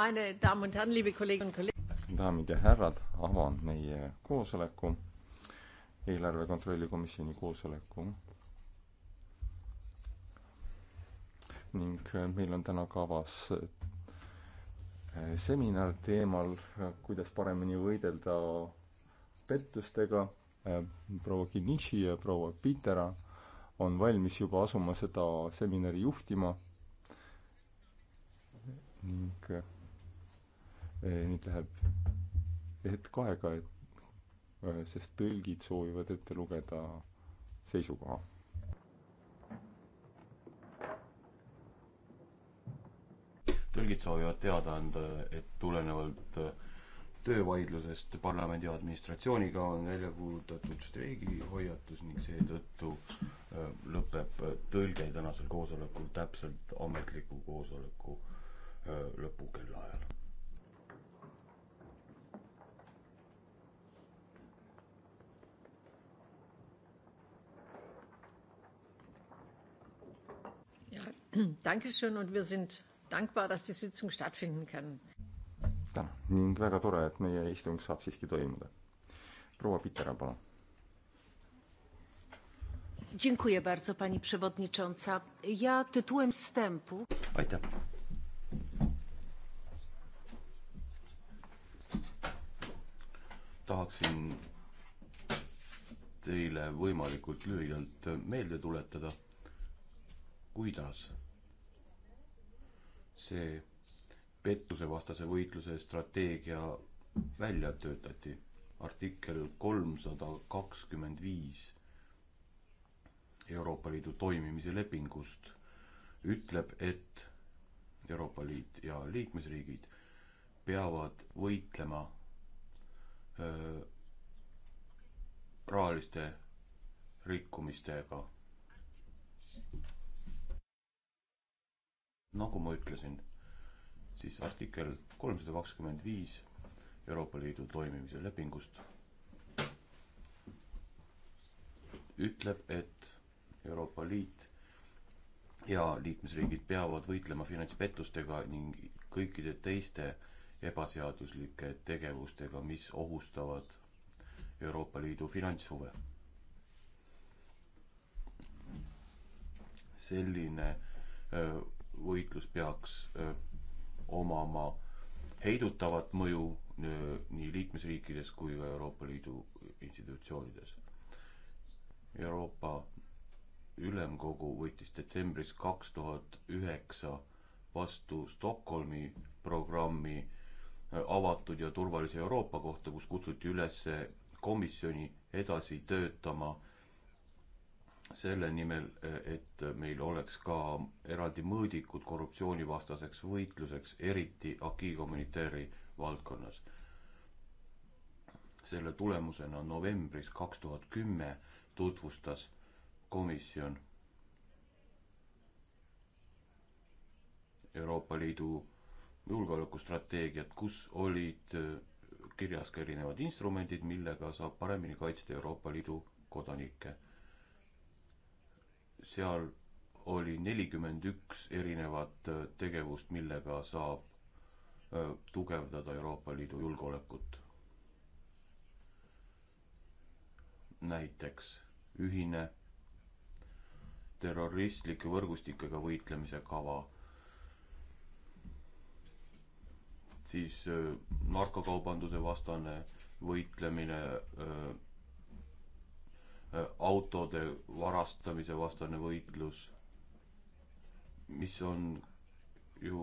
meine Damen und Herren, liebe Kolleginnen und Kollegen. daamid ja härrad, avan meie koosoleku, eelarve kontrolli komisjoni koosoleku. ning äh, meil on täna kavas äh, seminar teemal, äh, kuidas paremini võidelda pettustega. proua Kinishi ja proua Pitera on valmis juba asuma seda seminari juhtima ning Eh, nüüd läheb hetk aega, et eh, sest tõlgid soovivad ette lugeda seisukoha. tõlgid soovivad teada anda, et tulenevalt eh, töövaidlusest parlamendi administratsiooniga on välja kuulutatud streigihoiatus ning seetõttu lõpeb tõlge tänasel koosolekul täpselt ametliku koosoleku lõpukellaajal Dankeschön und wir sind dankbar, dass die Sitzung stattfinden kann. tänan ning väga tore, et meie istung saab siiski toimuda. proua Pitera, palun. Dziękuję bardzo pani przewodnicząca. Ja tytułem wstępu. Aitäh. tahaksin teile võimalikult lühidalt meelde tuletada, kuidas see pettusevastase võitluse strateegia välja töötati. artikkel kolmsada kakskümmend viis Euroopa Liidu toimimise lepingust ütleb, et Euroopa Liit ja liikmesriigid peavad võitlema öö, rahaliste rikkumistega nagu ma ütlesin, siis artikkel kolmsada kakskümmend viis Euroopa Liidu toimimise lepingust ütleb, et Euroopa Liit ja liikmesriigid peavad võitlema finantspettustega ning kõikide teiste ebaseaduslike tegevustega, mis ohustavad Euroopa Liidu finantshuve. selline öö, võitlus peaks omama heidutavat mõju nii liikmesriikides kui ka Euroopa Liidu institutsioonides. Euroopa Ülemkogu võttis detsembris kaks tuhat üheksa vastu Stockholmi programmi avatud ja turvalise Euroopa kohta, kus kutsuti üles komisjoni edasi töötama selle nimel, et meil oleks ka eraldi mõõdikud korruptsioonivastaseks võitluseks, eriti Aki kommunitääri valdkonnas. selle tulemusena novembris kaks tuhat kümme tutvustas komisjon Euroopa Liidu julgeolekustrateegiat, kus olid kirjas ka erinevad instrumendid, millega saab paremini kaitsta Euroopa Liidu kodanikke seal oli nelikümmend üks erinevat äh, tegevust, millega saab äh, tugevdada Euroopa Liidu julgeolekut. näiteks ühine terroristlike võrgustikega võitlemise kava, siis äh, narkokaubanduse vastane võitlemine öö, Äh, autode varastamise vastane võitlus, mis on ju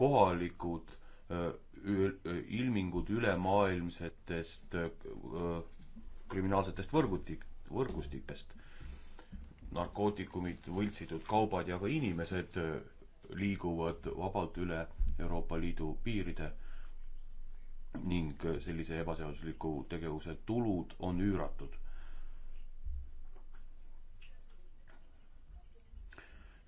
kohalikud äh, äh, ilmingud ülemaailmsetest kriminaalsetest võrgutik, võrgustikest. narkootikumid, võltsitud kaubad ja ka inimesed liiguvad vabalt üle Euroopa Liidu piiride ning sellise ebaseadusliku tegevuse tulud on üüratud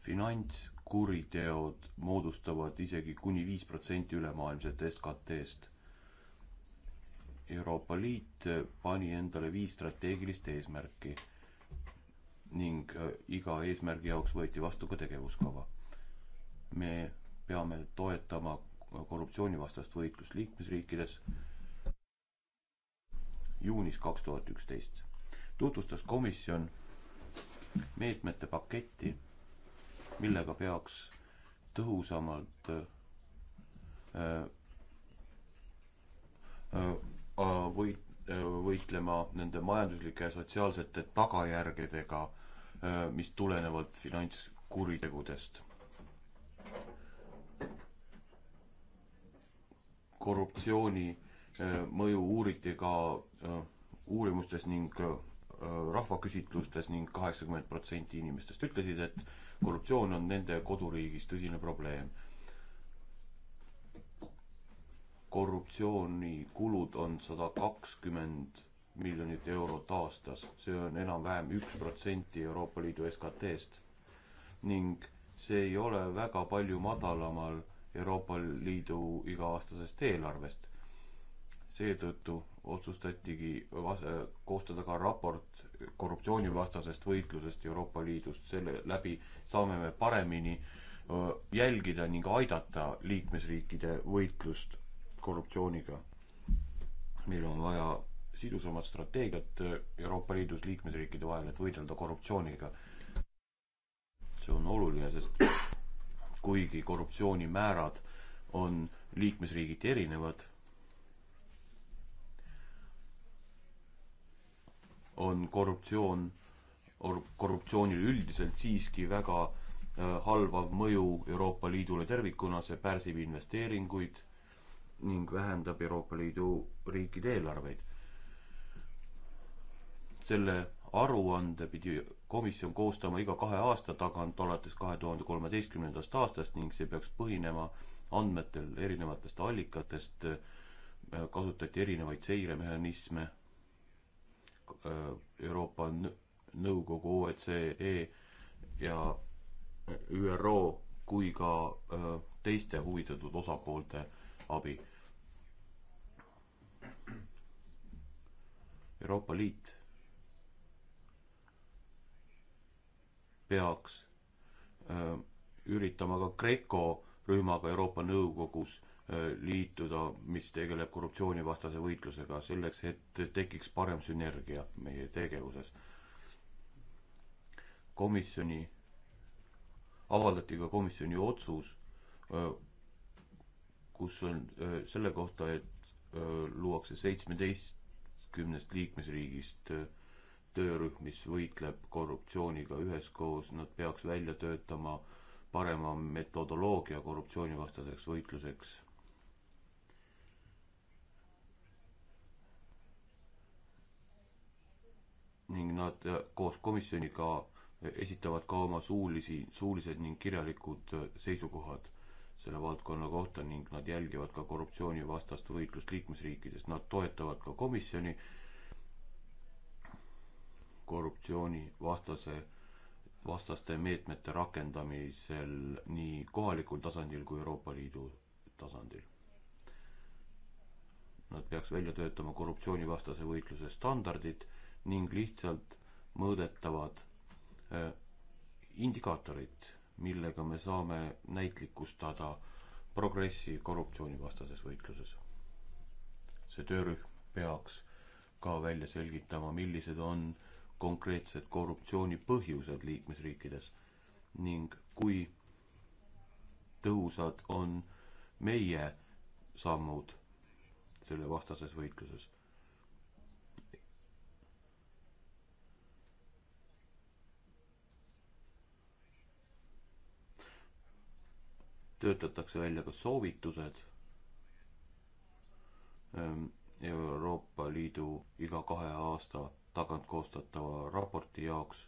finantskuriteod moodustavad isegi kuni viis protsenti ülemaailmset SKT-st. Euroopa Liit pani endale viis strateegilist eesmärki ning äh, iga eesmärgi jaoks võeti vastu ka tegevuskava. me peame toetama korruptsioonivastast võitlust liikmesriikides juunis kaks tuhat üksteist. tutvustas komisjon meetmete paketti millega peaks tõhusamalt äh, äh, äh, võit-, võitlema nende majanduslike ja sotsiaalsete tagajärgedega, mis tulenevad finantskuritegudest. korruptsiooni mõju uuriti ka uurimustes ning rahvaküsitlustes ning kaheksakümmend protsenti inimestest ütlesid, et korruptsioon on nende koduriigis tõsine probleem. korruptsioonikulud on sada kakskümmend miljonit eurot aastas, see on enam-vähem üks protsenti Euroopa Liidu SKT-st ning see ei ole väga palju madalamal Euroopa Liidu iga-aastasest eelarvest. seetõttu otsustatigi koostada ka raport korruptsioonivastasest võitlusest Euroopa Liidust, selle läbi saame me paremini jälgida ning aidata liikmesriikide võitlust korruptsiooniga. meil on vaja sidusamat strateegiat Euroopa Liidus liikmesriikide vahel, et võidelda korruptsiooniga. see on oluline, sest kuigi korruptsioonimäärad on liikmesriigiti erinevad, on korruptsioon, korruptsioonil üldiselt siiski väga äh, halvav mõju Euroopa Liidule tervikuna, see pärsib investeeringuid ning vähendab Euroopa Liidu riikide eelarveid. selle aruande pidi komisjon koostama iga kahe aasta tagant alates kahe tuhande kolmeteistkümnendast aastast ning see peaks põhinema andmetel erinevatest allikatest, äh, kasutati erinevaid seiremehhanisme Äh, Euroopa Nõukogu, OECD e ja ÜRO kui ka äh, teiste huvitatud osapoolte abi. Euroopa Liit peaks äh, üritama ka GRECO rühmaga Euroopa Nõukogus liituda, mis tegeleb korruptsioonivastase võitlusega, selleks et tekiks parem sünergia meie tegevuses. komisjoni, avaldati ka komisjoni otsus, kus on selle kohta, et luuakse seitsmeteistkümnest liikmesriigist töörühm, mis võitleb korruptsiooniga üheskoos, nad peaks välja töötama parema metodoloogia korruptsioonivastaseks võitluseks ning nad äh, koos komisjoniga äh, esitavad ka oma suulisi, suulised ning kirjalikud äh, seisukohad selle valdkonna kohta ning nad jälgivad ka korruptsioonivastast võitlust liikmesriikides, nad toetavad ka komisjoni korruptsioonivastase, vastaste meetmete rakendamisel nii kohalikul tasandil kui Euroopa Liidu tasandil. Nad peaks välja töötama korruptsioonivastase võitluse standardid ning lihtsalt mõõdetavad äh, indikaatorid, millega me saame näitlikustada progressi korruptsioonivastases võitluses. see töörühm peaks ka välja selgitama, millised on konkreetsed korruptsiooni põhjused liikmesriikides ning kui tõhusad on meie sammud selle vastases võitluses töötatakse välja ka soovitused ehm, Euroopa Liidu iga kahe aasta tagant koostatava raporti jaoks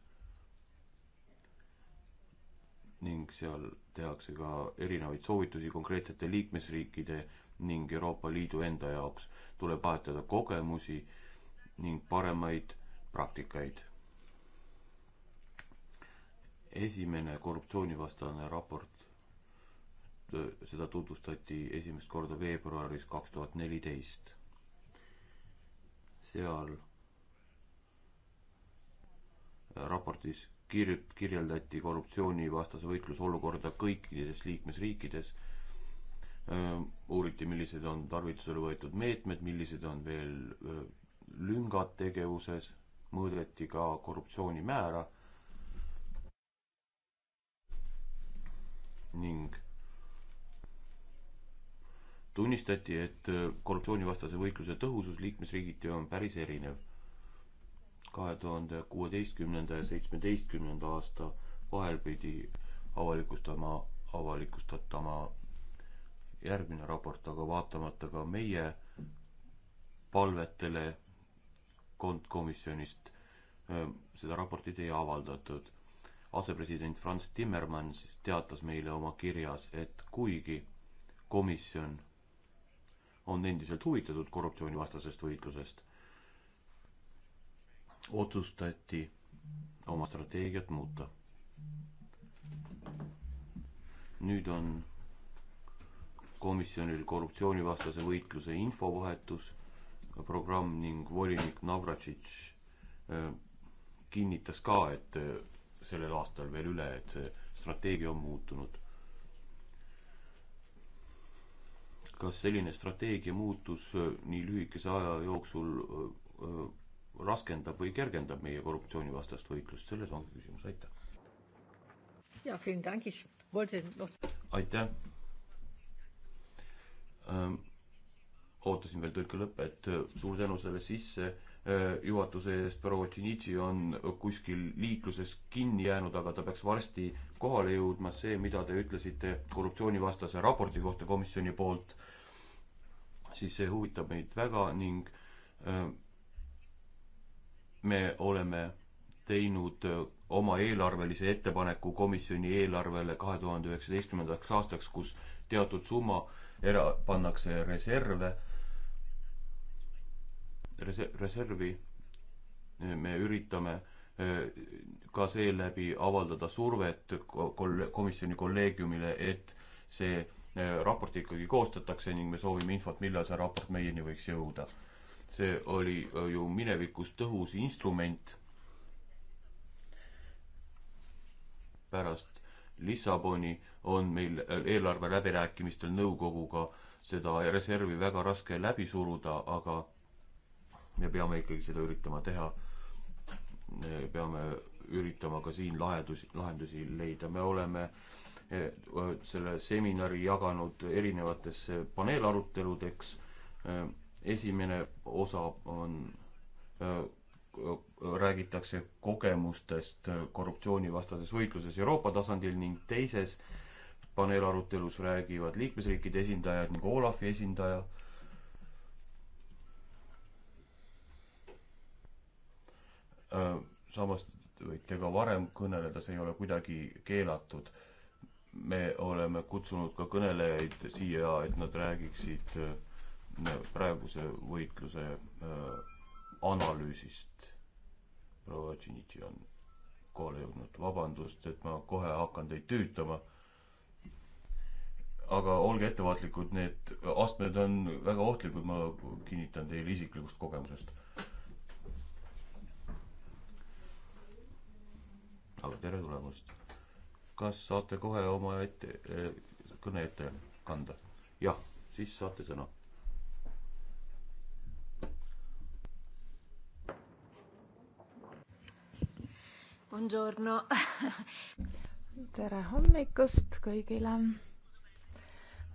ning seal tehakse ka erinevaid soovitusi konkreetsete liikmesriikide ning Euroopa Liidu enda jaoks. tuleb vahetada kogemusi ning paremaid praktikaid. esimene korruptsioonivastane raport seda tutvustati esimest korda veebruaris kaks tuhat neliteist. seal raportis kir-, kirjeldati korruptsioonivastase võitluse olukorda kõikides liikmesriikides, uuriti, millised on tarvitusele võetud meetmed, millised on veel öö, lüngad tegevuses, mõõdeti ka korruptsioonimäära ning tunnistati, et äh, korruptsioonivastase võitluse tõhusus liikmesriigiti on päris erinev. kahe tuhande kuueteistkümnenda ja seitsmeteistkümnenda aasta vahel pidi avalikustama, avalikustatama järgmine raport, aga vaatamata ka meie palvetele kontkomisjonist äh, seda raportit ei avaldatud. asepresident Franz Timmermann teatas meile oma kirjas, et kuigi komisjon on endiselt huvitatud korruptsioonivastasest võitlusest, otsustati oma strateegiat muuta. nüüd on komisjonil korruptsioonivastase võitluse infovahetus, programm ning volinik Navratšitš äh, kinnitas ka, et äh, sellel aastal veel üle, et see strateegia on muutunud. kas selline strateegia muutus äh, nii lühikese aja jooksul äh, äh, raskendab või kergendab meie korruptsioonivastast võitlust, selles ongi küsimus, aitäh. aitäh. Ähm, ootasin veel tõlke lõppe, et suur tänu selle sisse juhatuse eest, proua Tšinitši on kuskil liikluses kinni jäänud, aga ta peaks varsti kohale jõudma, see, mida te ütlesite korruptsioonivastase raporti kohta komisjoni poolt siis see huvitab meid väga ning äh, me oleme teinud äh, oma eelarvelise ettepaneku komisjoni eelarvele kahe tuhande üheksateistkümnendaks aastaks, kus teatud summa era-, pannakse reserve, rese-, reservi. Äh, me üritame ka seeläbi avaldada survet kol-, komisjoni kolleegiumile, et see Äh, raport ikkagi koostatakse ning me soovime infot, millal see raport meieni võiks jõuda. see oli äh, ju minevikus tõhus instrument pärast Lissaboni on meil eelarve läbirääkimistel nõukoguga seda reservi väga raske läbi suruda, aga me peame ikkagi seda üritama teha. peame üritama ka siin lahendusi, lahendusi leida, me oleme äh, Eh, selle seminari jaganud erinevatesse paneelaruteludeks. Eh, esimene osa on, eh, räägitakse kogemustest korruptsioonivastases võitluses Euroopa tasandil ning teises paneelarutelus räägivad liikmesriikide esindajad ning Olafi esindaja. samas võite ka varem kõneleda, see ei ole kuidagi keelatud me oleme kutsunud ka kõnelejaid siia, et nad räägiksid äh, praeguse võitluse äh, analüüsist. proua Tšinitši on kohale jõudnud, vabandust, et ma kohe hakkan teid tüütama. aga olge ettevaatlikud, need astmed on väga ohtlikud, ma kinnitan teile isiklikust kogemusest. aga tere tulemast kas saate kohe oma ette, kõne ette kanda? jah, siis saate sõna Buongiorno. tere hommikust kõigile.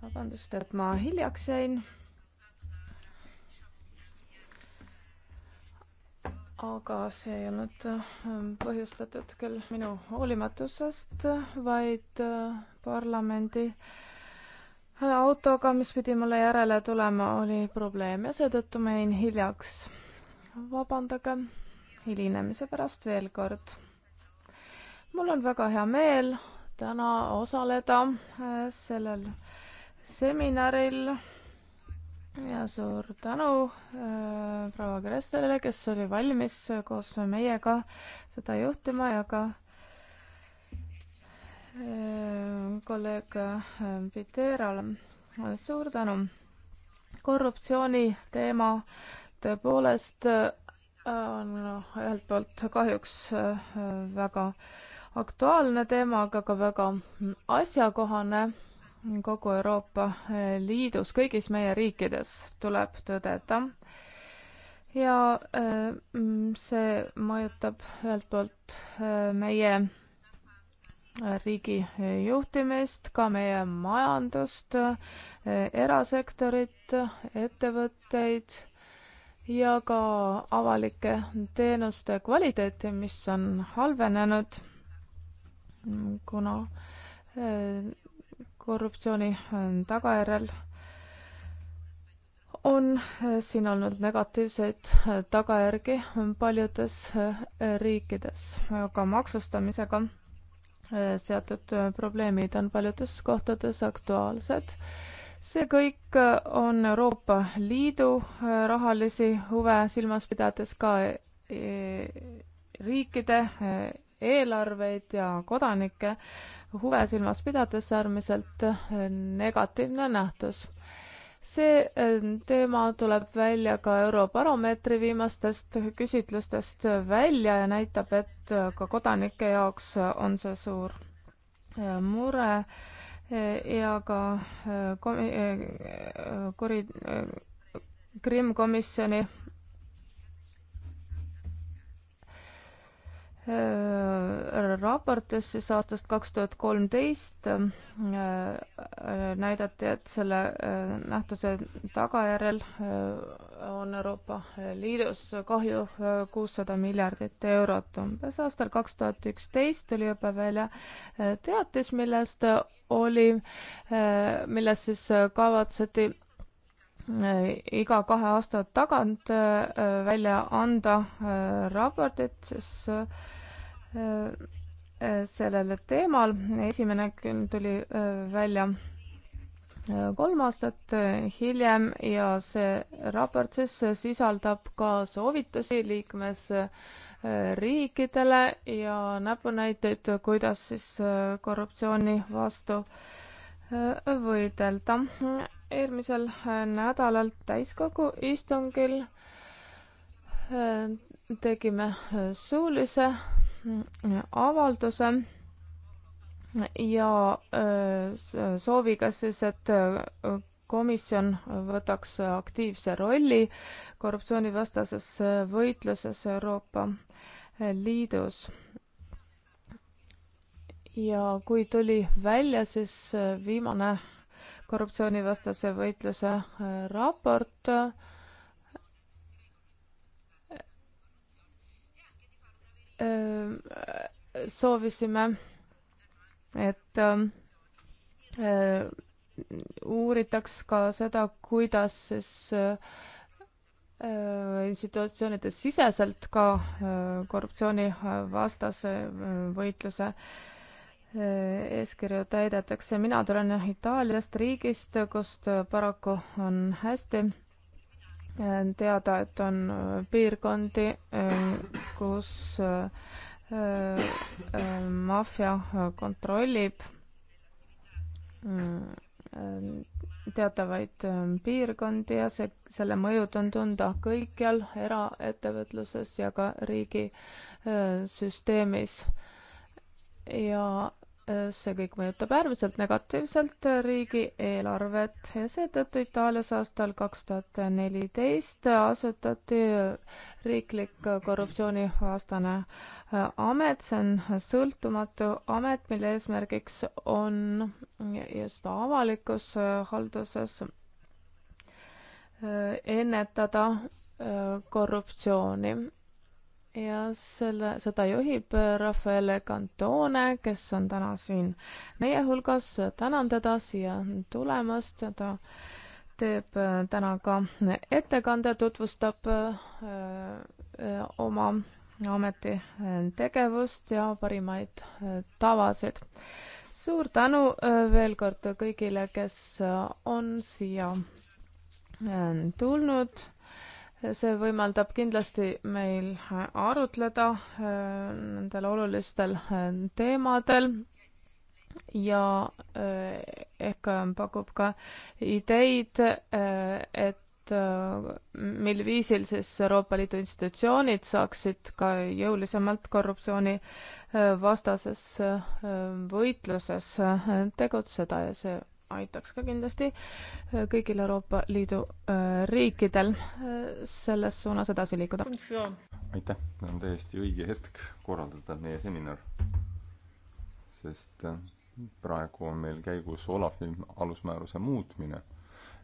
vabandust, et ma hiljaks jäin. aga see ei olnud ähm, põhjustatud küll minu hoolimatusest, vaid äh, parlamendi äh, autoga, mis pidi mulle järele tulema, oli probleem ja seetõttu ma jäin hiljaks. vabandage hilinemise pärast veel kord. mul on väga hea meel täna osaleda äh, sellel seminaril ja suur tänu äh, proua Kresslele, kes oli valmis koos meiega seda juhtima ja ka äh, kolleeg äh, Piterale. suur tänu. korruptsiooni teema tõepoolest äh, on noh, ühelt poolt kahjuks äh, väga aktuaalne teema, aga ka väga asjakohane kogu Euroopa Liidus, kõigis meie riikides tuleb tõdeda. ja äh, see mõjutab ühelt poolt äh, meie riigi juhtimist, ka meie majandust, äh, erasektorit, ettevõtteid ja ka avalike teenuste kvaliteeti, mis on halvenenud, kuna korruptsiooni ähm, tagajärjel on äh, siin olnud negatiivseid äh, tagajärgi paljudes äh, riikides, aga maksustamisega seatud probleemid on paljudes kohtades aktuaalsed. see kõik on Euroopa Liidu rahalisi huve silmas pidades ka riikide eelarveid ja kodanikke huve silmas pidades äärmiselt äh, negatiivne nähtus see äh, teema tuleb välja ka Eurobaromeetri viimastest küsitlustest välja ja näitab, et äh, ka kodanike jaoks on see suur mure ja ka komi-, kuri-, Krimm komisjoni Äh, raportis aastast kaks tuhat kolmteist äh, näidati, et selle äh, nähtuse tagajärjel on Euroopa Liidus kahju kuussada miljardit eurot. umbes aastal kaks tuhat üksteist tuli juba välja teatis, millest oli, milles siis kavatseti Äh, iga kahe aasta tagant äh, välja anda äh, raportit siis sellel teemal. esimene küll tuli välja kolm aastat hiljem ja see raport siis sisaldab ka soovitusi liikmesriikidele ja näpunäiteid, kuidas siis korruptsiooni vastu võidelda eelmisel äh, nädalal täiskogu istungil äh, tegime äh, suulise mm, avalduse ja sooviga siis, et komisjon võtaks aktiivse rolli korruptsioonivastases võitluses Euroopa Liidus. ja kui tuli välja, siis viimane korruptsioonivastase võitluse äh, raport. Äh, soovisime, et äh, uuritaks ka seda, kuidas siis institutsioonide siseselt ka korruptsioonivastase võitluse äh, eeskirju täidetakse. mina tulen jah Itaaliast, riigist, kust paraku on hästi äh, teada, et on äh, piirkondi, äh, kus maffia kontrollib teatavaid piirkondi ja see, selle mõjud on tunda kõikjal eraettevõtluses ja ka riigisüsteemis. ja see kõik mõjutab äärmiselt negatiivselt riigieelarvet ja seetõttu Itaalias aastal kaks tuhat neliteist asutati riiklik korruptsioonivastane äh, amet, see on sõltumatu amet, mille eesmärgiks on just avalikus äh, halduses äh, ennetada korruptsiooni ja selle, seda juhib äh, Rafaele Cantone, kes on täna siin meie hulgas. tänan teda siia tulemast, ta teeb äh, täna ka ettekande, tutvustab öö, äh, oma ameti tegevust ja parimaid tavasid. suur tänu veel kord kõigile, kes on siia tulnud see võimaldab kindlasti meil arutleda äh, nendel olulistel äh, teemadel ja äh, ehk pakub ka ideid, et mil viisil siis Euroopa Liidu institutsioonid saaksid ka jõulisemalt korruptsiooni vastases võitluses tegutseda ja see aitaks ka kindlasti äh, kõigil Euroopa Liidu äh, riikidel äh, selles suunas edasi liikuda. aitäh, see on täiesti õige hetk korraldada meie seminar. sest praegu on meil käigus Olavi alusmääruse muutmine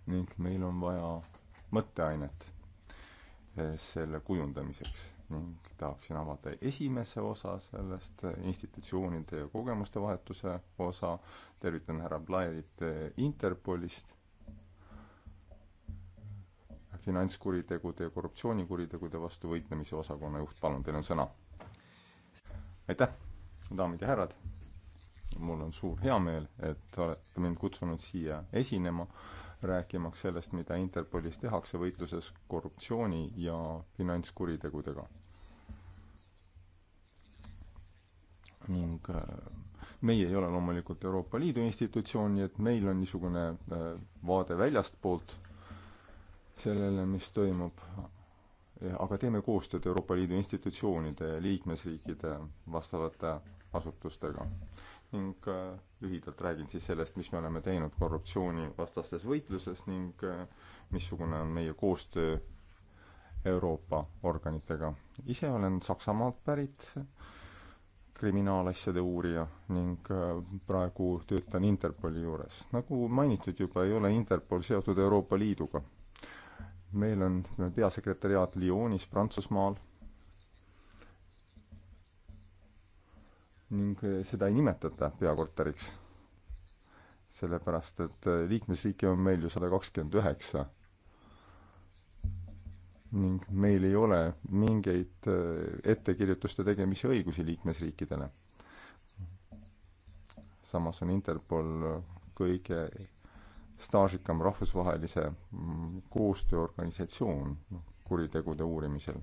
ning meil on vaja mõtteainet selle kujundamiseks ning tahaksin avada esimese osa sellest, institutsioonide ja kogemuste vahetuse osa. tervitan härra Blairit Interpolist, finantskuritegude ja korruptsioonikuritegude vastu võitlemise osakonna juht, palun, teil on sõna. aitäh, daamid ja härrad. mul on suur heameel, et olete mind kutsunud siia esinema rääkimaks sellest, mida Interpolis tehakse võitluses korruptsiooni ja finantskuritegudega. ning äh, meie ei ole loomulikult Euroopa Liidu institutsioon, nii et meil on niisugune äh, vaade väljastpoolt sellele, mis toimub, aga teeme koostööd Euroopa Liidu institutsioonide ja liikmesriikide vastavate asutustega. ning äh, lühidalt räägin siis sellest, mis me oleme teinud korruptsioonivastases võitluses ning missugune on meie koostöö Euroopa organitega. ise olen Saksamaalt pärit äh, kriminaalasjade uurija ning äh, praegu töötan Interpoli juures. nagu mainitud juba, ei ole Interpol seotud Euroopa Liiduga. meil on peasekretäriaat Lyonis, Prantsusmaal. ning äh, seda ei nimetata peakorteriks. sellepärast, et äh, liikmesriike on meil ju sada kakskümmend üheksa ning meil ei ole mingeid äh, ettekirjutuste tegemise õigusi liikmesriikidele. samas on Interpol kõige staažikam rahvusvahelise mm, koostööorganisatsioon kuritegude uurimisel.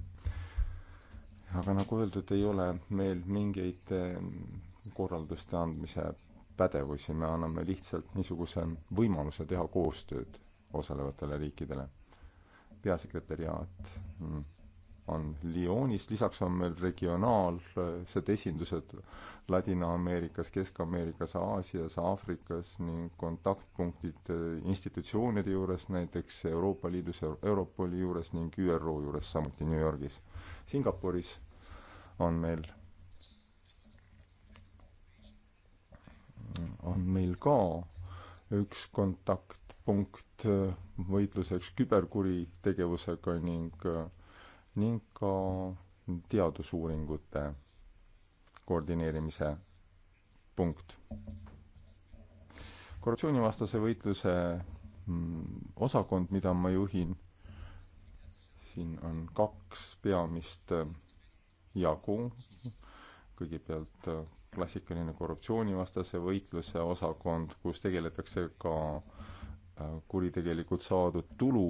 aga nagu öeldud, ei ole meil mingeid äh, korralduste andmise pädevusi, me anname lihtsalt niisuguse võimaluse teha koostööd osalevatele riikidele peasekretäriaat mm, on Lyonis, lisaks on meil regionaalsed esindused Ladina-Ameerikas, Kesk-Ameerikas, Aasias, Aafrikas ning kontaktpunktid eh, institutsioonide juures, näiteks Euroopa Liidus, Europoli juures ning ÜRO juures, samuti New Yorgis. Singapuris on meil, on meil ka üks kontakt punkt äh, võitluseks küberkuritegevusega ning, äh, ning ka teadusuuringute koordineerimise punkt. korruptsioonivastase võitluse mm, osakond, mida ma juhin, siin on kaks peamist äh, jagu. kõigepealt klassikaline korruptsioonivastase võitluse osakond, kus tegeletakse ka äh, Äh, kuritegelikult saadud tulu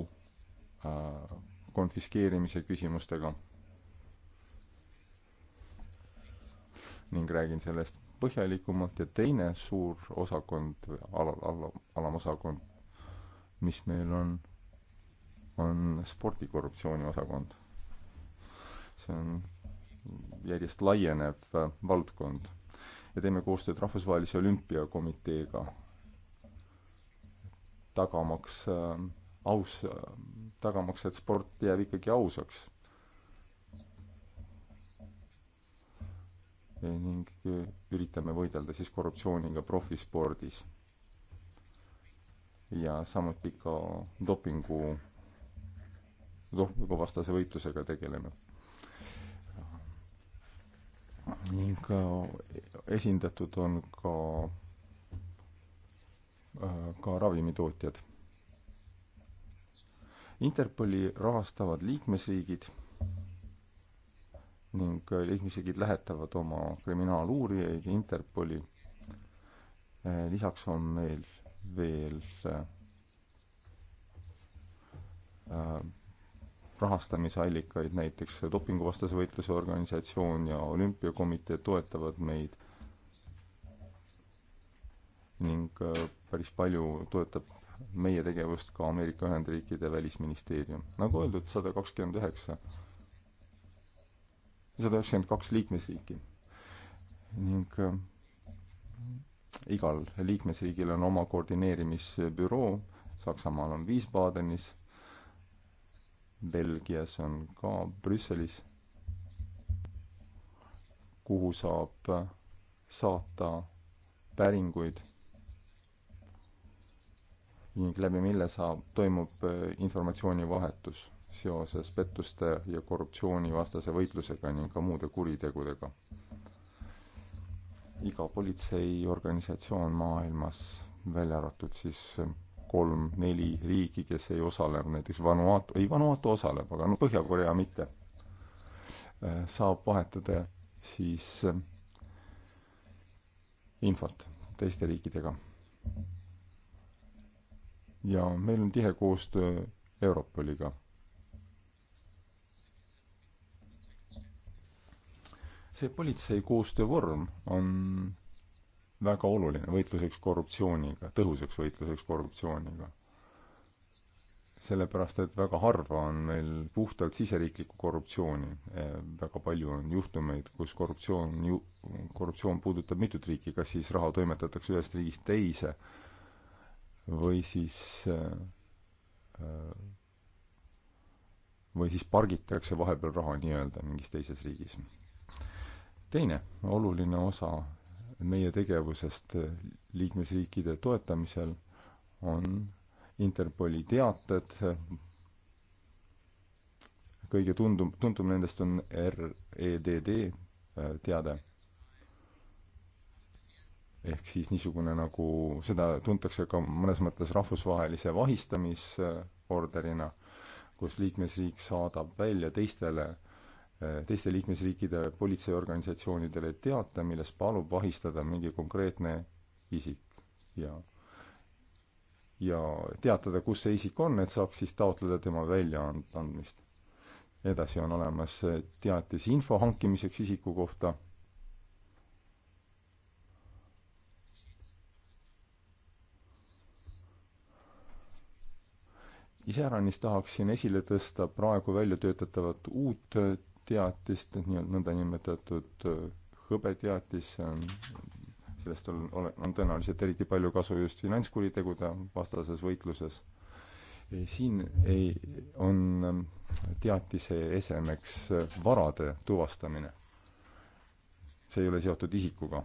äh, konfiskeerimise küsimustega. ning räägin sellest põhjalikumalt ja teine suur osakond või ala, ala, alamosakond, mis meil on, on spordikorruptsiooni osakond. see on järjest laienev äh, valdkond ja teeme koostööd Rahvusvahelise Olümpiakomiteega tagamaks äh, aus, äh, tagamaks, et sport jääb ikkagi ausaks. ning äh, üritame võidelda siis korruptsiooniga profispordis. ja samuti ka dopingu, dopinguvastase võitlusega tegeleme ning esindatud on ka Äh, ka ravimitootjad. Interpoli rahastavad liikmesriigid ning äh, liikmesriigid lähetavad oma kriminaaluurijaid Interpoli. Äh, lisaks on meil veel rahastamisallikaid, näiteks dopinguvastase võitluse organisatsioon ja olümpiakomitee toetavad meid ning äh, päris palju toetab meie tegevust ka Ameerika Ühendriikide välisministeerium. nagu öeldud, sada kakskümmend üheksa, sada üheksakümmend kaks liikmesriiki ning äh, igal liikmesriigil on oma koordineerimisbüroo, Saksamaal on Wiesbadenis, Belgias on ka Brüsselis, kuhu saab äh, saata päringuid ning läbi mille saab, toimub äh, informatsioonivahetus seoses pettuste ja korruptsioonivastase võitlusega ning ka muude kuritegudega. iga politseiorganisatsioon maailmas, välja arvatud siis äh, kolm-neli riiki, kes ei osalenud, näiteks Vanuatu, ei Vanuatu osaleb, aga noh, Põhja-Korea mitte, äh, saab vahetada siis infot teiste riikidega ja meil on tihe koostöö Europoliga. see politsei koostöövorm on väga oluline võitluseks korruptsiooniga, tõhusaks võitluseks korruptsiooniga sellepärast, et väga harva on meil puhtalt siseriiklikku korruptsiooni. E, väga palju on juhtumeid, kus korruptsioon ju, korruptsioon puudutab mitut riiki, kas siis raha toimetatakse ühest riigist teise või siis äh, äh, või siis pargitakse vahepeal raha nii-öelda mingis teises riigis. teine oluline osa meie tegevusest liikmesriikide toetamisel on Interpoli teated, kõige tundum, tuntum nendest on REDD äh, teade ehk siis niisugune, nagu seda tuntakse ka mõnes mõttes rahvusvahelise vahistamisorderina, kus liikmesriik saadab välja teistele, teiste liikmesriikide politseiorganisatsioonidele teate, milles palub vahistada mingi konkreetne isik ja ja teatada, kus see isik on, et saaks siis taotleda tema väljaandmist. edasi on olemas teatis info hankimiseks isiku kohta iseäranis tahaksin esile tõsta praegu välja töötatavat uut teatist, nii-öelda nõndanimetatud äh, hõbeteatis, see on, sellest on, on tõenäoliselt eriti palju kasu just finantskuritegude vastases võitluses. siin ei, on äh, teatise esemeks äh, varade tuvastamine. see ei ole seotud isikuga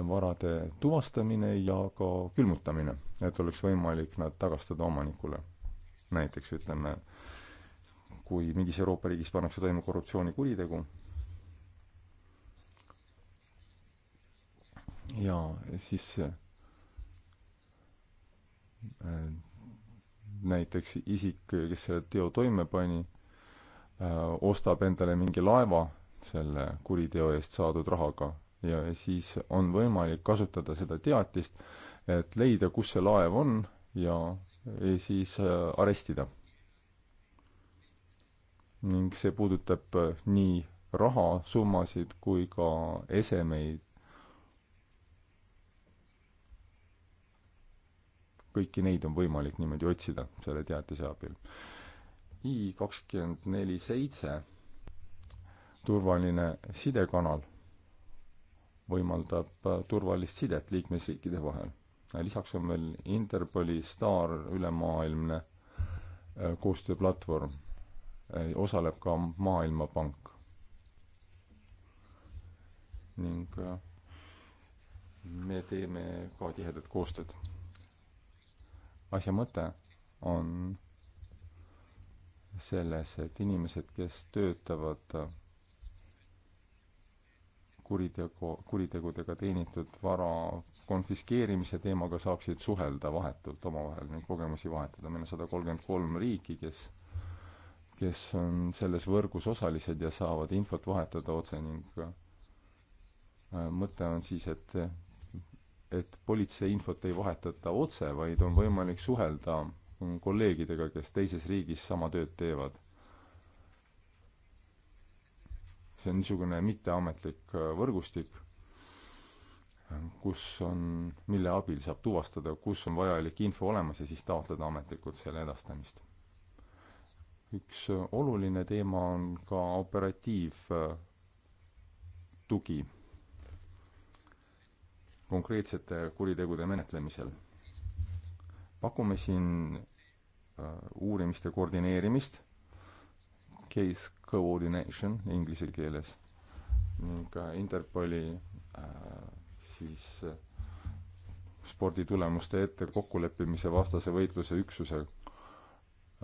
varade tuvastamine ja ka külmutamine, et oleks võimalik nad tagastada omanikule. näiteks ütleme, kui mingis Euroopa riigis pannakse toime korruptsioonikuritegu ja siis äh, näiteks isik, kes selle teo toime pani, äh, ostab endale mingi laeva selle kuriteo eest saadud rahaga ja siis on võimalik kasutada seda teatist, et leida, kus see laev on ja, ja siis äh, arestida. ning see puudutab äh, nii rahasummasid kui ka esemeid. kõiki neid on võimalik niimoodi otsida selle teatise abil. I kakskümmend neli seitse turvaline sidekanal võimaldab äh, turvalist sidet liikmesriikide vahel. lisaks on meil Interpoli staar ülemaailmne äh, koostööplatvorm. Äh, osaleb ka Maailmapank. ning me teeme ka tihedat koostööd. asja mõte on selles, et inimesed, kes töötavad kuritego, kuritegudega teenitud vara konfiskeerimise teemaga saaksid suhelda vahetult omavahel ning kogemusi vahetada. meil on sada kolmkümmend kolm riiki, kes, kes on selles võrgus osalised ja saavad infot vahetada otse ning äh, mõte on siis, et, et politsei infot ei vahetata otse, vaid on võimalik suhelda kolleegidega, kes teises riigis sama tööd teevad see on niisugune mitteametlik äh, võrgustik, kus on, mille abil saab tuvastada, kus on vajalik info olemas ja siis taotleda ametlikult selle edastamist. üks äh, oluline teema on ka operatiivtugi äh, konkreetsete kuritegude menetlemisel. pakume siin uurimiste koordineerimist case coordination inglise keeles ning Interpoli äh, siis äh, sporditulemuste ette kokkuleppimise vastase võitluse üksuse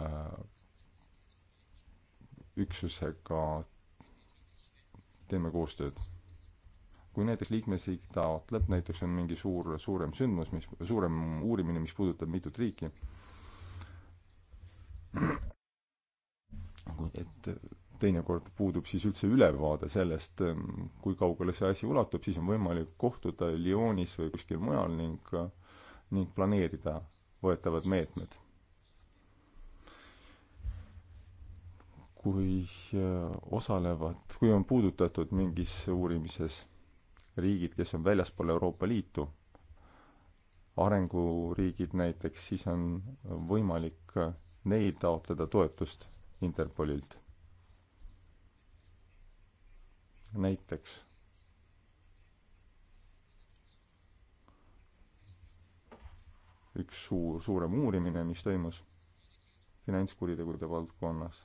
äh,, üksusega teeme koostööd. kui näiteks liikmesriik taotleb, näiteks on mingi suur, suurem sündmus, mis, suurem uurimine, mis puudutab mitut riiki, Nagu, et teinekord puudub siis üldse ülevaade sellest, ähm, kui kaugele see asi ulatub, siis on võimalik kohtuda Lyonis või kuskil mujal ning, ning planeerida võetavad meetmed. kui äh, osalevad, kui on puudutatud mingis uurimises riigid, kes on väljaspool Euroopa Liitu, arenguriigid näiteks, siis on võimalik äh, neil taotleda toetust Interpolilt. näiteks. üks suur, suurem uurimine, mis toimus finantskuritegude valdkonnas,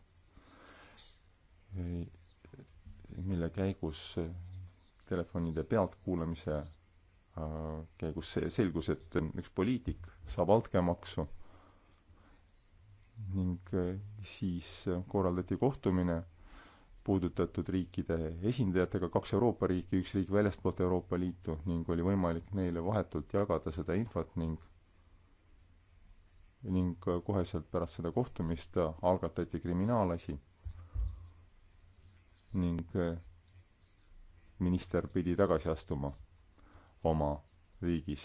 mille käigus telefonide pealtkuulamise äh, käigus selgus, et üks poliitik saab altkäemaksu ning äh, siis äh, korraldati kohtumine puudutatud riikide esindajatega, kaks Euroopa riiki, üks riik väljastpoolt Euroopa Liitu ning oli võimalik neile vahetult jagada seda infot ning ning äh, koheselt pärast seda kohtumist algatati kriminaalasi ning minister pidi tagasi astuma oma riigis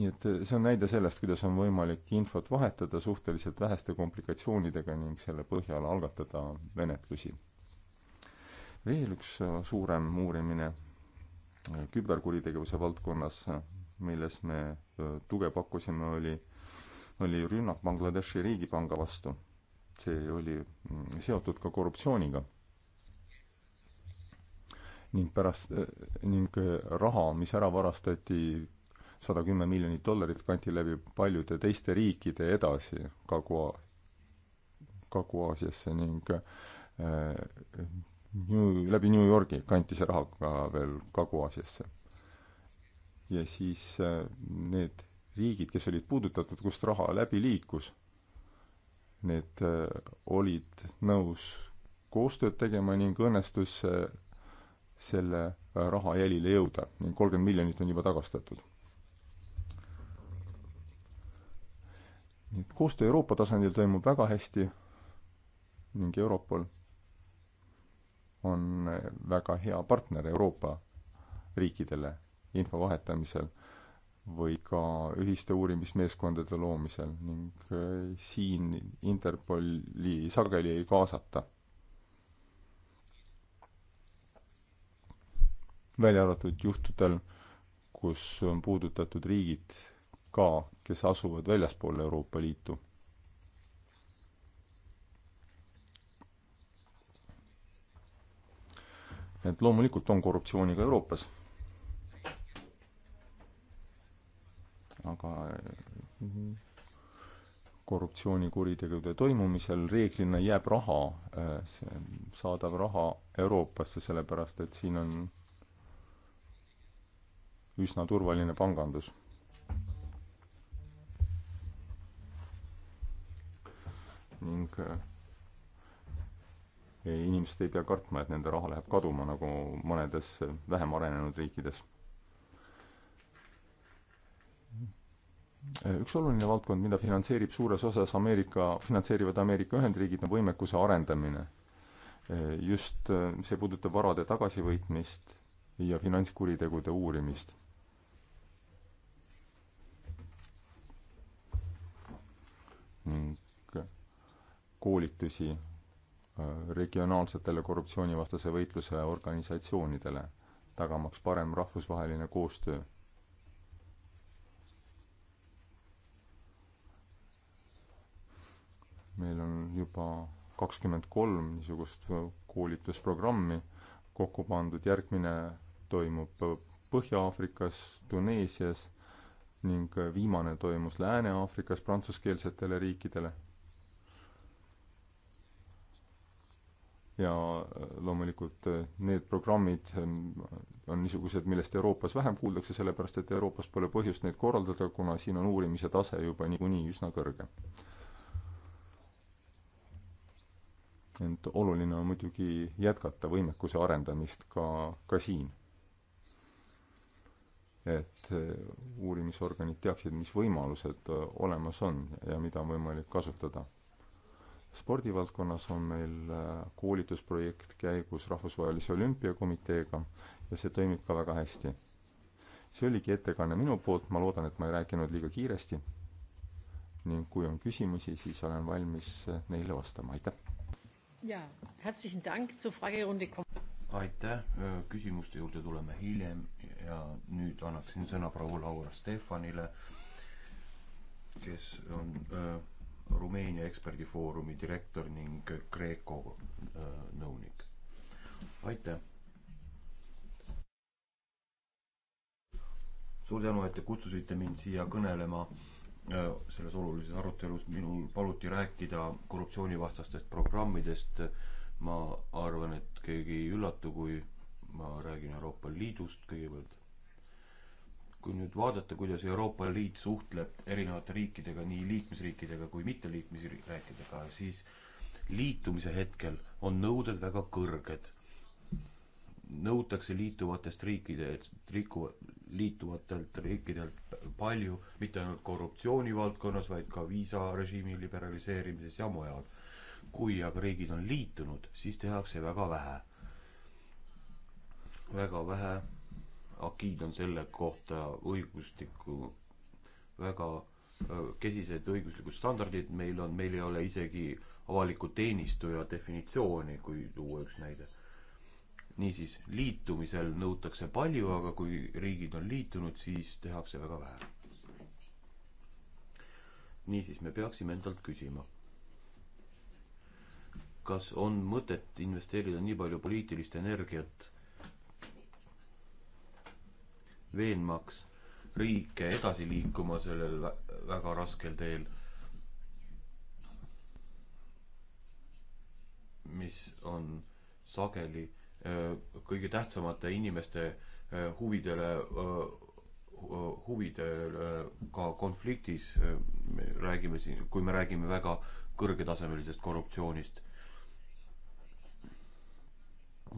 nii et äh, see on näide sellest, kuidas on võimalik infot vahetada suhteliselt väheste komplikatsioonidega ning selle põhjal algatada menetlusi. veel üks äh, suurem uurimine äh, küberkuritegevuse valdkonnas, milles me tuge pakkusime, oli, oli rünnak Bangladeshi riigipanga vastu. see oli mm, seotud ka korruptsiooniga ning pärast ning raha, mis ära varastati sada kümme miljonit dollarit kanti läbi paljude teiste riikide edasi Kagu, Kagu-Aasiasse ning äh, New, läbi New Yorgi kanti see raha ka veel Kagu-Aasiasse. ja siis äh, need riigid, kes olid puudutatud, kust raha läbi liikus, need äh, olid nõus koostööd tegema ning õnnestus äh, selle raha jälile jõuda ning kolmkümmend miljonit on juba tagastatud nii et koostöö Euroopa tasandil toimub väga hästi ning Europol on eh, väga hea partner Euroopa riikidele info vahetamisel või ka ühiste uurimismeeskondade loomisel ning eh, siin Interpoli sageli ei kaasata. välja arvatud juhtudel, kus on puudutatud riigid ka, kes asuvad väljaspool Euroopa Liitu. et loomulikult on korruptsiooni ka Euroopas. aga mhm, korruptsioonikuritegude toimumisel reeglina jääb raha, äh, see saadav raha Euroopasse, sellepärast et siin on üsna turvaline pangandus ning äh, inimesed ei pea kartma, et nende raha läheb kaduma, nagu mõnedes äh, vähem arenenud riikides. Äh, üks oluline valdkond, mida finantseerib suures osas Ameerika, finantseerivad Ameerika Ühendriigid, on võimekuse arendamine. just see puudutab varade tagasivõitmist ja finantskuritegude uurimist. ning koolitusi äh, regionaalsetele korruptsioonivastase võitluse organisatsioonidele, tagamaks parem rahvusvaheline koostöö. meil on juba kakskümmend kolm niisugust äh, koolitusprogrammi kokku pandud, järgmine toimub äh, Põhja-Aafrikas, Tuneesias ning viimane toimus Lääne-Aafrikas prantsuskeelsetele riikidele ja äh, loomulikult äh, need programmid ähm, on niisugused, millest Euroopas vähem kuuldakse, sellepärast et Euroopas pole põhjust neid korraldada, kuna siin on uurimise tase juba niikuinii üsna kõrge. ent oluline on muidugi jätkata võimekuse arendamist ka, ka siin. et äh, uurimisorganid teaksid, mis võimalused olemas on ja mida on võimalik kasutada spordivaldkonnas on meil äh, koolitusprojekt käigus Rahvusvahelise Olümpiakomiteega ja see toimib ka väga hästi. see oligi ettekanne minu poolt, ma loodan, et ma ei rääkinud liiga kiiresti. ning kui on küsimusi, siis olen valmis äh, neile vastama, aitäh! aitäh, äh, küsimuste juurde tuleme hiljem ja nüüd annaksin sõna proua Laura Stefanile, kes on öö, Rumeenia eksperdifoorumi direktor ning Kreeko äh, nõunik. aitäh. suur tänu, et te kutsusite mind siia kõnelema äh, selles olulises arutelus. minul paluti rääkida korruptsioonivastastest programmidest. ma arvan, et keegi ei üllatu, kui ma räägin Euroopa Liidust kõigepealt kui nüüd vaadata, kuidas Euroopa Liit suhtleb erinevate riikidega, nii liikmesriikidega kui mitteliikmesriikidega, siis liitumise hetkel on nõuded väga kõrged. nõutakse liituvatest riikidelt, riku, liituvatelt riikidelt palju, mitte ainult korruptsiooni valdkonnas, vaid ka viisarežiimi liberaliseerimises ja mujal. kui aga riigid on liitunud, siis tehakse väga vähe. väga vähe agiid on selle kohta õigustikku väga kesised õiguslikud standardid meil on, meil ei ole isegi avaliku teenistuja definitsiooni, kui tuua üks näide. niisiis, liitumisel nõutakse palju, aga kui riigid on liitunud, siis tehakse väga vähe. niisiis, me peaksime endalt küsima, kas on mõtet investeerida nii palju poliitilist energiat veenmaks riike edasi liikuma sellel väga raskel teel, mis on sageli äh, kõige tähtsamate inimeste äh, huvidele, äh, huvidega konfliktis, me räägime siin, kui me räägime väga kõrgetasemelisest korruptsioonist.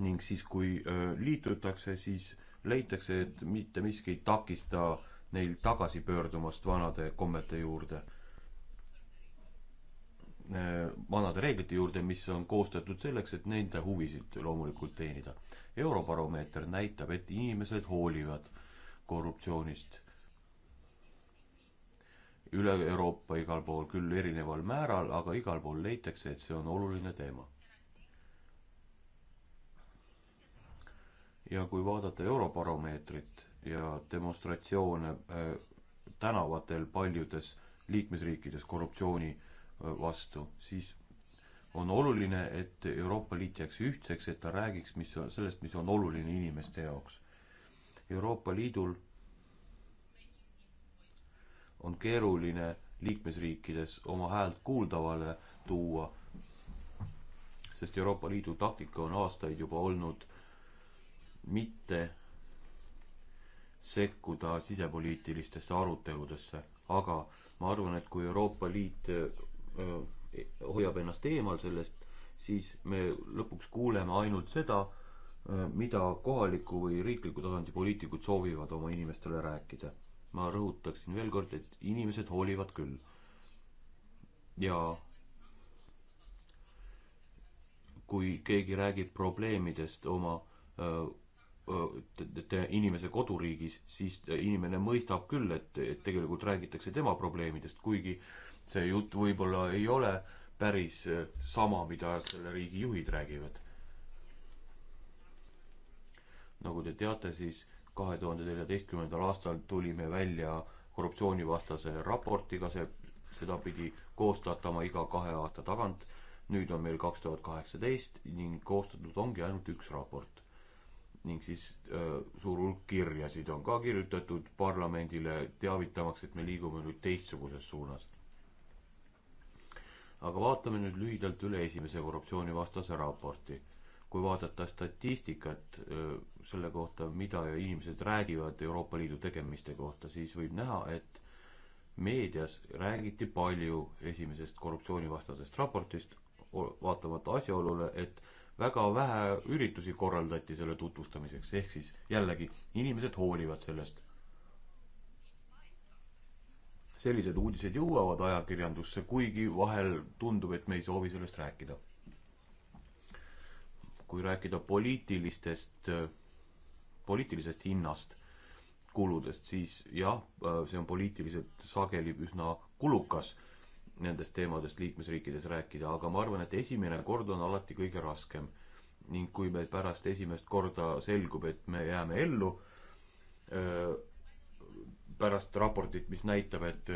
ning siis, kui liitutakse, siis leitakse, et mitte miski ei takista neil tagasi pöördumast vanade kommete juurde, vanade reeglite juurde, mis on koostatud selleks, et nende huvisid loomulikult teenida. Eurobaromeeter näitab, et inimesed hoolivad korruptsioonist üle Euroopa igal pool, küll erineval määral, aga igal pool leitakse, et see on oluline teema. ja kui vaadata Eurobaromeetrit ja demonstratsioone äh, tänavatel paljudes liikmesriikides korruptsiooni äh, vastu, siis on oluline, et Euroopa Liit jääks ühtseks, et ta räägiks, mis on, sellest, mis on oluline inimeste jaoks. Euroopa Liidul on keeruline liikmesriikides oma häält kuuldavale tuua, sest Euroopa Liidu taktika on aastaid juba olnud mitte sekkuda sisepoliitilistesse aruteludesse, aga ma arvan, et kui Euroopa Liit hoiab ennast eemal sellest, siis me lõpuks kuuleme ainult seda, mida kohaliku või riikliku tasandi poliitikud soovivad oma inimestele rääkida. ma rõhutaksin veel kord, et inimesed hoolivad küll. ja kui keegi räägib probleemidest oma öö, inimese koduriigis, siis inimene mõistab küll, et, et tegelikult räägitakse tema probleemidest, kuigi see jutt võib-olla ei ole päris sama, mida selle riigi juhid räägivad. nagu te teate, siis kahe tuhande neljateistkümnendal aastal tulime välja korruptsioonivastase raportiga, see, seda pidi koostatama iga kahe aasta tagant. nüüd on meil kaks tuhat kaheksateist ning koostatud ongi ainult üks raport ning siis äh, suur hulk kirjasid on ka kirjutatud parlamendile teavitamaks, et me liigume nüüd teistsuguses suunas. aga vaatame nüüd lühidalt üle esimese korruptsioonivastase raporti. kui vaadata statistikat äh, selle kohta, mida inimesed räägivad Euroopa Liidu tegemiste kohta, siis võib näha, et meedias räägiti palju esimesest korruptsioonivastasest raportist, vaatamata asjaolule, et äh, väga vähe üritusi korraldati selle tutvustamiseks, ehk siis jällegi, inimesed hoolivad sellest. sellised uudised jõuavad ajakirjandusse, kuigi vahel tundub, et me ei soovi sellest rääkida. kui rääkida poliitilistest, poliitilisest hinnast, kuludest, siis jah, see on poliitiliselt sageli üsna kulukas nendest teemadest liikmesriikides rääkida, aga ma arvan, et esimene kord on alati kõige raskem. ning kui meil pärast esimest korda selgub, et me jääme ellu, pärast raportit, mis näitab, et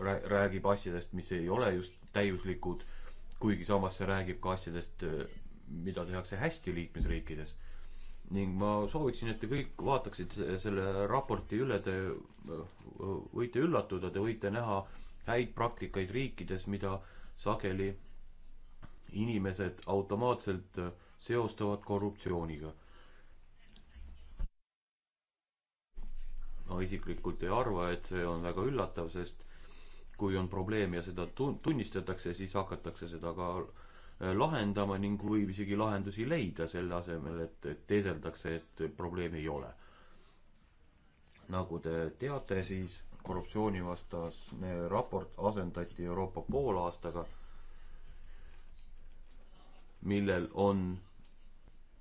räägib asjadest, mis ei ole just täiuslikud, kuigi samas see räägib ka asjadest, mida tehakse hästi liikmesriikides. ning ma sooviksin, et te kõik vaataksite selle raporti üle, te võite üllatuda, te võite näha, häid praktikaid riikides, mida sageli inimesed automaatselt äh, seostavad korruptsiooniga. ma isiklikult ei arva, et see on väga üllatav, sest kui on probleem ja seda tun-, tunnistatakse, siis hakatakse seda ka äh, lahendama ning võib isegi lahendusi leida, selle asemel, et, et teeseldakse, et probleemi ei ole. nagu te teate, siis korruptsioonivastasne raport asendati Euroopa poolaastaga, millel on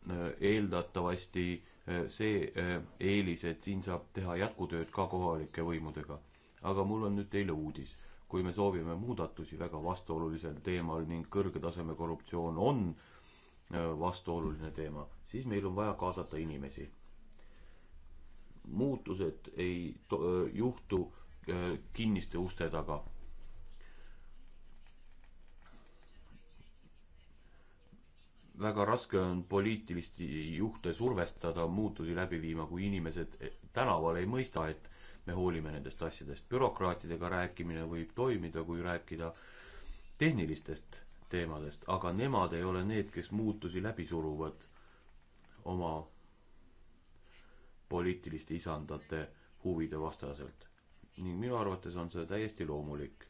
äh, eeldatavasti äh, see äh, eelis, et siin saab teha jätkutööd ka kohalike võimudega. aga mul on nüüd teile uudis. kui me soovime muudatusi väga vastuolulisel teemal ning kõrge taseme korruptsioon on vastuoluline teema, siis meil on vaja kaasata inimesi muutused ei to-, juhtu äh, kinniste uste taga. väga raske on poliitilisi juhte survestada muutusi läbi viima, kui inimesed eh, tänaval ei mõista, et me hoolime nendest asjadest. bürokraatidega rääkimine võib toimida, kui rääkida tehnilistest teemadest, aga nemad ei ole need, kes muutusi läbi suruvad oma poliitiliste isandate huvide vastaselt. ning minu arvates on see täiesti loomulik.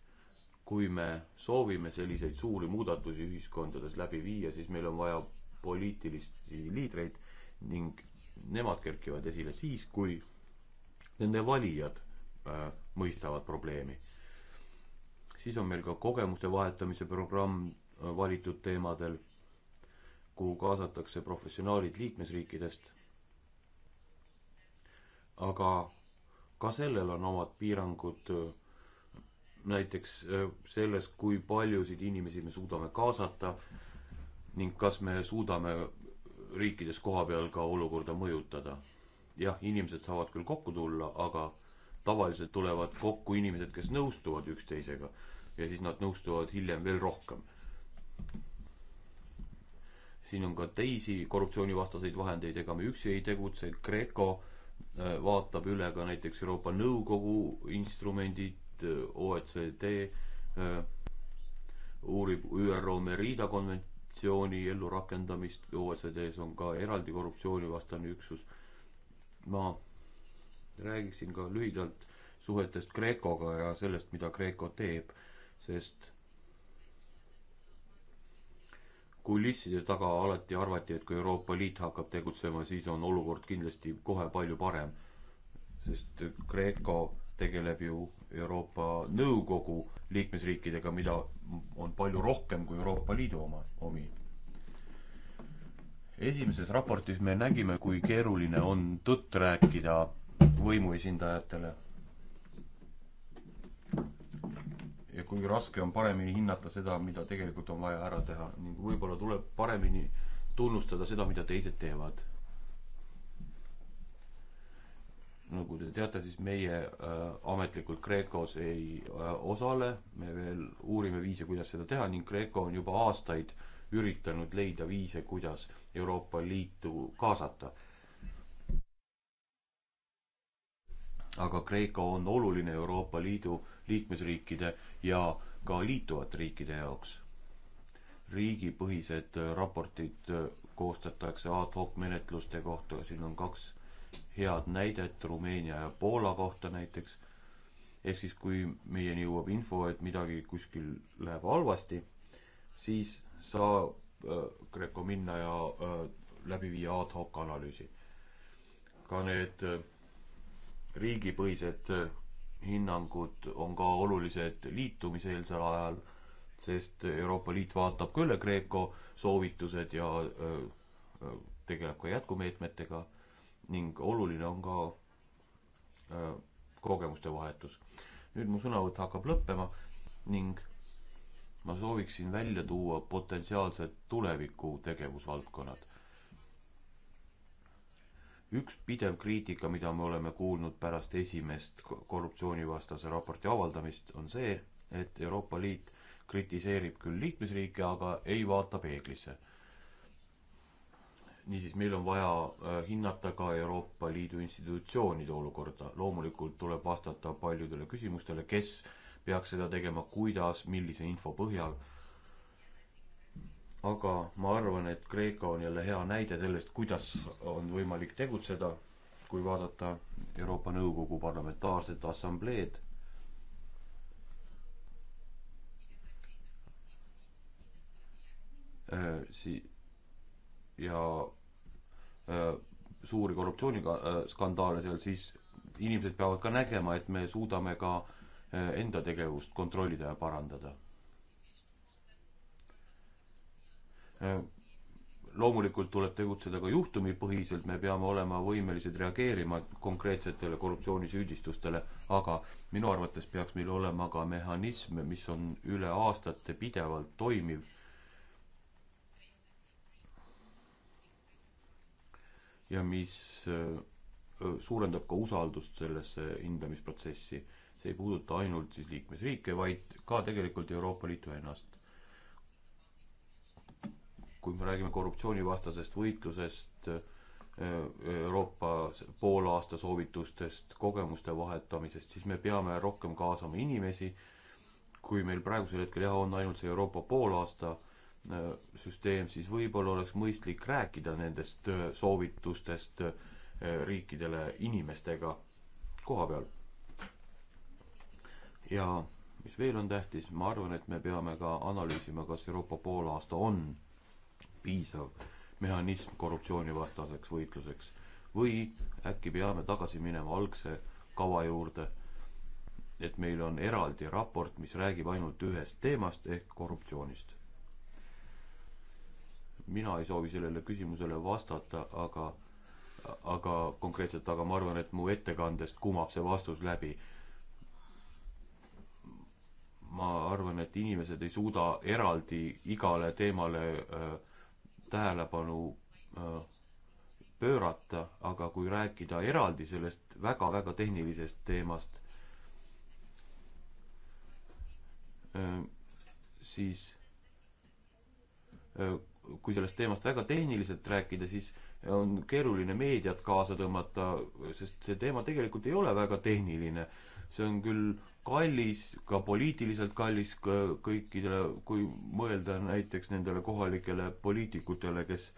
kui me soovime selliseid suuri muudatusi ühiskondades läbi viia, siis meil on vaja poliitilisi liidreid ning nemad kerkivad esile siis, kui nende valijad äh, mõistavad probleemi. siis on meil ka kogemuste vahetamise programm äh, valitud teemadel, kuhu kaasatakse professionaalid liikmesriikidest aga ka sellel on omad piirangud, äh, näiteks äh, selles, kui paljusid inimesi me suudame kaasata ning kas me suudame riikides kohapeal ka olukorda mõjutada. jah, inimesed saavad küll kokku tulla, aga tavaliselt tulevad kokku inimesed, kes nõustuvad üksteisega ja siis nad nõustuvad hiljem veel rohkem. siin on ka teisi korruptsioonivastaseid vahendeid, ega me üksi ei tegutse, Kreeko Äh, vaatab üle ka näiteks Euroopa Nõukogu instrumendid, äh, OECD äh, uurib ÜRO Merida konventsiooni ellurakendamist, OECD-s on ka eraldi korruptsioonivastane üksus. ma räägiksin ka lühidalt suhetest Kreekoga ja sellest, mida Kreeko teeb, sest kulisside taga alati arvati, et kui Euroopa Liit hakkab tegutsema, siis on olukord kindlasti kohe palju parem. sest Kreeko tegeleb ju Euroopa Nõukogu liikmesriikidega, mida on palju rohkem kui Euroopa Liidu oma, omi. esimeses raportis me nägime, kui keeruline on tõtt rääkida võimuesindajatele ja kui raske on paremini hinnata seda, mida tegelikult on vaja ära teha ning võib-olla tuleb paremini tunnustada seda, mida teised teevad. nagu te teate, siis meie äh, ametlikult Kreekos ei äh, osale, me veel uurime viise, kuidas seda teha ning Kreeko on juba aastaid üritanud leida viise, kuidas Euroopa Liitu kaasata aga Kreeka on oluline Euroopa Liidu liikmesriikide ja ka liituvate riikide jaoks. riigipõhised äh, raportid äh, koostatakse ad hoc menetluste kohta, siin on kaks head näidet Rumeenia ja Poola kohta näiteks, ehk siis kui meieni jõuab info, et midagi kuskil läheb halvasti, siis saab äh, Kreeko minna ja äh, läbi viia ad hoc analüüsi. ka need äh, riigipõhised hinnangud on ka olulised liitumiseelsel ajal, sest Euroopa Liit vaatab küll Kreeko soovitused ja tegeleb ka jätkumeetmetega ning oluline on ka kogemuste vahetus. nüüd mu sõnavõtt hakkab lõppema ning ma sooviksin välja tuua potentsiaalsed tuleviku tegevusvaldkonnad üks pidev kriitika, mida me oleme kuulnud pärast esimest korruptsioonivastase raporti avaldamist, on see, et Euroopa Liit kritiseerib küll liikmesriike, aga ei vaata peeglisse. niisiis, meil on vaja äh, hinnata ka Euroopa Liidu institutsioonide olukorda. loomulikult tuleb vastata paljudele küsimustele, kes peaks seda tegema, kuidas, millise info põhjal aga ma arvan, et Kreeka on jälle hea näide sellest, kuidas on võimalik tegutseda, kui vaadata Euroopa Nõukogu Parlamentaarset Assambleed. Äh, si- ja äh, suuri korruptsiooniskandaale seal, siis inimesed peavad ka nägema, et me suudame ka äh, enda tegevust kontrollida ja parandada Äh, loomulikult tuleb tegutseda ka juhtumipõhiselt, me peame olema võimelised reageerima konkreetsetele korruptsioonisüüdistustele, aga minu arvates peaks meil olema ka mehhanism, mis on üle aastate pidevalt toimiv. ja mis äh, suurendab ka usaldust sellesse hindamisprotsessi. see ei puuduta ainult siis liikmesriike, vaid ka tegelikult Euroopa Liitu ennast kui me räägime korruptsioonivastasest võitlusest, äh, Euroopa poolaasta soovitustest, kogemuste vahetamisest, siis me peame rohkem kaasama inimesi, kui meil praegusel hetkel jah, on ainult see Euroopa poolaasta äh, süsteem, siis võib-olla oleks mõistlik rääkida nendest äh, soovitustest riikidele inimestega koha peal. ja mis veel on tähtis, ma arvan, et me peame ka analüüsima, kas Euroopa poolaasta on piisav mehhanism korruptsioonivastaseks võitluseks või äkki peame tagasi minema algse kava juurde, et meil on eraldi raport, mis räägib ainult ühest teemast ehk korruptsioonist. mina ei soovi sellele küsimusele vastata, aga, aga konkreetselt, aga ma arvan, et mu ettekandest kumab see vastus läbi. ma arvan, et inimesed ei suuda eraldi igale teemale öö, äh, tähelepanu pöörata, aga kui rääkida eraldi sellest väga-väga tehnilisest teemast, siis kui sellest teemast väga tehniliselt rääkida, siis on keeruline meediat kaasa tõmmata, sest see teema tegelikult ei ole väga tehniline. see on küll kallis, ka poliitiliselt kallis kõikidele, kui mõelda näiteks nendele kohalikele poliitikutele, kes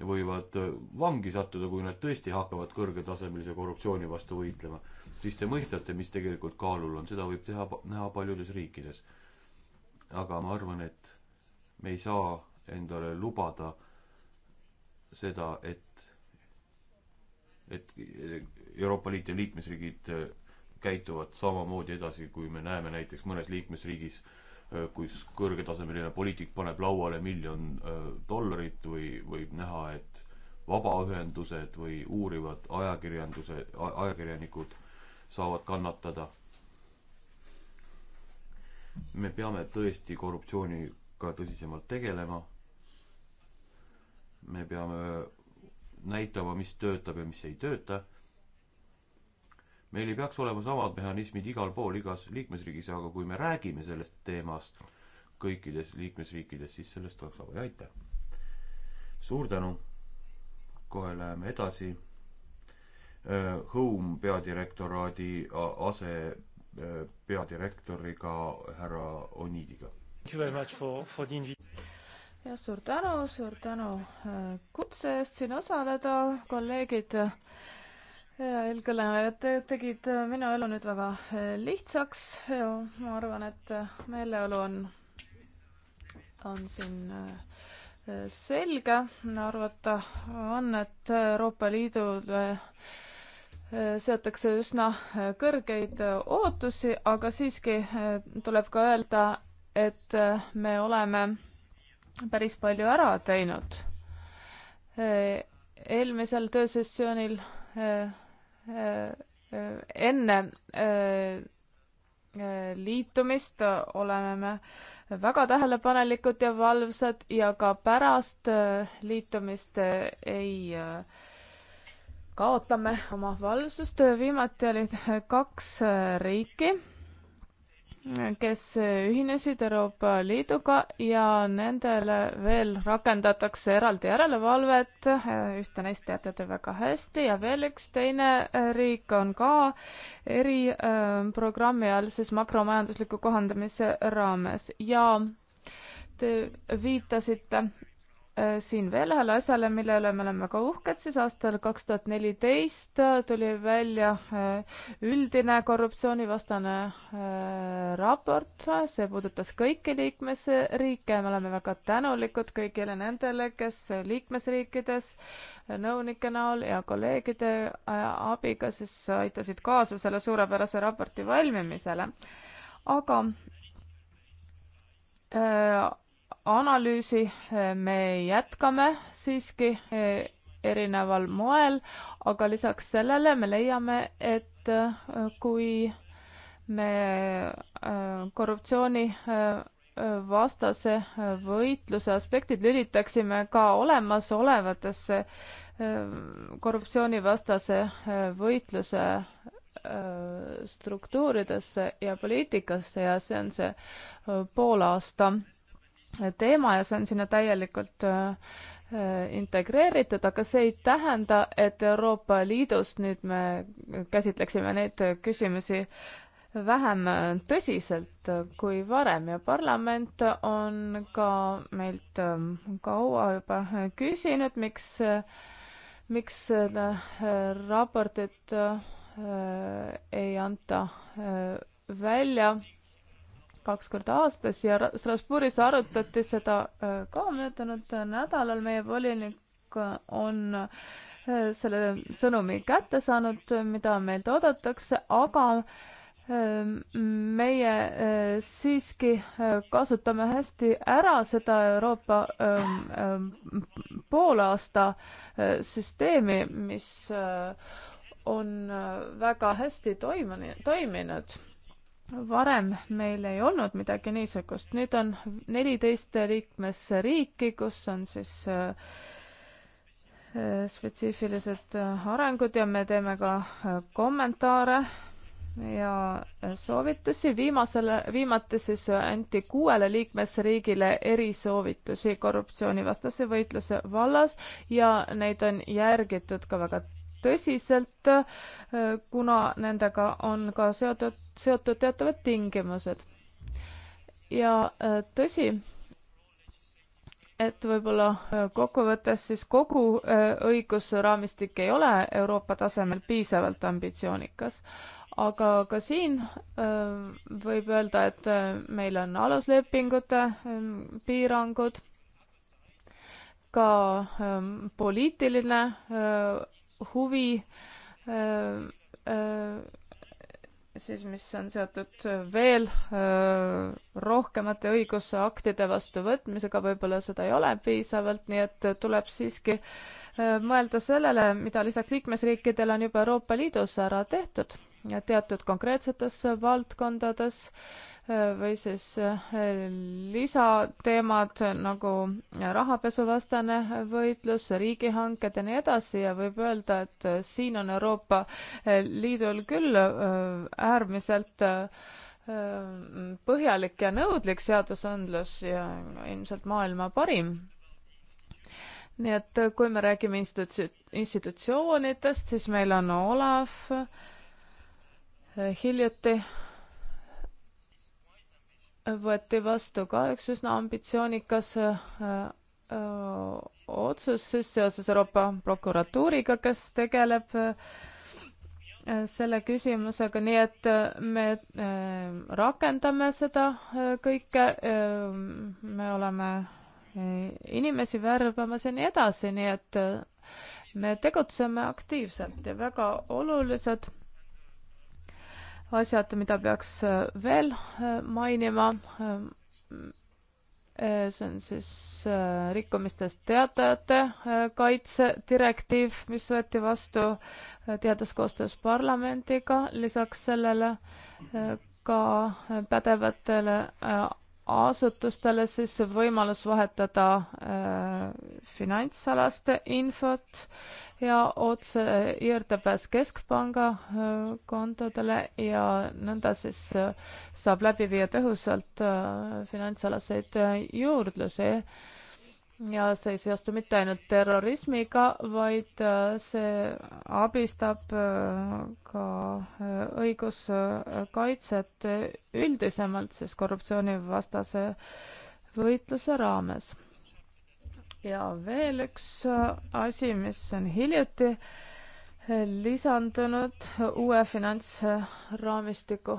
võivad vangi sattuda, kui nad tõesti hakkavad kõrgetasemelise korruptsiooni vastu võitlema, siis te mõistate, mis tegelikult kaalul on, seda võib teha, näha paljudes riikides. aga ma arvan, et me ei saa endale lubada seda, et, et Euroopa Liit ja liikmesriigid käituvad samamoodi edasi, kui me näeme näiteks mõnes liikmesriigis, kus kõrgetasemeline poliitik paneb lauale miljon dollarit või võib näha, et vabaühendused või uurivad ajakirjanduse, ajakirjanikud saavad kannatada. me peame tõesti korruptsiooniga tõsisemalt tegelema. me peame näitama, mis töötab ja mis ei tööta meil ei peaks olema samad mehhanismid igal pool, igas liikmesriigis, aga kui me räägime sellest teemast kõikides liikmesriikides, siis sellest oleks abi, aitäh! suur tänu! kohe läheme edasi. Äh, Home peadirektoraadi ase äh, peadirektoriga härra Oniidiga. ja suur tänu, suur tänu äh, kutse eest siin osaleda, kolleegid ja eelkõnelejad tegid äh, minu elu nüüd väga äh, lihtsaks ja äh, ma arvan, et meeleolu on, on siin selge. arvata on, et Euroopa Liidule seatakse üsna kõrgeid ootusi, aga siiski tuleb ka öelda, et me oleme päris palju ära teinud. eelmisel töösessioonil enne äh, äh, liitumist oleme me väga tähelepanelikud ja valvsad ja ka pärast äh, liitumist ei kaotame oma valvsust. viimati oli kaks riiki kes ühinesid Euroopa Liiduga ja nendele veel rakendatakse eraldi järelevalvet, ühte neist teate te väga hästi ja veel üks teine riik on ka eriprogrammi ähm, all siis makromajandusliku kohandamise raames ja te viitasite Äh, siin veel ühele asjale, mille üle me oleme ka uhked, siis aastal kaks tuhat neliteist äh, tuli välja äh, üldine korruptsioonivastane raport, see puudutas kõiki liikmesriike, me oleme väga tänulikud kõigile nendele, kes liikmesriikides nõunike näol ja kolleegide abiga siis aitasid kaasa selle suurepärase raporti valmimisele. aga äh, analüüsi eh, me jätkame siiski eh, erineval moel, aga lisaks sellele me leiame, et eh, kui me korruptsiooni vastase võitluse aspektid lülitaksime ka olemasolevatesse korruptsioonivastase võitluse struktuuridesse ja poliitikasse ja see on see poolaasta teema ja see on sinna täielikult äh, äh, integreeritud, aga see ei tähenda, et Euroopa Liidus nüüd me käsitleksime neid küsimusi vähem tõsiselt kui varem ja parlament on ka meilt ähm, kaua juba küsinud, miks, miks seda äh, raportit ei anta välja kaks korda aastas ja Strasbourgis arutati seda äh, ka möödunud nädalal. meie volinik äh, on äh, selle sõnumi kätte saanud, mida meilt oodatakse, aga meie siiski kasutame hästi ära seda Euroopa ähm, ähm, poolaasta süsteemi, mis on väga hästi toimunud, toiminud varem meil ei olnud midagi niisugust, nüüd on neliteist liikmesriiki, kus on siis äh, äh, spetsiifilised äh, arengud ja me teeme ka kommentaare ja soovitusi. viimasele, viimati siis anti kuuele liikmesriigile erisoovitusi korruptsioonivastase võitluse vallas ja neid on järgitud ka väga tõsiselt, kuna nendega on ka seotud, seotud teatavad tingimused. ja tõsi, et võib-olla äh, kokkuvõttes siis kogu äh, õigusraamistik ei ole Euroopa tasemel piisavalt ambitsioonikas, aga ka siin äh, võib öelda, et meil on aluslepingute ähm, piirangud, ka ähm, poliitiline huvi äh, äh, siis, mis on seotud veel öö, äh, rohkemate õigusaktide vastuvõtmisega, võib-olla seda ei ole piisavalt, nii et tuleb siiski öö, mõelda sellele, mida lisaks liikmesriikidel on juba Euroopa Liidus ära tehtud ja teatud konkreetsetes valdkondades või siis eh, lisateemad nagu rahapesuvastane võitlus, riigihanked ja nii edasi ja võib öelda, et siin on Euroopa eh, Liidul küll eh, äärmiselt põhjalik ja nõudlik seadusandlus ja ilmselt maailma parim nii et kui me räägime institutsi-, institutsioonidest, siis meil on Olav, hiljuti võeti vastu ka üks üsna ambitsioonikas äh, äh, otsus siis seoses Euroopa prokuratuuriga, kes tegeleb äh, selle küsimusega, nii et me rakendame seda kõike. me oleme inimesi värbamas ja nii edasi, nii et me tegutseme aktiivselt ja väga olulised asjad, mida peaks äh, veel äh, mainima. Äh, see on siis rikkumistest teatajate kaitsedirektiiv, mis võeti vastu teades koostöös parlamendiga, lisaks sellele ka pädevatele asutustele siis võimalus vahetada äh, finantsalaste infot ja otse juurdepääs keskpanga äh, kontodele ja nõnda siis äh, saab läbi viia tõhusalt äh, finantsalaseid äh, juurdlusi äh, ja see ei seostu mitte ainult terrorismiga, vaid äh, see abistab äh, ka äh, õiguskaitset üldisemalt siis korruptsioonivastase võitluse raames. ja veel üks asi, mis on hiljuti lisandunud uue finantsraamistiku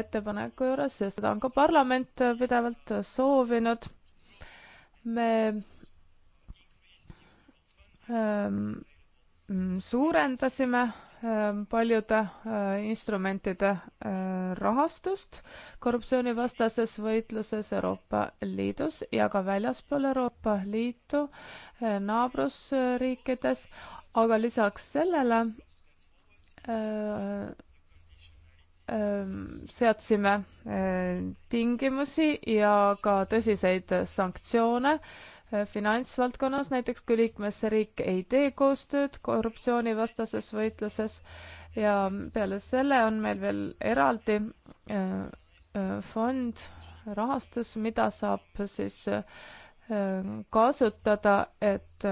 ettepaneku juures ja seda on ka parlament pidevalt soovinud me ähm, suurendasime ähm, paljude äh, instrumentide äh, rahastust korruptsioonivastases võitluses Euroopa Liidus ja ka väljaspool Euroopa Liitu äh, naabrusriikides, aga lisaks sellele äh, seadsime tingimusi ja ka tõsiseid sanktsioone finantsvaldkonnas, näiteks kui liikmesriik ei tee koostööd korruptsioonivastases võitluses ja peale selle on meil veel eraldi fond, rahastus, mida saab siis kasutada, et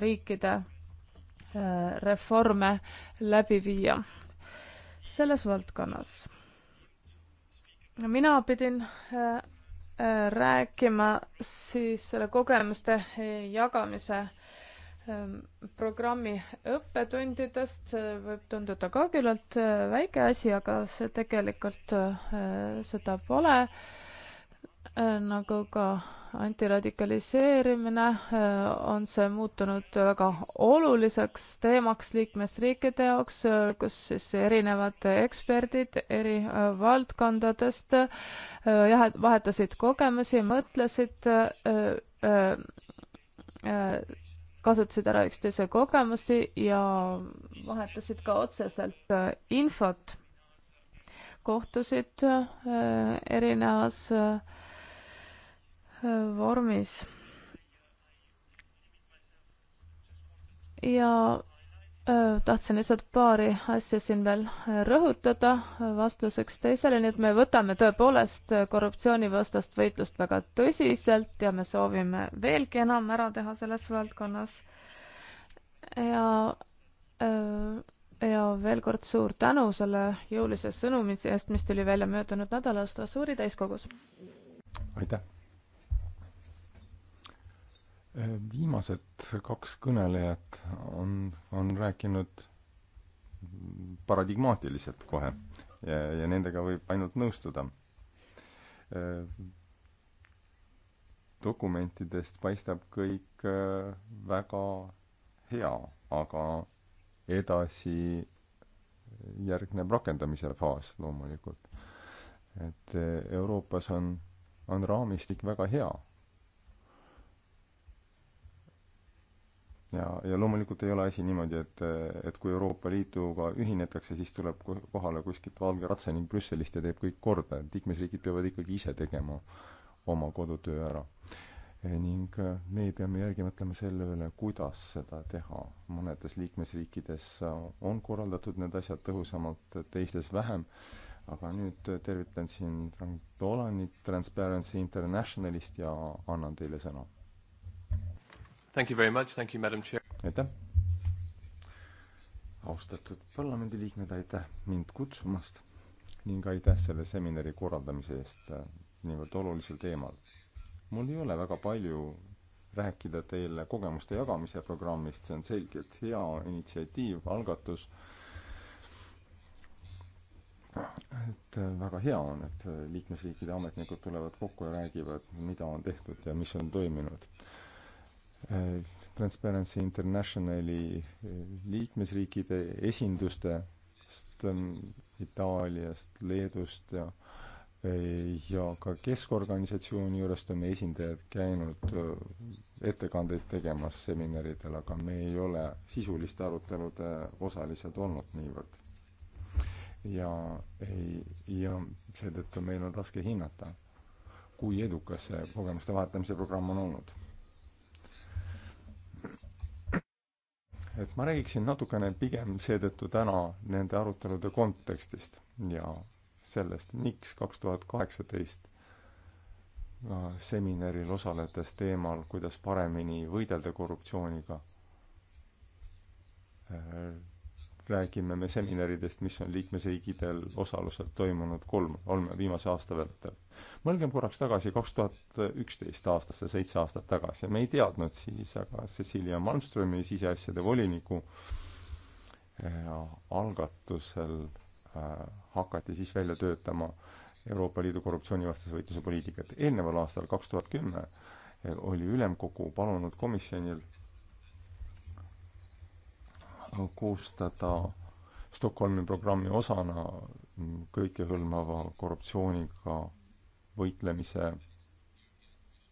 riikide reforme läbi viia selles valdkonnas. mina pidin äh, äh, rääkima siis selle kogemuste äh, jagamise ähm, programmi õppetundidest võib tunduda ka küllalt väike asi, aga see tegelikult, seda pole. Äh, nagu ka antiradikaliseerimine, äh, on see muutunud väga oluliseks teemaks liikmesriikide jaoks, äh, kus siis erinevad eksperdid eri valdkondadest jah, vahetasid kogemusi, mõtlesid, kasutasid ära üksteise kogemusi ja vahetasid ka otseselt infot kohtusid äh, erinevas äh, vormis. ja äh, tahtsin lihtsalt paari asja siin veel äh, rõhutada äh, vastuseks teisele, nii et me võtame tõepoolest korruptsioonivastast võitlust väga tõsiselt ja me soovime veelgi enam ära teha selles valdkonnas. ja, ja veel kord suur tänu selle jõulise sõnumi eest, mis tuli välja möödunud nädalal Strasbourgi täiskogus. aitäh! viimased kaks kõnelejat on, on rääkinud paradigmaatiliselt kohe ja, ja nendega võib ainult nõustuda. Äh, dokumentidest paistab kõik äh, väga hea, aga edasi järgneb rakendamise faas loomulikult. et äh, Euroopas on, on raamistik väga hea ja, ja loomulikult ei ole asi niimoodi, et, et kui Euroopa Liiduga ühinetakse, siis tuleb kohale kuskilt valge ratsanik Brüsselist ja teeb kõik korda, et liikmesriigid peavad ikkagi ise tegema oma kodutöö ära. E, ning e, meie peame järgi mõtlema selle üle, kuidas seda teha. mõnedes liikmesriikides e, on korraldatud need asjad tõhusamalt, teistes vähem, aga nüüd tervitan siin Frank Dolanit Transparency Internationalist ja annan teile sõna Thank you very much, thank you, madam chair. aitäh. austatud parlamendiliikmed, aitäh mind kutsumast ning aitäh selle seminari korraldamise eest äh, niivõrd olulisel teemal. mul ei ole väga palju rääkida teile kogemuste jagamise programmist, see on selgelt hea initsiatiiv, algatus. et äh, väga hea on, et äh, liikmesriikide ametnikud tulevad kokku ja räägivad, mida on tehtud ja mis on toiminud Äh, Transparency Internationali äh, liikmesriikide esindustest ähm, Itaaliast, Leedust ja äh, ja ka keskorganisatsiooni juurest on esindajad käinud ettekandeid tegemas seminaridel, aga me ei ole sisuliste arutelude osalised olnud niivõrd. ja ei, ja seetõttu meil on raske hinnata, kui edukas see kogemuste vahetamise programm on olnud et ma räägiksin natukene pigem seetõttu täna nende arutelude kontekstist ja sellest, miks kaks tuhat kaheksateist seminaril osaledes teemal, kuidas paremini võidelda korruptsiooniga, räägime me seminaridest, mis on liikmesriikidel osaluselt toimunud kolm, kolme viimase aasta vältel. mõelgem korraks tagasi kaks tuhat üksteist aastasse, seitse aastat tagasi, me ei teadnud siis, aga Cecilia Malmströmi siseasjade voliniku äh, algatusel äh, hakati siis välja töötama Euroopa Liidu korruptsioonivastase võitluse poliitikat. eelneval aastal, kaks tuhat kümme, äh, oli ülemkogu palunud komisjonilt koostada Stockholmi programmi osana kõikehõlmava korruptsiooniga võitlemise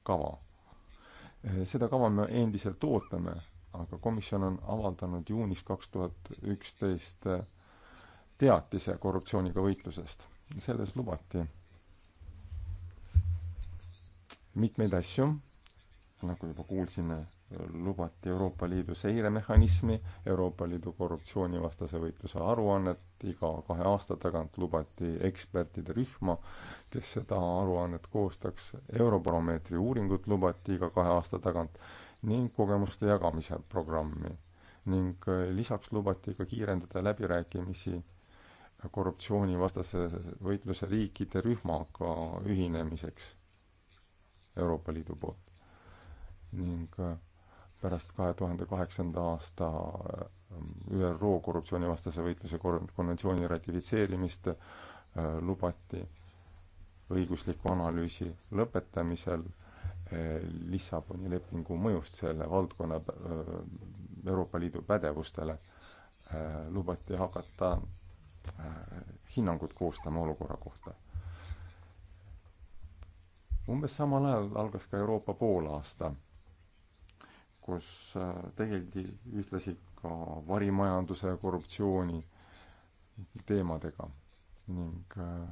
kava. seda kava me endiselt ootame, aga komisjon on avaldanud juunis kaks tuhat üksteist teatise korruptsiooniga võitlusest. selles lubati mitmeid asju nagu juba kuulsime, lubati Euroopa Liidu seiremehhanismi, Euroopa Liidu korruptsioonivastase võitluse aruannet, iga kahe aasta tagant lubati ekspertide rühma, kes seda aruannet koostaks, Eurobaromeetri uuringut lubati iga kahe aasta tagant ning kogemuste jagamise programmi. ning äh, lisaks lubati ka kiirendada läbirääkimisi korruptsioonivastase võitluse riikide rühmaga ühinemiseks Euroopa Liidu poolt ning äh, pärast kahe tuhande kaheksanda aasta äh, ÜRO korruptsioonivastase võitluse konventsiooni ratifitseerimist äh, lubati õigusliku analüüsi lõpetamisel Lissaboni lepingu mõjust selle valdkonna Euroopa Liidu pädevustele, lubati hakata hinnangut koostama olukorra kohta. umbes samal ajal algas ka Euroopa poolaasta kus äh, tegeldi ühtlasi ka varimajanduse ja korruptsiooni teemadega ning äh,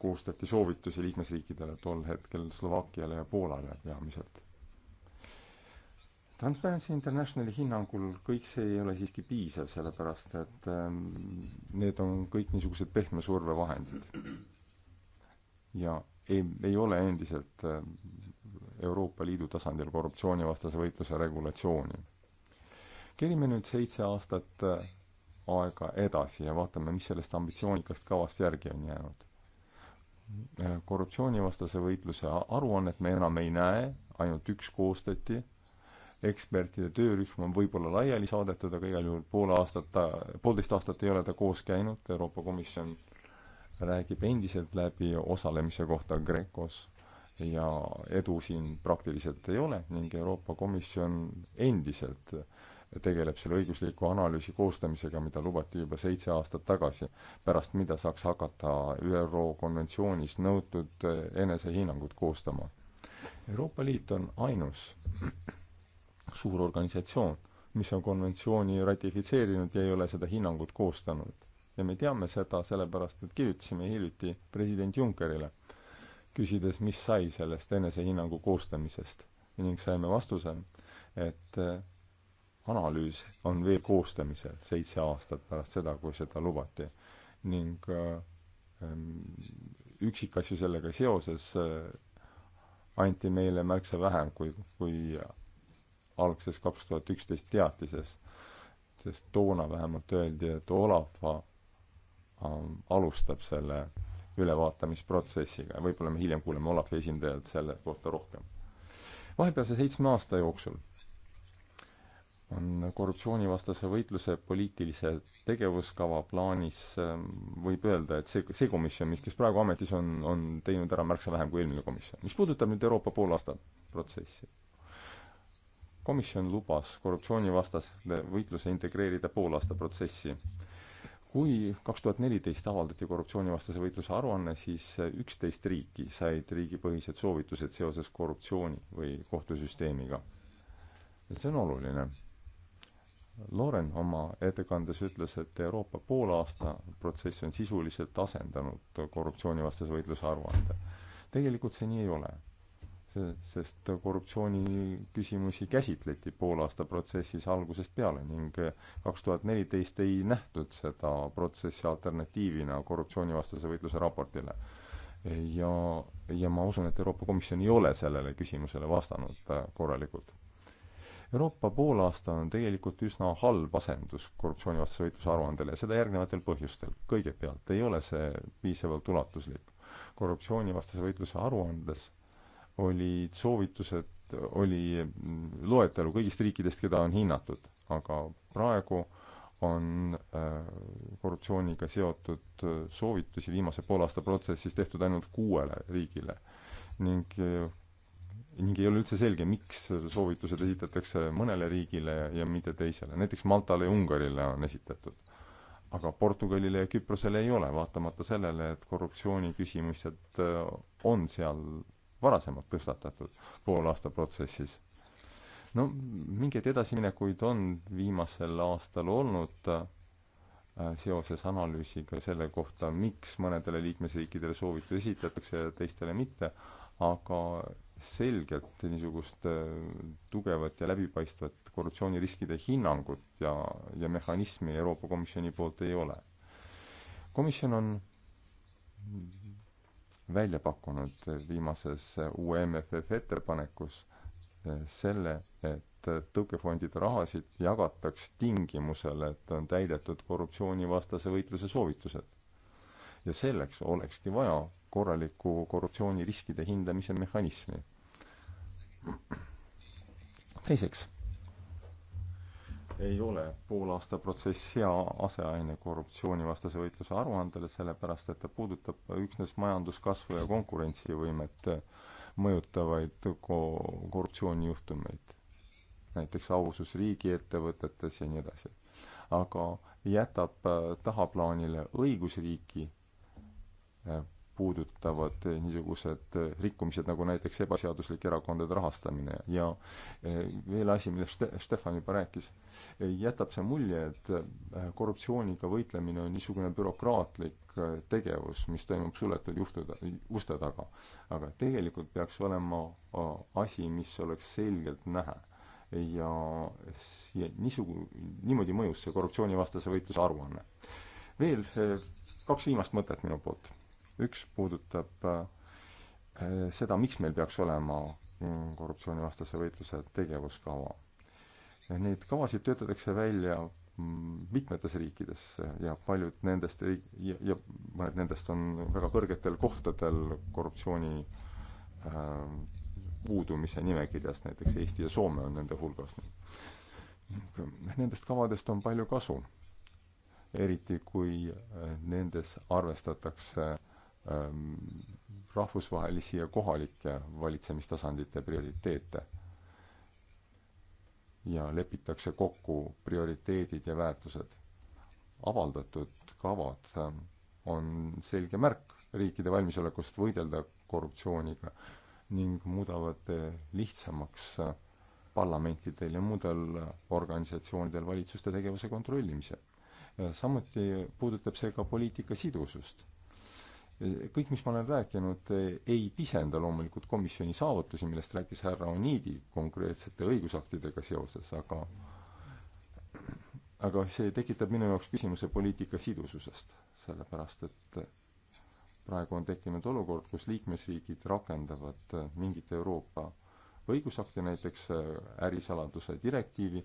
koostati soovitusi liikmesriikidele, tol hetkel Slovakkiale ja Poolale peamiselt. Transparency Internationali hinnangul kõik see ei ole siiski piisav, sellepärast et ähm, need on kõik niisugused pehme surve vahendid. ja ei, ei ole endiselt ähm, Euroopa Liidu tasandil korruptsioonivastase võitluse regulatsiooni. kerime nüüd seitse aastat äh, aega edasi ja vaatame, mis sellest ambitsioonikast kavast järgi on jäänud. Äh, korruptsioonivastase võitluse aruannet me enam ei näe, ainult üks koostati, ekspertide töörühm on võib-olla laiali saadetud, aga igal juhul pool aastat ta, poolteist aastat ei ole ta koos käinud, Euroopa Komisjon räägib endiselt läbi osalemise kohta GRECO-s ja edu siin praktiliselt ei ole ning Euroopa Komisjon endiselt tegeleb selle õigusliku analüüsi koostamisega, mida lubati juba seitse aastat tagasi, pärast mida saaks hakata ÜRO konventsioonis nõutud enesehinnangut koostama. Euroopa Liit on ainus suur organisatsioon, mis on konventsiooni ratifitseerinud ja ei ole seda hinnangut koostanud. ja me teame seda sellepärast, et kirjutasime hiljuti president Junckerile küsides, mis sai sellest enesehinnangu koostamisest ning saime vastuse, et eh, analüüs on veel koostamisel seitse aastat pärast seda, kui seda lubati. ning eh, üksikasju sellega seoses eh, anti meile märksa vähem kui, kui algses kaks tuhat üksteist teatises. sest toona vähemalt öeldi, et Olav alustab selle äh, ülevaatamisprotsessiga. võib-olla me hiljem kuuleme Olavi esindajalt selle kohta rohkem. vahepealse seitsme aasta jooksul on korruptsioonivastase võitluse poliitilise tegevuskava plaanis, ähm, võib öelda, et see, see komisjon, mis, kes praegu ametis on, on teinud ära märksa vähem kui eelmine komisjon. mis puudutab nüüd Euroopa poolaasta protsessi, komisjon lubas korruptsioonivastase võitluse integreerida poolaasta protsessi kui kaks tuhat neliteist avaldati korruptsioonivastase võitluse aruanne, siis üksteist riiki said riigipõhised soovitused seoses korruptsiooni või kohtusüsteemiga. ja see on oluline. Loren oma ettekandes ütles, et Euroopa poolaasta protsess on sisuliselt asendanud korruptsioonivastase võitluse aruande. tegelikult see nii ei ole sest korruptsiooniküsimusi käsitleti poolaasta protsessis algusest peale ning kaks tuhat neliteist ei nähtud seda protsessi alternatiivina korruptsioonivastase võitluse raportile. ja, ja ma usun, et Euroopa Komisjon ei ole sellele küsimusele vastanud äh, korralikult. Euroopa poolaasta on tegelikult üsna halb asendus korruptsioonivastase võitluse aruandele ja seda järgnevatel põhjustel. kõigepealt ei ole see piisavalt ulatuslik. korruptsioonivastase võitluse aruandes olid soovitused, oli loetelu kõigist riikidest, keda on hinnatud, aga praegu on äh, korruptsiooniga seotud äh, soovitusi viimase poolaasta protsessis tehtud ainult kuuele riigile ning äh, ning ei ole üldse selge, miks soovitused esitatakse mõnele riigile ja mitte teisele. näiteks Maltale ja Ungarile on esitatud. aga Portugalile ja Küprosele ei ole, vaatamata sellele, et korruptsiooniküsimused on seal varasemalt tõstatatud poolaasta protsessis. no mingeid edasiminekuid on viimasel aastal olnud äh, seoses analüüsiga selle kohta, miks mõnedele liikmesriikidele soovitus esitatakse ja teistele mitte, aga selgelt niisugust äh, tugevat ja läbipaistvat korruptsiooniriskide hinnangut ja, ja mehhanismi Euroopa Komisjoni poolt ei ole. komisjon on välja pakkunud viimases uue MFF ettepanekus eh, selle, et tõukefondide rahasid jagataks tingimusel, et on täidetud korruptsioonivastase võitluse soovitused. ja selleks olekski vaja korralikku korruptsiooniriskide hindamise mehhanismi. teiseks ei ole poolaasta protsess hea aseaine korruptsioonivastase võitluse aruandele, sellepärast et ta puudutab üksnes majanduskasvu ja konkurentsivõimet mõjutavaid ko-, korruptsioonijuhtumeid. näiteks ausus riigiettevõtetes ja nii edasi. aga jätab tahaplaanile õigusriiki puudutavad niisugused rikkumised, nagu näiteks ebaseaduslik erakondade rahastamine ja eh, veel asi, millest Stefan juba rääkis, eh, jätab see mulje, et eh, korruptsiooniga võitlemine on niisugune bürokraatlik tegevus, mis toimub suletud juhtude, uste taga. aga tegelikult peaks olema asi, mis oleks selgelt näha ja niisugu-, niimoodi mõjus see korruptsioonivastase võitluse aruanne. veel kaks viimast mõtet minu poolt üks puudutab äh, seda, miks meil peaks olema korruptsioonivastase võitluse tegevuskava. Neid kavasid töötatakse välja mm, mitmetes riikides ja paljud nendest riik- ja, ja mõned nendest on väga kõrgetel kohtadel korruptsiooni äh, puudumise nimekirjas, näiteks Eesti ja Soome on nende hulgas. Nendest kavadest on palju kasu eriti kui äh, nendes arvestatakse Ähm, rahvusvahelisi ja kohalikke valitsemistasandite prioriteete. ja lepitakse kokku prioriteedid ja väärtused. avaldatud kavad ähm, on selge märk riikide valmisolekust võidelda korruptsiooniga ning muudavad lihtsamaks äh, parlamentidel ja muudel äh, organisatsioonidel valitsuste tegevuse kontrollimise. Äh, samuti puudutab see ka poliitika sidusust kõik, mis ma olen rääkinud, ei pisenda loomulikult komisjoni saavutusi, millest rääkis härra Oniidi konkreetsete õigusaktidega seoses, aga aga see tekitab minu jaoks küsimuse poliitika sidususest, sellepärast et praegu on tekkinud olukord, kus liikmesriigid rakendavad mingit Euroopa õigusakti, näiteks ärisaladuse direktiivi,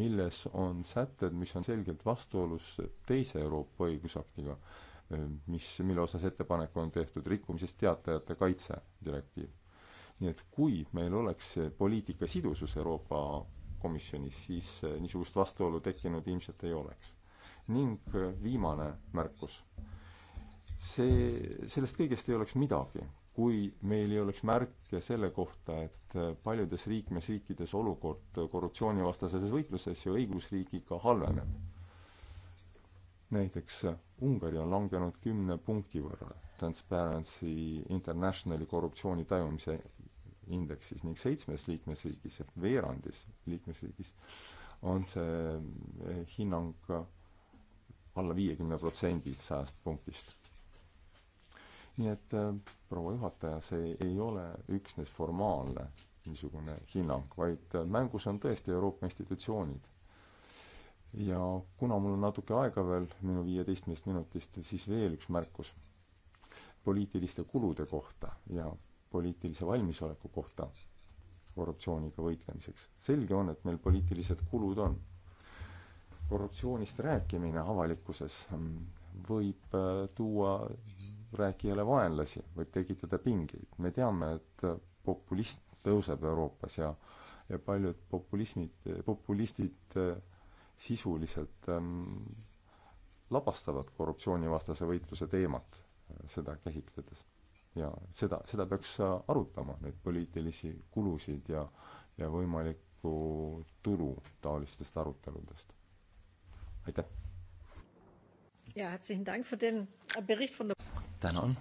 milles on sätted, mis on selgelt vastuolus teise Euroopa õigusaktiga mis, mille osas ettepanek on tehtud, rikkumisest teatajate kaitse direktiiv. nii et kui meil oleks poliitika sidusus Euroopa Komisjonis, siis eh, niisugust vastuolu tekkinud ilmselt ei oleks. ning eh, viimane märkus. see, sellest kõigest ei oleks midagi, kui meil ei oleks märke selle kohta, et eh, paljudes liikmesriikides olukord korruptsioonivastases võitluses ja õigusriigiga halveneb näiteks äh, Ungari on langenud kümne punkti võrra Transparency Internationali korruptsiooni tajumise indeksis ning seitsmes liikmesriigis ehk veerandis liikmesriigis on see äh, hinnang alla viiekümne protsendi sajast punktist. nii et äh, proua juhataja, see ei ole üksnes formaalne niisugune hinnang, vaid mängus on tõesti Euroopa institutsioonid ja kuna mul on natuke aega veel minu viieteistkümnest minutist, siis veel üks märkus poliitiliste kulude kohta ja poliitilise valmisoleku kohta korruptsiooniga võitlemiseks. selge on, et meil poliitilised kulud on. korruptsioonist rääkimine avalikkuses mm, võib äh, tuua rääkijale vaenlasi, võib tekitada pingeid. me teame, et populism tõuseb Euroopas ja, ja paljud populismid, populistid, populistid äh, sisuliselt ähm, labastavad korruptsioonivastase võitluse teemat, äh, seda käsitledes. ja seda, seda peaks äh, arutama, neid poliitilisi kulusid ja, ja võimalikku tulu taolistest aruteludest. aitäh! tänan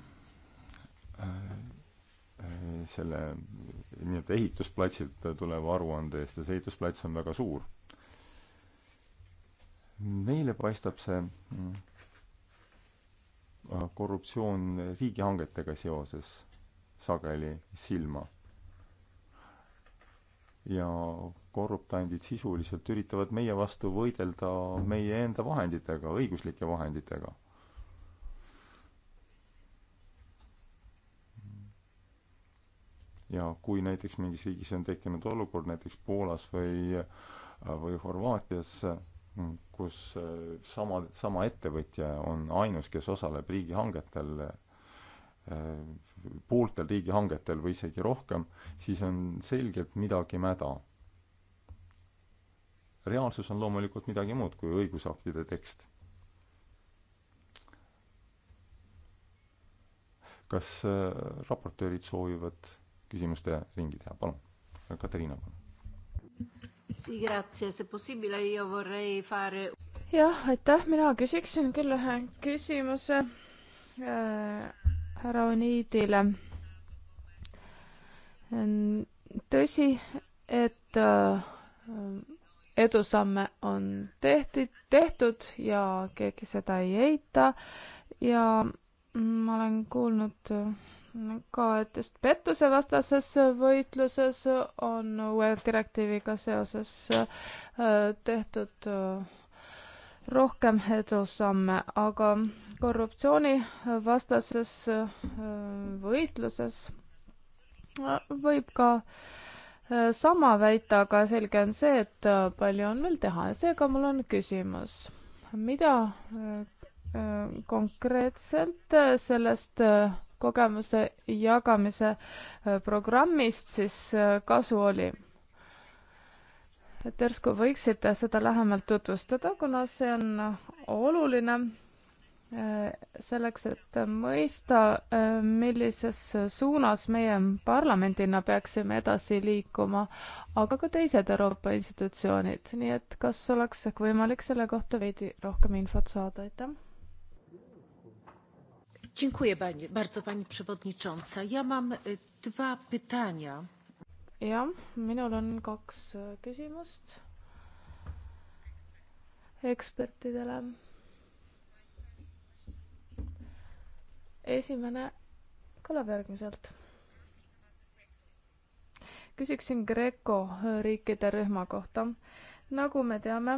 äh, selle nii-öelda ehitusplatsilt tuleva aruande eest ja see ehitusplats on väga suur Neile paistab see mm, äh, korruptsioon riigihangetega seoses sageli silma. ja korruptandid sisuliselt üritavad meie vastu võidelda meie enda vahenditega, õiguslike vahenditega. ja kui näiteks mingis riigis on tekkinud olukord, näiteks Poolas või, äh, või Horvaatias, kus eh, sama, sama ettevõtja on ainus, kes osaleb riigihangetel, eh, pooltel riigihangetel või isegi rohkem, siis on selgelt midagi mäda. reaalsus on loomulikult midagi muud kui õigusaktide tekst. kas eh, raportöörid soovivad küsimuste ringi teha, palun. Katariina, palun jah, aitäh, mina küsiksin küll ühe küsimuse äh, härra Oniidile. Ähm, tõsi, et äh, edusamme on tehti, tehtud ja keegi seda ei eita ja ma olen kuulnud äh, ka, et just pettusevastases võitluses on uue direktiiviga seoses äh, tehtud äh, rohkem edusamme, aga korruptsioonivastases äh, võitluses võib ka sama väita, aga selge on see, et palju on veel teha ja seega mul on küsimus, mida konkreetselt äh, sellest äh, kogemuse jagamise äh, programmist siis kasu oli? et järsku võiksite seda lähemalt tutvustada, kuna see on oluline selleks, et mõista, millises suunas meie parlamendina peaksime edasi liikuma, aga ka teised Euroopa institutsioonid, nii et kas oleks ehk võimalik selle kohta veidi rohkem infot saada, aitäh! Dziękuję bardzo pani przewodnicząca. Ja mam dwa pytania. jah, minul on kaks küsimust ekspertidele. esimene kõlab järgmiselt. küsiksin Kreeko riikide rühma kohta. nagu me teame,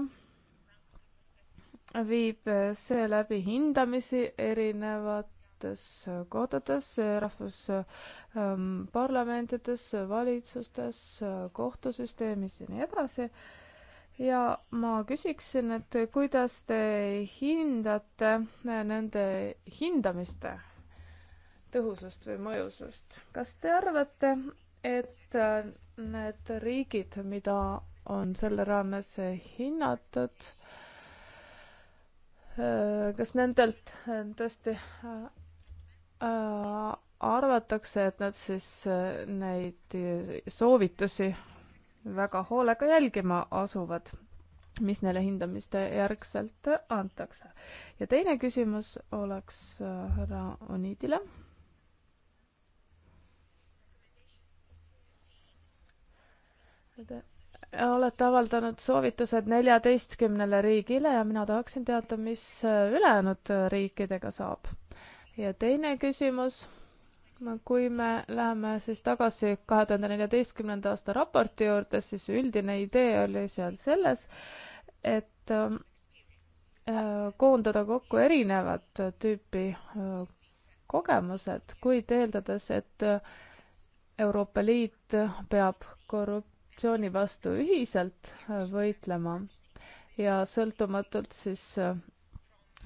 viib seeläbi hindamisi erinevad erinevates äh, kodades, äh, rahvusparlamentides, ähm, äh, valitsustes, kohtusüsteemis ja nii edasi. ja ma küsiksin, et kuidas te hindate nende hindamiste tõhusust või mõjusust, kas te arvate, et need riigid, mida on selle raames hinnatud, kas nendelt tõesti Äh, arvatakse, et nad siis äh, neid äh, soovitusi väga hoolega jälgima asuvad, mis neile hindamiste järgselt antakse. ja teine küsimus oleks härra Onidile. Te olete avaldanud soovitused neljateistkümnele riigile ja mina tahaksin teada, mis ülejäänud riikidega saab ja teine küsimus, kui me läheme siis tagasi kahe tuhande neljateistkümnenda aasta raporti juurde, siis üldine idee oli seal selles, et ähm, äh, koondada kokku erinevat tüüpi äh, kogemused, kuid eeldades, et äh, Euroopa Liit peab korruptsiooni vastu ühiselt võitlema ja sõltumatult siis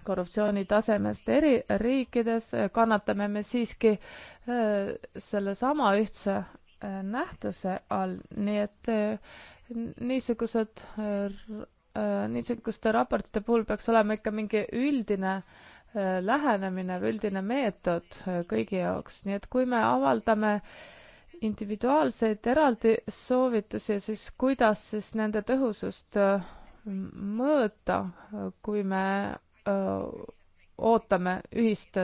korruptsioonitasemest eri riikides, kannatame me siiski äh, sellesama ühtse äh, nähtuse all, nii et äh, niisugused, niisuguste raportite puhul peaks olema ikka mingi üldine lähenemine või üldine meetod kõigi jaoks, nii et kui me avaldame individuaalseid eraldi soovitusi, siis kuidas siis nende tõhusust mõõta, kui me ootame ühist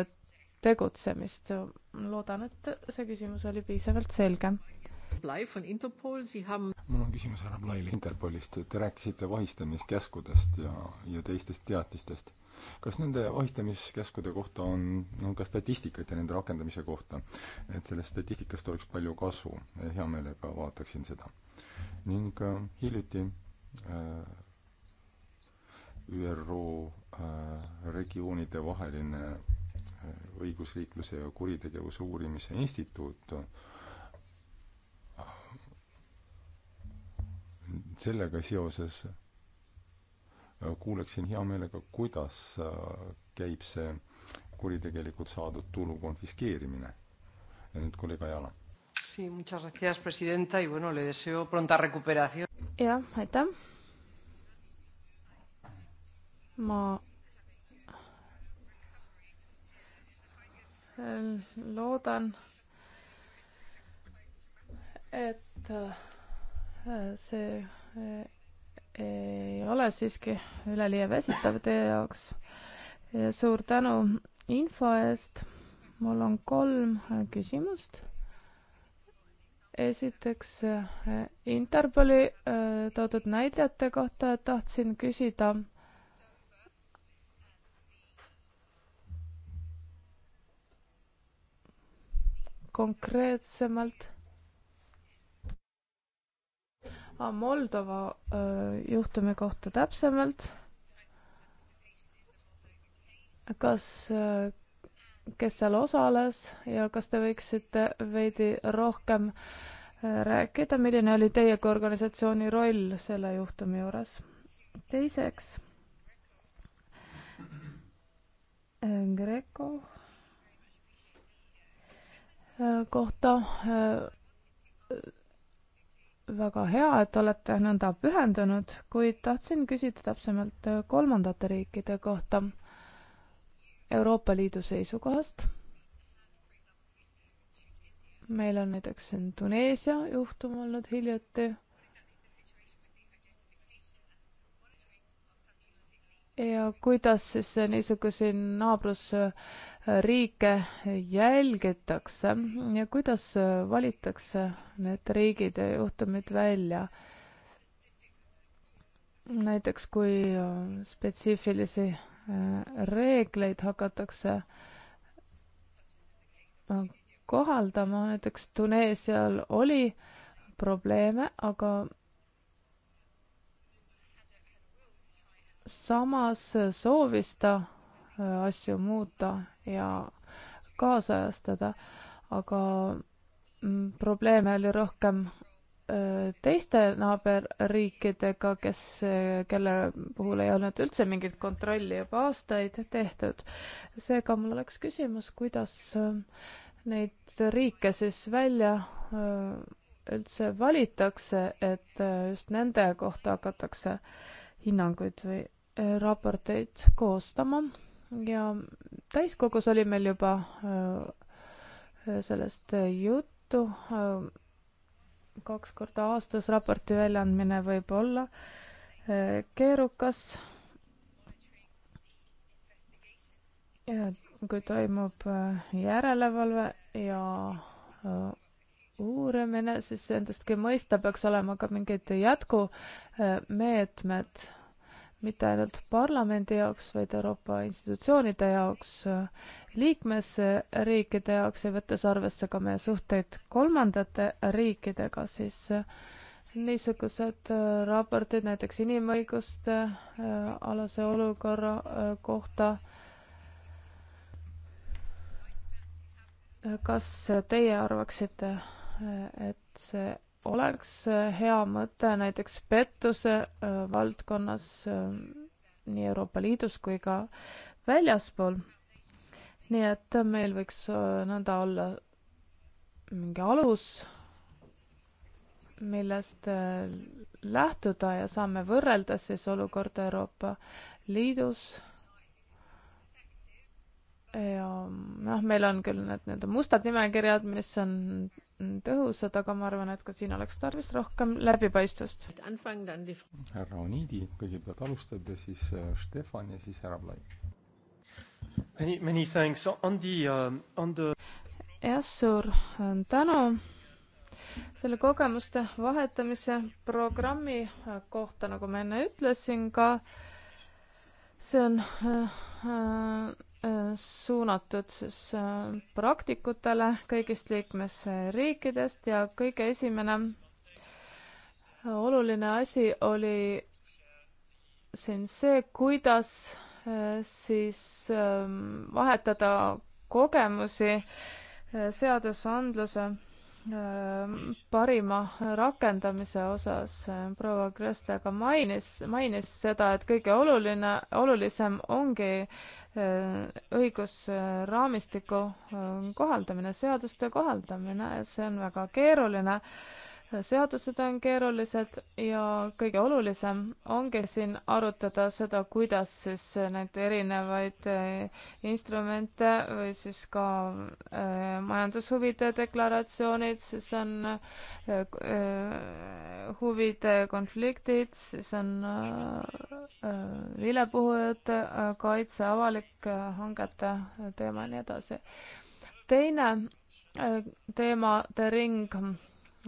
tegutsemist. loodan, et see küsimus oli piisavalt selge. mul on küsimus härra Blaile Interpolist. Te rääkisite vahistamiskeskudest ja, ja teistest teatistest. kas nende vahistamiskeskude kohta on, on ka statistikat ja nende rakendamise kohta? et sellest statistikast oleks palju kasu. hea meelega vaataksin seda. ning äh, hiljuti äh, ÜRO äh, regioonide vaheline äh, õigusriikluse ja kuritegevuse uurimise instituut. sellega seoses äh, kuuleksin hea meelega, kuidas käib see kuritegelikult saadud tulu konfiskeerimine. ja nüüd kolleeg Ajala. jah, aitäh ma loodan, et äh, see äh, ei ole siiski üleliia väsitav teie jaoks. ja suur tänu info eest. mul on kolm äh, küsimust. esiteks Interpoli toodud näidete kohta tahtsin küsida konkreetsemalt ah, Moldova äh, juhtumi kohta täpsemalt. kas, äh, kes seal osales ja kas te võiksite veidi rohkem äh, rääkida, milline oli teie kui organisatsiooni roll selle juhtumi juures? teiseks, Greco kohta. Äh, väga hea, et olete nõnda pühendunud, kuid tahtsin küsida täpsemalt äh, kolmandate riikide kohta Euroopa Liidu seisukohast. meil on näiteks siin Tuneesia juhtum olnud hiljuti ja kuidas siis niisuguseid naabrusriike jälgitakse ja kuidas valitakse need riigid ja juhtumid välja? näiteks kui äh, spetsiifilisi äh, reegleid hakatakse äh, kohaldama, näiteks Tuneesial oli probleeme, aga samas soovis ta äh, asju muuta ja kaasajastada, aga mm, probleeme oli rohkem äh, teiste naaberriikidega, kes, äh, kelle puhul ei olnud üldse mingit kontrolli juba aastaid tehtud. seega mul oleks küsimus, kuidas neid riike siis välja üldse valitakse, et just nende kohta hakatakse hinnanguid või raporteid koostama ja täiskogus oli meil juba äh, sellest äh, juttu. Äh, kaks korda aastas raporti väljaandmine võib olla keerukas. kui toimub järelevalve ja uurimine, siis endastki mõista peaks olema ka mingid jätkumeetmed mitte ainult parlamendi jaoks, vaid Euroopa institutsioonide jaoks, liikmesriikide jaoks ja võttes arvesse ka meie suhteid kolmandate riikidega, siis niisugused äh, raportid näiteks inimõiguste äh, alase olukorra äh, kohta. kas teie arvaksite, et see oleks äh, hea mõte näiteks pettuse äh, valdkonnas äh, nii Euroopa Liidus kui ka väljaspool. nii et meil võiks nõnda olla mingi alus, millest lähtuda ja saame võrrelda siis olukorda Euroopa Liidus ja noh, meil on küll need nii-öelda mustad nimekirjad, mis on tõhusad, aga ma arvan, et ka siin oleks tarvis rohkem läbipaistvust. härra Oniidi kõigepealt alustab ja siis äh, Stefan ja siis härra Blai. Many, many thanks on the uh,, on the jah, suur äh, tänu selle kogemuste vahetamise programmi äh, kohta, nagu ma enne ütlesin ka, see on äh, uh, äh, uh, Äh, suunatud siis äh, praktikutele kõigist liikmesriikidest ja kõige esimene äh, oluline asi oli siin see, kuidas siis vahetada kogemusi seadusandluse parima rakendamise osas äh, proua Krõste ka mainis, mainis seda, et kõige oluline, olulisem ongi äh, õigusraamistiku äh, kohaldamine, seaduste kohaldamine, see on väga keeruline seadused on keerulised ja kõige olulisem ongi siin arutada seda, kuidas siis neid erinevaid eh, instrumente või siis ka eh, majandushuvide deklaratsioonid, siis on eh, huvide konfliktid, siis on vilepuhujate kaitse, avalik hangete teema ja nii edasi. teine teemade ring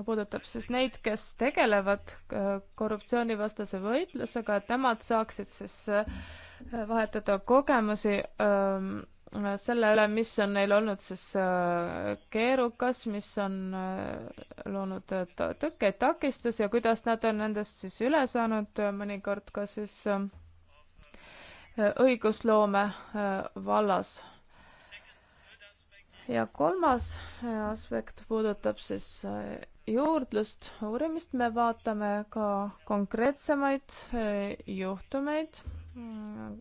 puudutab siis neid, kes tegelevad äh, korruptsioonivastase võitlusega, et nemad saaksid siis äh, vahetada kogemusi öö, ähm, selle üle, mis on neil olnud siis äh, keerukas, mis on loonud tõkkeid, takistusi ja kuidas nad on nendest siis üle saanud, mõnikord ka siis ähm, õigusloome vallas. ja kolmas aspekt puudutab siis juurdlust, uurimist, me vaatame ka konkreetsemaid eh, juhtumeid mm,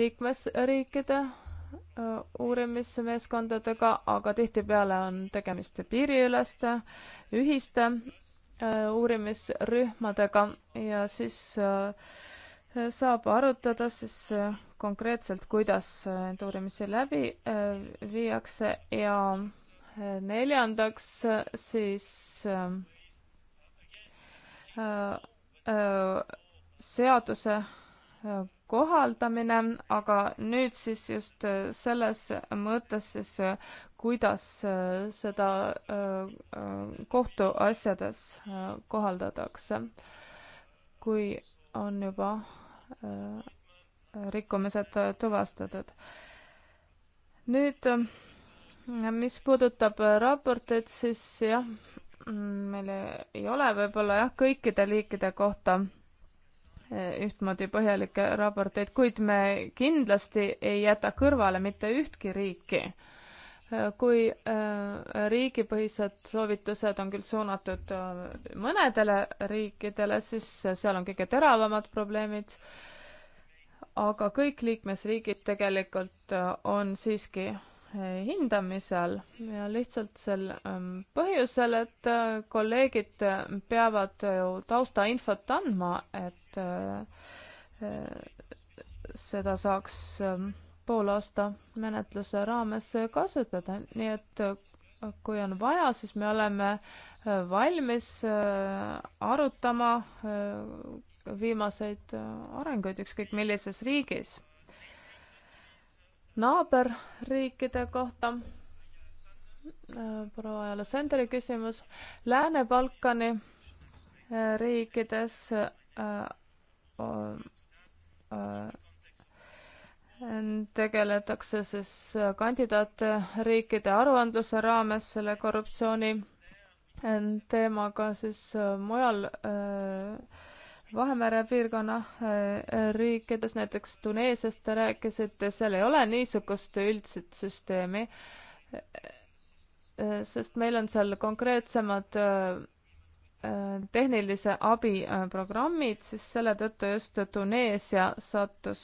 liikmesriikide eh, uurimismeeskondadega, aga tihtipeale on tegemist piiriüleste ühiste eh, uurimisrühmadega ja siis saab arutada siis konkreetselt, kuidas neid uurimisi läbi viiakse ja neljandaks siis äh, äh, äh, seaduse kohaldamine, aga nüüd siis just selles mõttes siis, kuidas seda kohtuasjades kohaldatakse, kui on juba rikkumised tuvastatud. nüüd mis puudutab äh, raportit, siis jah, meil ei ole võib-olla jah, kõikide liikide kohta äh, ühtmoodi põhjalikke raporteid, kuid me kindlasti ei jäta kõrvale mitte ühtki riiki. Äh, kui riigipõhised soovitused on küll suunatud mõnedele riikidele, siis seal on kõige teravamad probleemid, aga kõik liikmesriigid tegelikult on siiski hindamisel ja lihtsalt sel ähm, põhjusel, et äh, kolleegid peavad ju taustainfot andma, et äh, äh, seda saaks ähm, poolaasta menetluse raames kasutada, nii et kui on vaja, siis me oleme valmis arutama viimaseid arenguid ükskõik millises riigis naaberriikide kohta proua Alessandri küsimus. Lääne-Balkani äh, riikides äh, äh, tegeletakse siis kandidaatriikide aruandluse raames selle korruptsiooni teemaga siis mujal äh, Vahemere piirkonna äh, riikides, näiteks Tuneesias te rääkisite, seal ei ole niisugust üldset süsteemi, äh, sest meil on seal konkreetsemad äh, tehnilise abi programmid, siis selle tõttu just Tuneesia sattus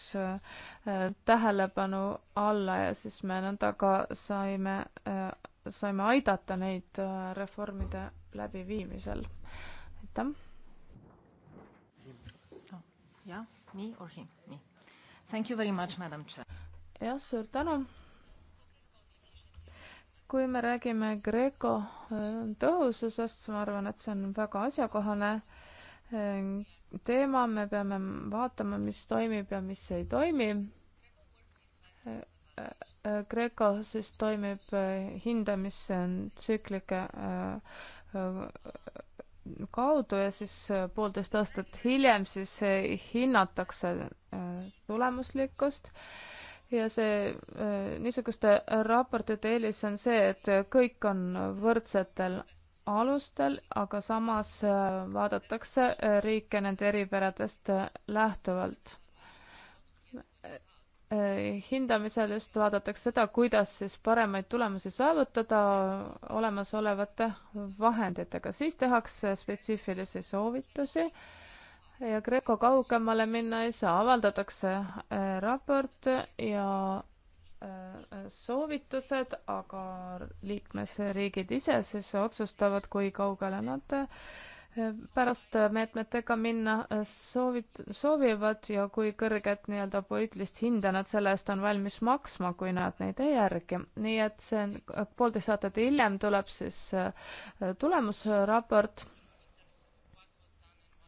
tähelepanu alla ja siis me nõnda ka saime, saime aidata neid reformide läbiviimisel. aitäh! jah, me or him, me. Thank you very much, madam chair. jah, suur tänu. kui me räägime Kreeko äh, tõhususest, siis ma arvan, et see on väga asjakohane äh, teema, me peame vaatama, mis toimib ja mis ei toimi. Äh, Kreeka siis toimib hindamistsüklike kaudu ja siis äh, poolteist aastat hiljem siis äh, hinnatakse äh, tulemuslikkust ja see, niisuguste raportite eelis on see, et kõik on võrdsetel alustel, aga samas vaadatakse riike nende eripäradest lähtuvalt Äh, hindamisel just vaadatakse seda, kuidas siis paremaid tulemusi saavutada olemasolevate vahenditega, siis tehakse spetsiifilisi soovitusi ja Kreeko kaugemale minna ei saa, avaldatakse äh, raport ja äh, soovitused, aga liikmesriigid ise siis otsustavad, kui kaugele nad pärast meetmetega minna äh, soovid, soovivad ja kui kõrget nii-öelda poliitilist hinda nad selle eest on valmis maksma, kui nad neid ei järgi. nii et see äh, poolteist aastat hiljem tuleb siis äh, tulemusraport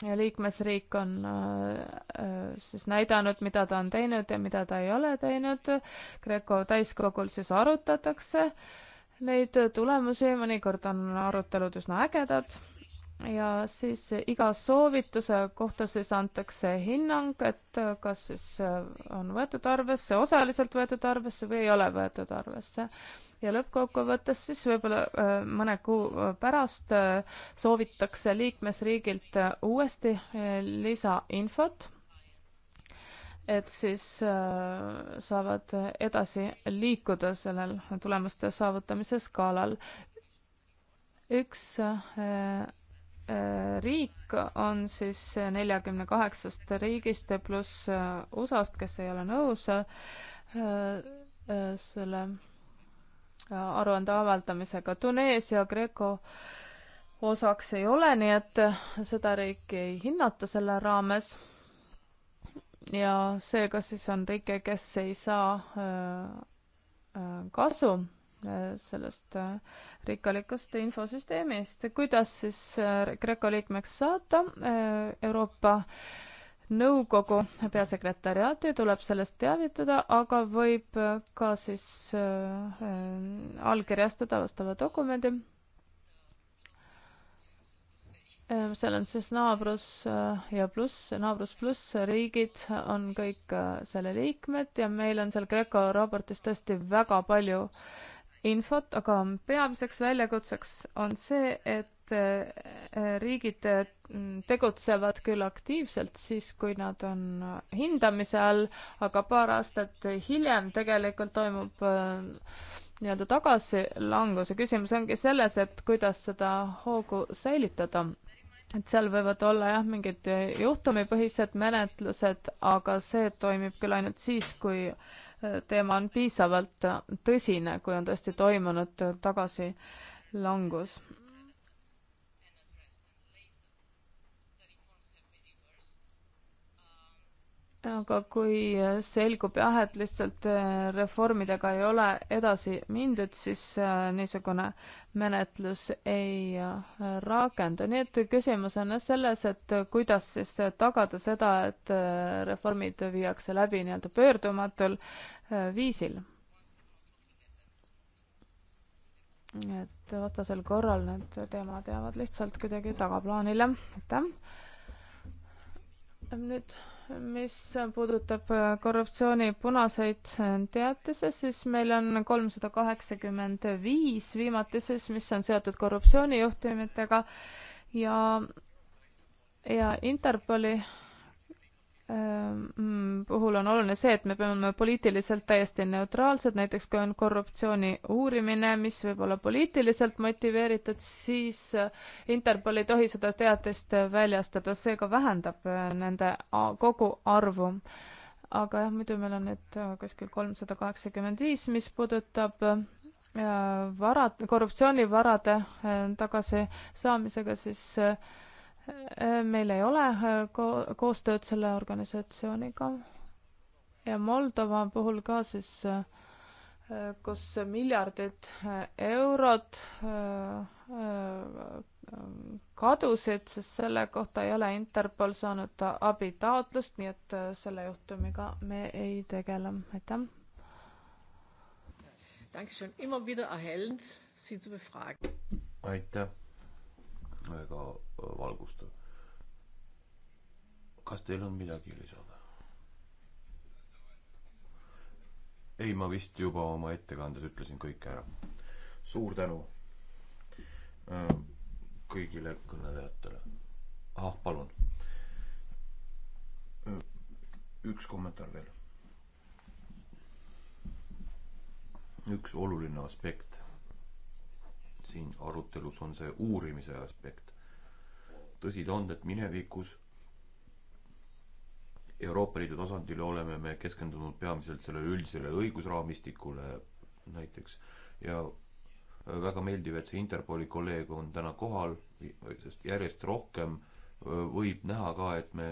ja liikmesriik on äh, siis näidanud, mida ta on teinud ja mida ta ei ole teinud. Kreeko täiskogul siis arutatakse neid tulemusi, mõnikord on arutelud üsna ägedad ja siis eh, iga soovituse kohta siis antakse hinnang, et eh, kas siis eh, on võetud arvesse, osaliselt võetud arvesse või ei ole võetud arvesse ja lõppkokkuvõttes siis võib-olla mõne kuu pärast soovitakse liikmesriigilt uuesti lisainfot, et siis saavad edasi liikuda sellel tulemuste saavutamise skaalal. üks Äh, riik on siis neljakümne kaheksast riigist pluss äh, USA-st, kes ei ole nõus äh, selle aruande avaldamisega. Tuneesia, Kreeko osaks ei ole, nii et seda riiki ei hinnata selle raames. ja seega siis on riike, kes ei saa kasu Äh, sellest äh, rikkalikust infosüsteemist. kuidas siis äh, Kreeka liikmeks saada Euroopa nõukogu peasekretäriaati tuleb sellest teavitada, aga võib ka siis äh, allkirjastada vastava dokumendi äh,. seal on siis naabrus äh, ja pluss, naabrus pluss riigid on kõik äh, selle liikmed ja meil on seal Kreeka raportis tõesti väga palju äh, infot, aga peamiseks väljakutseks on see, et äh, riigid äh, tegutsevad küll aktiivselt siis, kui nad on hindamise all, aga paar aastat hiljem tegelikult toimub äh, nii-öelda tagasilangus ja küsimus ongi selles, et kuidas seda hoogu säilitada et seal võivad olla jah, mingid juhtumipõhised menetlused, aga see toimib küll ainult siis, kui teema on piisavalt tõsine, kui on tõesti toimunud tagasilangus aga kui äh, selgub jah, et lihtsalt äh, reformidega ei ole edasi mindud, siis äh, niisugune menetlus ei rakendu. nii et küsimus on jah selles, et kuidas siis tagada seda, et reformid viiakse läbi nii-öelda pöördumatul viisil. et vastasel korral need teemad jäävad lihtsalt kuidagi tagaplaanile. aitäh! nüüd, mis puudutab äh, korruptsiooni punaseid äh, teatise, siis meil on kolmsada kaheksakümmend viis viimatises, mis on seotud korruptsioonijuhtumitega ja, ja Interpoli äh, Ehm, mm, puhul on oluline see, et me peame poliitiliselt täiesti neutraalsed, näiteks kui on korruptsiooni uurimine, mis võib olla poliitiliselt motiveeritud, siis äh, Interpol ei tohi seda teatist äh, väljastada, seega vähendab äh, nende koguarvu. aga jah, muidu meil on nüüd kuskil kolmsada kaheksakümmend viis, mis puudutab varad, korruptsioonivarade tagasisaamisega, siis meil ei ole äh, ko-, koostööd selle organisatsiooniga ja Moldova puhul ka siis, äh, kus miljardid äh, eurod kadusid, sest selle kohta ei ole Interpol saanud abitaotlust, nii et selle juhtumiga me ei tegele, aitäh. aitäh väga äh, valgustav. kas teil on midagi lisada? ei, ma vist juba oma ettekandes ütlesin kõik ära. suur tänu äh, kõigile kõnelejatele. ah, palun. Äh, üks kommentaar veel. üks oluline aspekt siin arutelus, on see uurimise aspekt. tõsi ta on, et minevikus Euroopa Liidu tasandil oleme me keskendunud peamiselt sellele üldisele õigusraamistikule näiteks ja väga meeldiv, et see Interpoli kolleeg on täna kohal, sest järjest rohkem võib näha ka, et me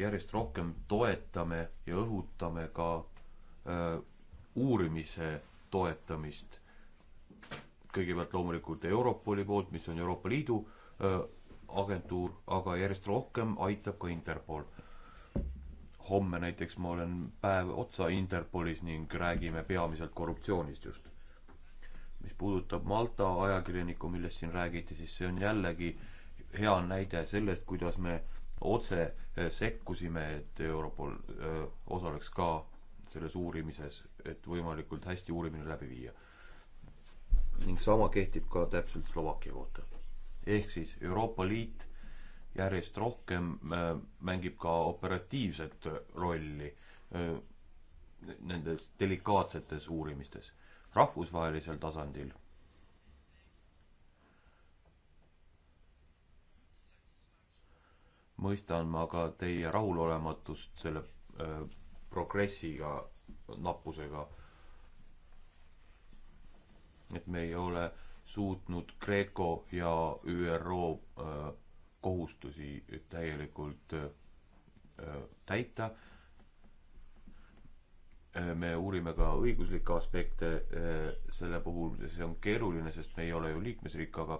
järjest rohkem toetame ja õhutame ka uurimise toetamist kõigepealt loomulikult Europoli poolt, mis on Euroopa Liidu agentuur, aga järjest rohkem aitab ka Interpol. homme näiteks ma olen päev otsa Interpolis ning räägime peamiselt korruptsioonist just. mis puudutab Malta ajakirjanikku, millest siin räägiti, siis see on jällegi hea näide sellest, kuidas me otse sekkusime, et Europol öö, osaleks ka selles uurimises, et võimalikult hästi uurimine läbi viia ning sama kehtib ka täpselt Slovakkia kohta. ehk siis Euroopa Liit järjest rohkem äh, mängib ka operatiivset rolli äh, nendes delikaatsetes uurimistes, rahvusvahelisel tasandil. mõistan ma ka teie rahulolematust selle äh, progressiga, nappusega et me ei ole suutnud Kreeko ja ÜRO äh, kohustusi täielikult äh, täita. Äh, me uurime ka õiguslikke aspekte selle puhul, see on keeruline, sest me ei ole ju liikmesriik, aga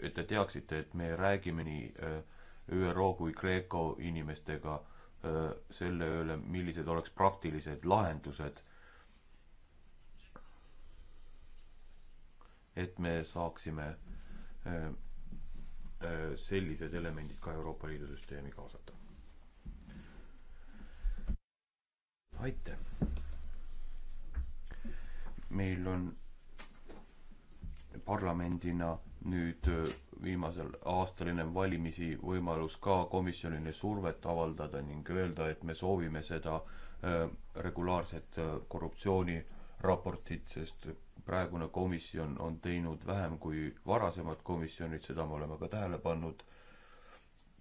et te teaksite, et me räägime nii ÜRO kui Kreeko inimestega selle üle, millised oleks praktilised lahendused et me saaksime äh, äh, sellised elemendid ka Euroopa Liidu süsteemi kaasata. aitäh! meil on parlamendina nüüd äh, viimasel aastal ennem valimisi võimalus ka komisjonile survet avaldada ning öelda, et me soovime seda regulaarset korruptsiooni raportit, sest praegune komisjon on teinud vähem kui varasemad komisjonid, seda me oleme ka tähele pannud.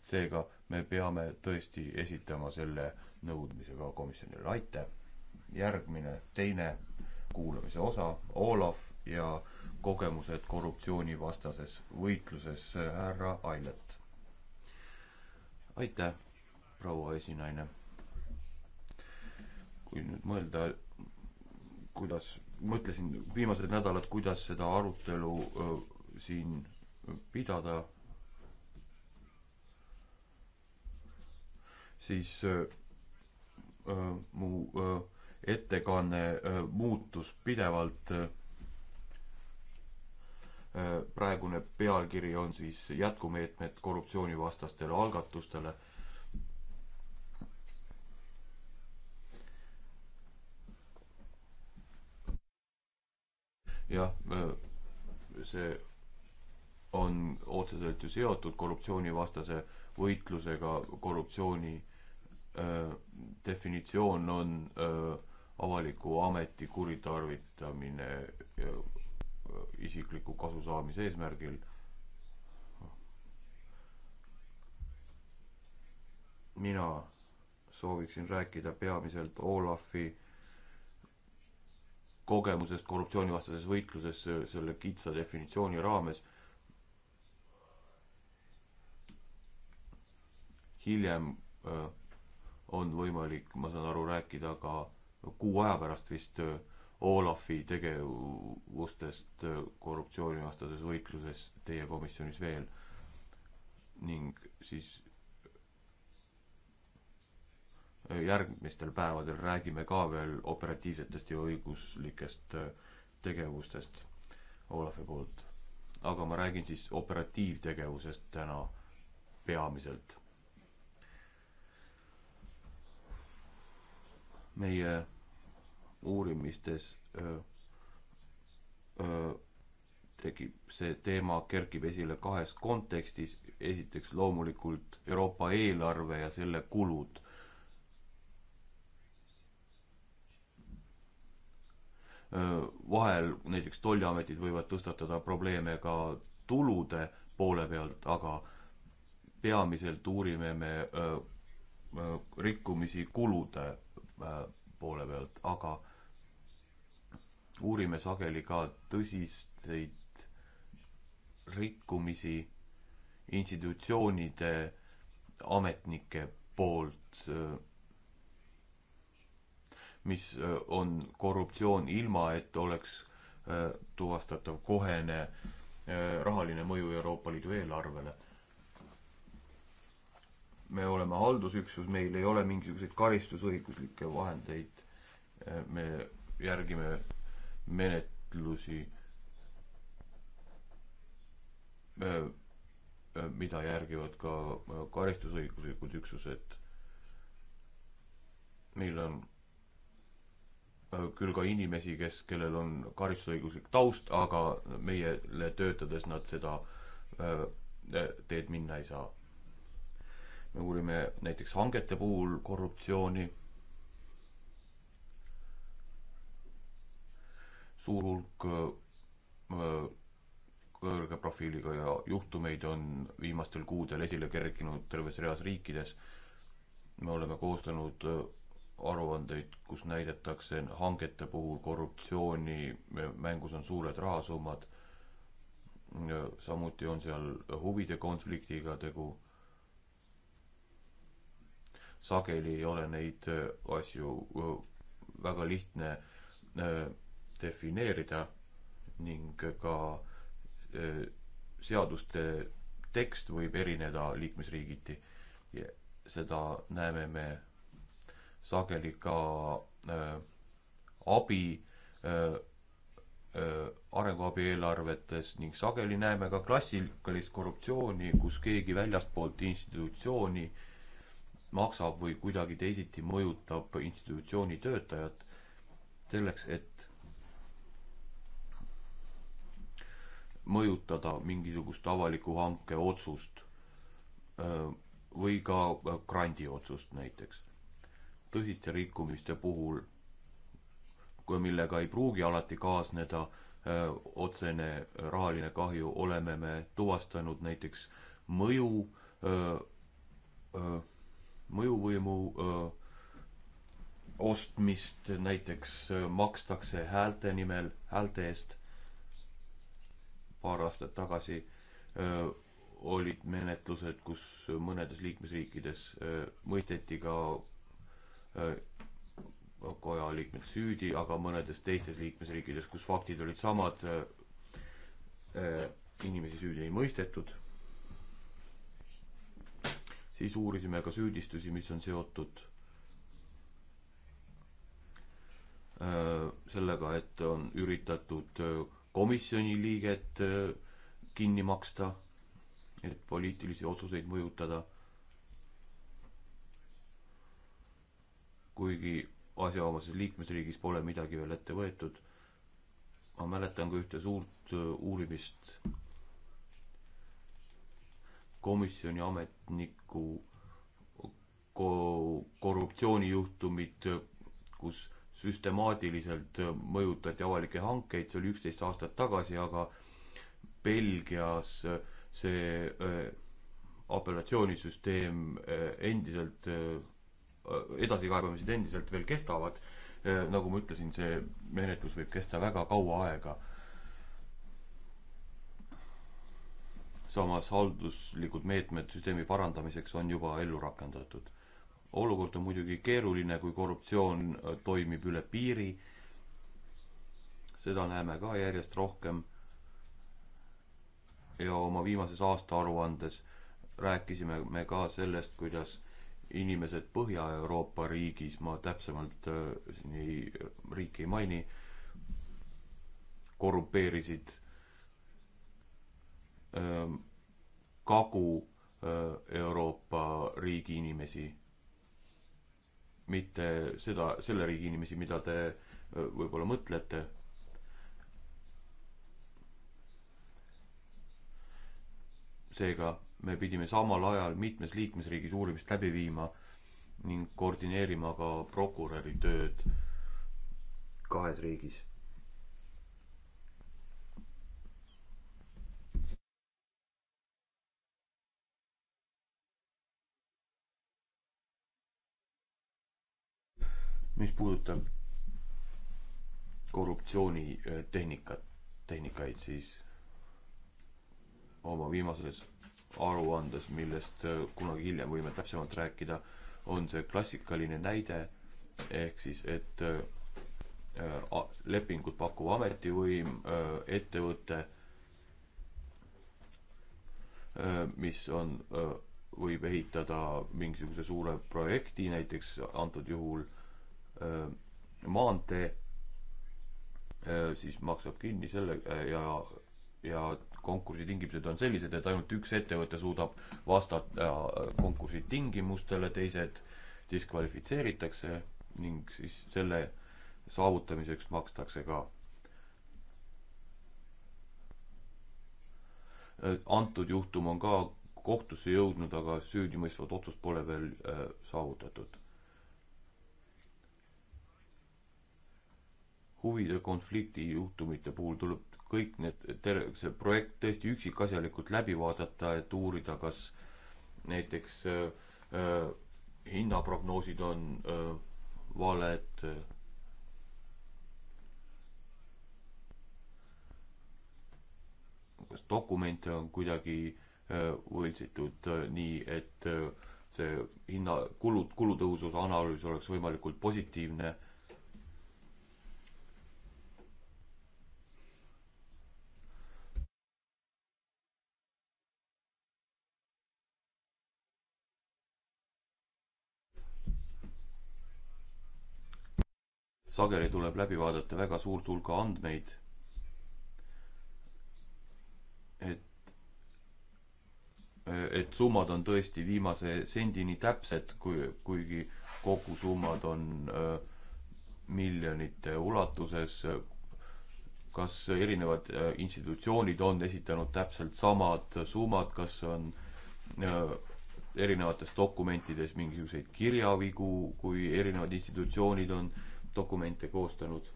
seega me peame tõesti esitama selle nõudmise ka komisjonile, aitäh. järgmine, teine kuulamise osa, Olav ja kogemused korruptsioonivastases võitluses, härra Ailet. aitäh, proua esinaine. kui nüüd mõelda kuidas, mõtlesin viimased nädalad, kuidas seda arutelu öö, siin pidada, siis öö, öö, mu öö, ettekanne öö, muutus pidevalt öö, praegune pealkiri on siis jätkumeetmed korruptsioonivastastele algatustele jah, see on otseselt ju seotud korruptsioonivastase võitlusega, korruptsiooni öö, äh, definitsioon on öö, äh, avaliku ameti kuritarvitamine öö, äh, isikliku kasu saamise eesmärgil. mina sooviksin rääkida peamiselt Olafi kogemusest korruptsioonivastases võitluses selle kitsa definitsiooni raames. hiljem äh, on võimalik, ma saan aru, rääkida ka kuu aja pärast vist äh, Olafi tegevustest äh, korruptsioonivastases võitluses teie komisjonis veel ning siis järgmistel päevadel räägime ka veel operatiivsetest ja õiguslikest äh, tegevustest Olavi poolt. aga ma räägin siis operatiivtegevusest täna peamiselt. meie uurimistes öö, äh, öö, äh, tekib see teema, kerkib esile kahes kontekstis. esiteks loomulikult Euroopa eelarve ja selle kulud vahel näiteks tolliametid võivad tõstatada probleeme ka tulude poole pealt, aga peamiselt uurime me rikkumisi kulude poole pealt, aga uurime sageli ka tõsiseid rikkumisi institutsioonide ametnike poolt mis äh, on korruptsioon, ilma et oleks äh, tuvastatav kohene äh, rahaline mõju Euroopa Liidu eelarvele. me oleme haldusüksus, meil ei ole mingisuguseid karistusõiguslikke vahendeid, me järgime menetlusi, mida järgivad ka karistusõiguslikud üksused. meil on Äh, küll ka inimesi, kes, kellel on karistusõiguslik taust, aga meiele töötades nad seda äh, äh, teed minna ei saa. me uurime näiteks hangete puhul korruptsiooni. suur hulk kõrge profiiliga ja juhtumeid on viimastel kuudel esile kerkinud terves reas riikides. me oleme koostanud aruandeid, kus näidatakse hangete puhul korruptsiooni, mängus on suured rahasummad, samuti on seal huvide konfliktiga tegu. sageli ei ole neid asju väga lihtne defineerida ning ka seaduste tekst võib erineda liikmesriigiti. seda näeme me sageli ka äh, abi äh, äh, arenguabi eelarvetes ning sageli näeme ka klassikalist korruptsiooni, kus keegi väljastpoolt institutsiooni maksab või kuidagi teisiti mõjutab institutsiooni töötajat selleks, et mõjutada mingisugust avaliku hanke otsust äh, või ka grandi otsust näiteks tõsiste rikkumiste puhul, kui millega ei pruugi alati kaasneda öö, äh, otsene rahaline kahju, oleme me tuvastanud näiteks mõju, äh, äh, mõjuvõimu öö, ostmist, näiteks öö, makstakse häälte nimel, häälte eest. paar aastat tagasi öö, olid menetlused, kus mõnedes liikmesriikides mõisteti ka Äh, koja liikmed süüdi, aga mõnedes teistes liikmesriikides, kus faktid olid samad, äh, äh, inimesi süüdi ei mõistetud. siis uurisime ka süüdistusi, mis on seotud sellega, et on üritatud komisjoni liiget kinni maksta, et poliitilisi otsuseid mõjutada kuigi asjaomases liikmesriigis pole midagi veel ette võetud. ma mäletan ka ühte suurt äh, uurimist komisjoni ametniku ko-, korruptsioonijuhtumid, kus süstemaatiliselt mõjutati avalikke hankeid, see oli üksteist aastat tagasi, aga Belgias äh, see äh, apellatsioonisüsteem äh, endiselt äh, Äh, edasikaebamised endiselt veel kestavad, äh, nagu ma ütlesin, see menetlus võib kesta väga kaua aega. samas halduslikud meetmed süsteemi parandamiseks on juba ellu rakendatud. olukord on muidugi keeruline, kui korruptsioon äh, toimib üle piiri. seda näeme ka järjest rohkem. ja oma viimases aastaaruandes rääkisime me ka sellest, kuidas inimesed Põhja-Euroopa riigis, ma täpsemalt siin äh, ei, äh, riiki ei maini, korrupeerisid ähm, Kagu-Euroopa äh, riigi inimesi, mitte seda, selle riigi inimesi, mida te võib-olla mõtlete. seega me pidime samal ajal mitmes liikmesriigis uurimist läbi viima ning koordineerima ka prokuröri tööd kahes riigis. mis puudutab korruptsioonitehnikat, tehnikaid, siis oma viimases aruandes, millest äh, kunagi hiljem võime täpsemalt rääkida, on see klassikaline näide ehk siis, et äh, äh, lepingut pakkuv ametivõim, ettevõte, mis on, võib ehitada mingisuguse suure projekti, näiteks antud juhul maantee, siis maksab kinni selle ja, ja konkursi tingimused on sellised, et ainult üks ettevõte suudab vastata äh, konkursi tingimustele, teised diskvalifitseeritakse ning siis selle saavutamiseks makstakse ka antud juhtum on ka kohtusse jõudnud, aga süüdimõistvat otsust pole veel äh, saavutatud. huvide konflikti juhtumite puhul tuleb kõik need, see projekt tõesti üksikasjalikult läbi vaadata, et uurida, kas näiteks äh, äh, hinnaprognoosid on äh, valed äh,. kas dokumente on kuidagi äh, võltsitud äh, nii, et äh, see hinna, kulud, kulutõhususe analüüs oleks võimalikult positiivne äh, sageli tuleb läbi vaadata väga suurt hulka andmeid, et et summad on tõesti viimase sendini täpsed, kui, kuigi kogusummad on äh, miljonite ulatuses. kas erinevad äh, institutsioonid on esitanud täpselt samad summad, kas on äh, erinevates dokumentides mingisuguseid kirjavigu, kui erinevad institutsioonid on dokumente koostanud.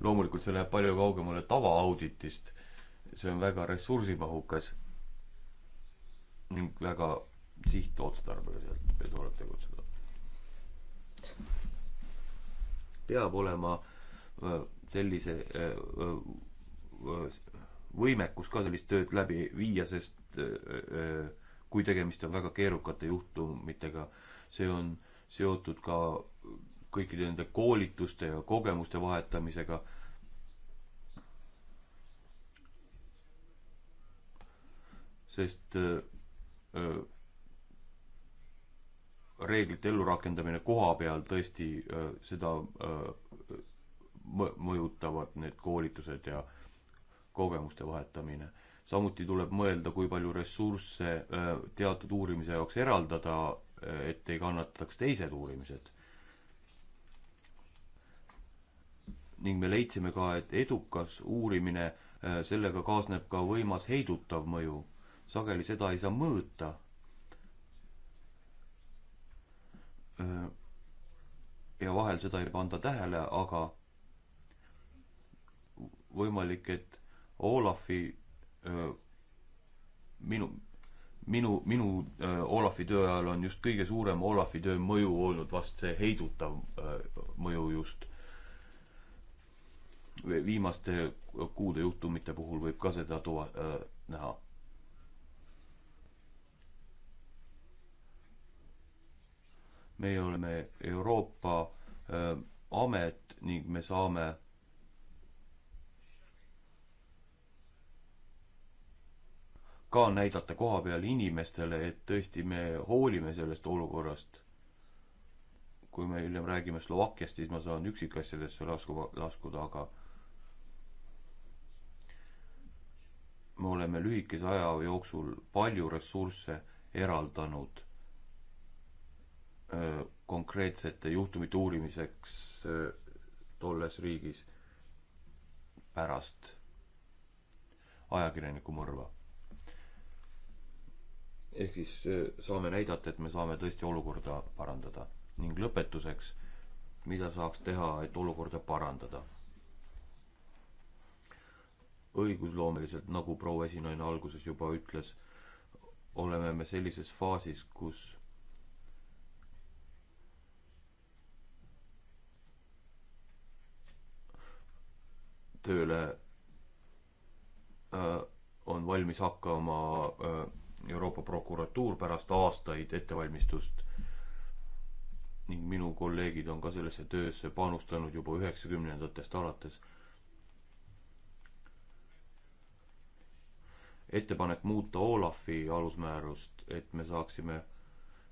loomulikult see läheb palju kaugemale tavaauditist, see on väga ressursimahukas ning väga sihtotstarbeliselt tuleb tegutseda. peab olema äh, sellise äh, võimekus ka sellist tööd läbi viia, sest äh, äh, kui tegemist on väga keerukate juhtumitega, see on seotud ka kõikide nende koolituste ja kogemuste vahetamisega. sest öö, äh, reeglite ellurakendamine koha peal tõesti öö, seda öö, mõjutavad need koolitused ja öö, kogemuste vahetamine. samuti tuleb mõelda, kui palju ressursse äh, teatud uurimise jaoks eraldada, äh, et ei kannatataks teised uurimised. ning me leidsime ka, et edukas uurimine, äh, sellega kaasneb ka võimas heidutav mõju. sageli seda ei saa mõõta ja vahel seda ei panda tähele, aga võimalik, et Olafi minu, minu, minu Olafi töö ajal on just kõige suurem Olafi töö mõju olnud vast see heidutav mõju just viimaste kuude juhtumite puhul võib ka seda tuva- äh,, näha. meie oleme Euroopa äh, amet ning me saame ka näidata kohapeal inimestele, et tõesti me hoolime sellest olukorrast. kui me hiljem räägime Slovakkiast, siis ma saan üksikasjadesse lasku, laskuda, aga me oleme lühikese aja jooksul palju ressursse eraldanud öö, konkreetsete juhtumite uurimiseks öö, tolles riigis pärast ajakirjaniku mõrva ehk siis eh, saame näidata, et me saame tõesti olukorda parandada. ning lõpetuseks, mida saaks teha, et olukorda parandada? õigusloomeliselt, nagu proua esinaine alguses juba ütles, oleme me sellises faasis, kus tööle äh, on valmis hakkama äh, Euroopa prokuratuur pärast aastaid ettevalmistust ning minu kolleegid on ka sellesse töösse panustanud juba üheksakümnendatest alates. ettepanek muuta Olafi alusmäärust, et me saaksime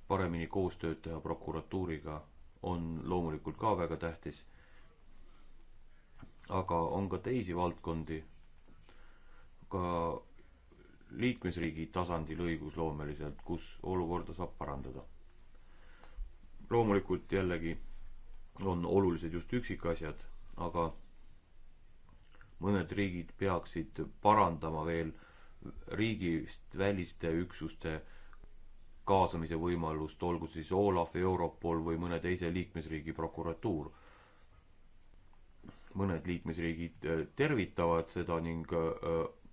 paremini koostööd teha prokuratuuriga, on loomulikult ka väga tähtis. aga on ka teisi valdkondi, ka liikmesriigi tasandil õigusloomeliselt, kus olukorda saab parandada. loomulikult jällegi on olulised just üksikasjad, aga mõned riigid peaksid parandama veel riigist väliste üksuste kaasamise võimalust, olgu siis Olav, Europol või mõne teise liikmesriigi prokuratuur. mõned liikmesriigid tervitavad seda ning äh,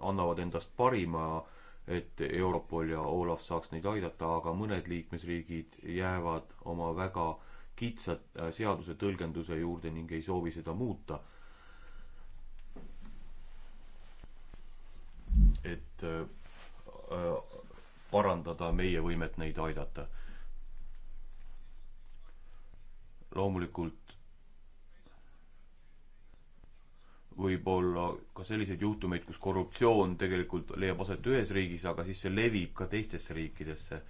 annavad endast parima, et Europol ja Olav saaks neid aidata, aga mõned liikmesriigid jäävad oma väga kitsa äh, seaduse tõlgenduse juurde ning ei soovi seda muuta. et äh, äh parandada meie võimet neid aidata. loomulikult võib-olla ka selliseid juhtumeid, kus korruptsioon tegelikult leiab aset ühes riigis, aga siis see levib ka teistesse riikidesse.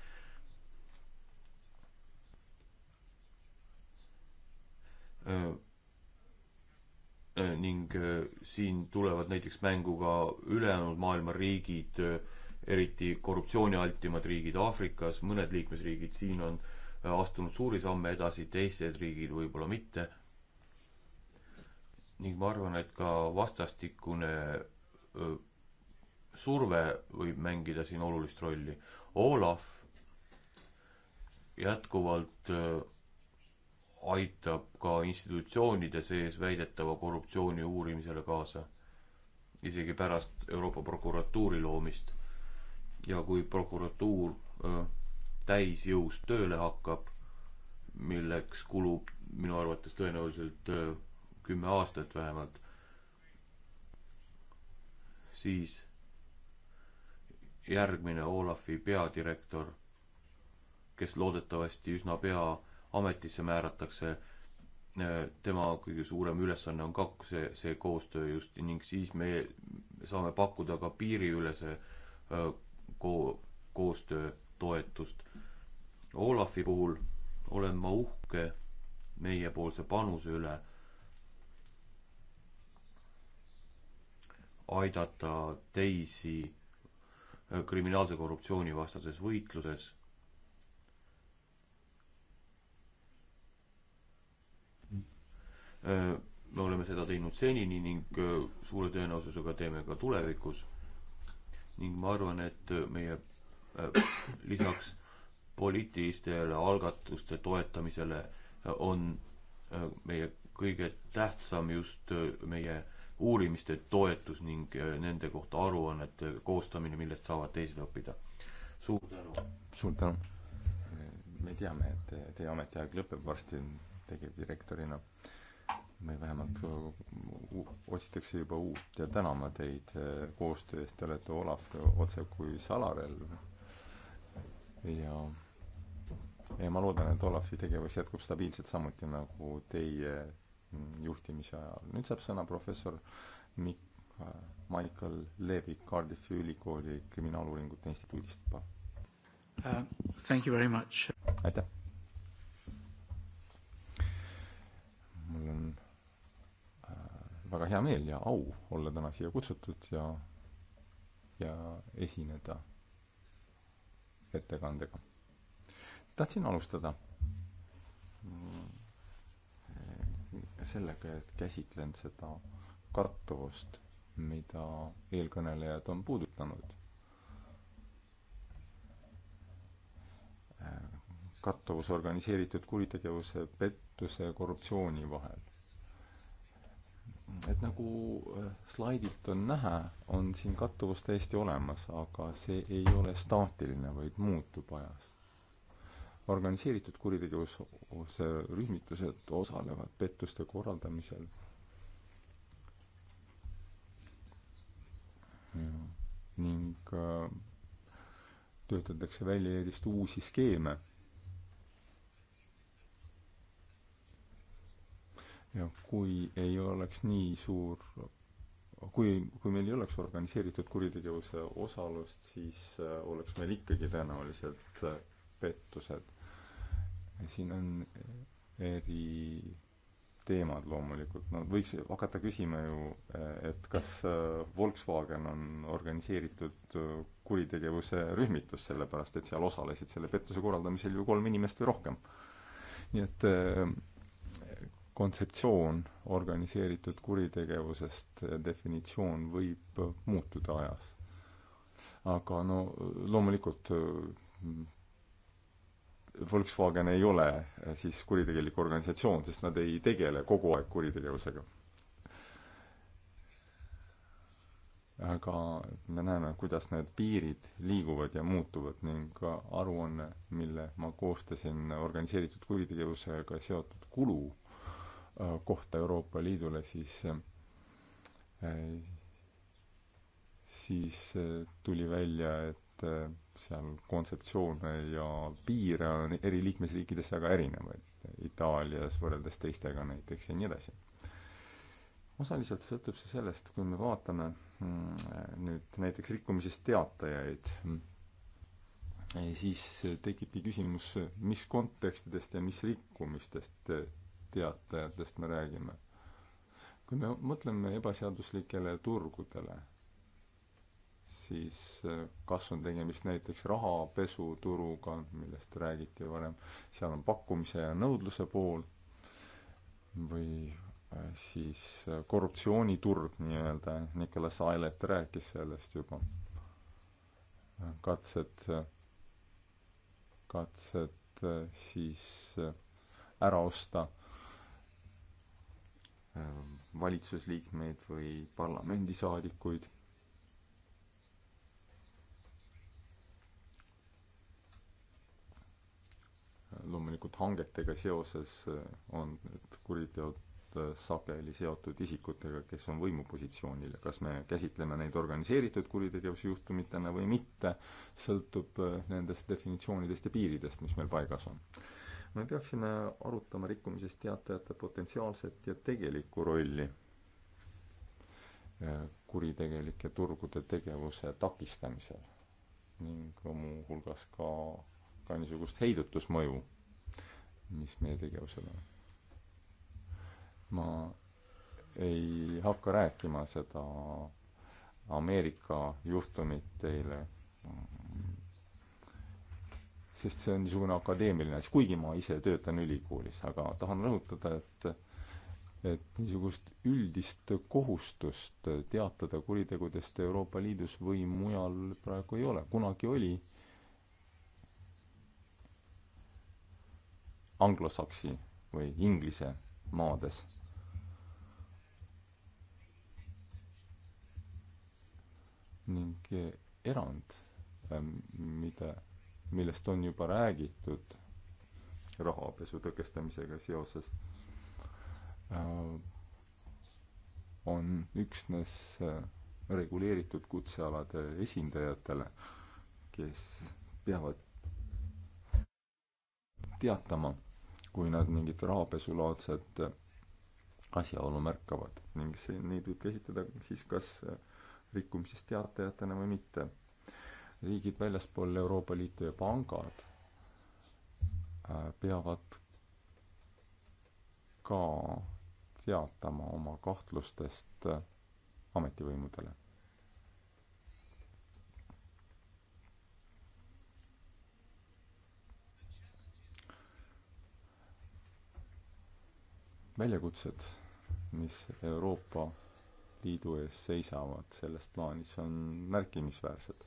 ning siin tulevad näiteks mängu ka ülejäänud maailma riigid, eriti korruptsioonialtimad riigid Aafrikas, mõned liikmesriigid siin on astunud suuri samme edasi, teised riigid võib-olla mitte ning ma arvan, et ka vastastikune surve võib mängida siin olulist rolli. Olav jätkuvalt aitab ka institutsioonide sees väidetava korruptsiooni uurimisele kaasa, isegi pärast Euroopa prokuratuuri loomist. ja kui prokuratuur täisjõus tööle hakkab, milleks kulub minu arvates tõenäoliselt kümme aastat vähemalt, siis järgmine Olafi peadirektor, kes loodetavasti üsna pea ametisse määratakse, äh, tema kõige suurem ülesanne on ka see, see koostöö just ning siis me saame pakkuda ka piiriülese äh, ko-, koostöö toetust. Olafi puhul olen ma uhke meiepoolse panuse üle aidata teisi äh, kriminaalse korruptsiooni vastases võitluses. Äh, me oleme seda teinud senini ning äh, suure tõenäosusega teeme ka tulevikus. ning ma arvan, et meie lisaks poliitilistele algatuste toetamisele on meie kõige tähtsam just meie uurimistöö toetus ning äh, nende kohta aruannete koostamine, millest saavad teised õppida. suur tänu! suur tänu! me teame, et teie ametiaeg lõpeb varsti tegevdirektorina meil vähemalt äh, otsitakse juba uut ja täname teid äh, koostöö eest, te olete Olav otse kui salarelv. ja, ja ma loodan, et Olavi tegevus jätkub stabiilselt, samuti nagu teie Mm, juhtimise ajal. nüüd saab sõna professor Mikk äh, Michael Levi Cardiffi ülikooli kriminaaluuringute instituudist, palun uh,. Thank you very much. aitäh. mul on äh, väga hea meel ja au olla täna siia kutsutud ja, ja esineda ettekandega. tahtsin alustada mm, sellega, et käsitlen seda kattuvust, mida eelkõnelejad on puudutanud. kattuvus organiseeritud kuritegevuse, pettuse ja korruptsiooni vahel. et nagu äh, slaidilt on näha, on siin kattuvus täiesti olemas, aga see ei ole staatiline, vaid muutub ajas organiseeritud kuritegevuse rühmitused osalevad pettuste korraldamisel. ning äh, töötatakse välja järjest uusi skeeme. ja kui ei oleks nii suur kui, kui meil ei oleks organiseeritud kuritegevuse osalust, siis äh, oleks meil ikkagi tõenäoliselt äh, pettused siin on eh, eri teemad loomulikult, no võiks hakata küsima ju, eh, et kas eh, Volkswagen on organiseeritud kuritegevuse rühmitus, sellepärast et seal osalesid selle pettuse korraldamisel ju kolm inimest või rohkem. nii et kontseptsioon organiseeritud kuritegevusest, definitsioon võib muutuda ajas. aga no loomulikult Volkswagen ei ole äh, siis kuritegelik organisatsioon, sest nad ei tegele kogu aeg kuritegevusega. aga me näeme, kuidas need piirid liiguvad ja muutuvad ning aruanne, mille ma koostasin organiseeritud kuritegevusega seotud kulu äh, kohta Euroopa Liidule, siis äh, siis tuli välja, et seal kontseptsioone ja piire on eri liikmesriikides väga erinevaid, Itaalias võrreldes teistega näiteks ja nii edasi. osaliselt sõltub see sellest, kui me vaatame mm, nüüd näiteks rikkumisest teatajaid, eh, siis tekibki küsimus, mis kontekstidest ja mis rikkumistest teatajatest me räägime. kui me mõtleme ebaseaduslikele turgudele siis äh, kas on tegemist näiteks rahapesuturuga, millest räägiti varem, seal on pakkumise ja nõudluse pool, või äh, siis äh, korruptsiooniturg nii-öelda, Nicolas Ailet rääkis sellest juba, katsed, katsed siis ära osta valitsusliikmeid või parlamendisaadikuid loomulikult hangetega seoses eh, on need kuriteod eh, sageli seotud isikutega, kes on võimupositsioonil ja kas me käsitleme neid organiseeritud kuritegevusjuhtumitena või mitte, sõltub eh, nendest definitsioonidest ja piiridest, mis meil paigas on. me peaksime arutama rikkumisest teatajate potentsiaalset ja tegelikku rolli kuritegelike turgude tegevuse takistamisel ning muuhulgas ka, ka niisugust heidutusmõju mis meie tegevusel on. ma ei hakka rääkima seda Ameerika juhtumit teile, sest see on niisugune akadeemiline asi, kuigi ma ise töötan ülikoolis, aga tahan rõhutada, et et niisugust üldist kohustust teatada kuritegudest Euroopa Liidus või mujal praegu ei ole, kunagi oli äh, anglosaksi või inglise maades. ning eh, erand, ähm, mida, millest on juba räägitud rahapesu tõkestamisega seoses, äh, on üksnes äh, reguleeritud kutsealade esindajatele, kes peavad teatama kui nad mingit rahapesulaadset äh, asjaolu märkavad ning see, neid võib käsitleda siis kas äh, rikkumisest teatajatena või mitte. riigid väljaspool Euroopa Liitu ja pangad äh, peavad ka teatama oma kahtlustest ametivõimudele väljakutsed, mis Euroopa Liidu ees seisavad selles plaanis, on märkimisväärsed.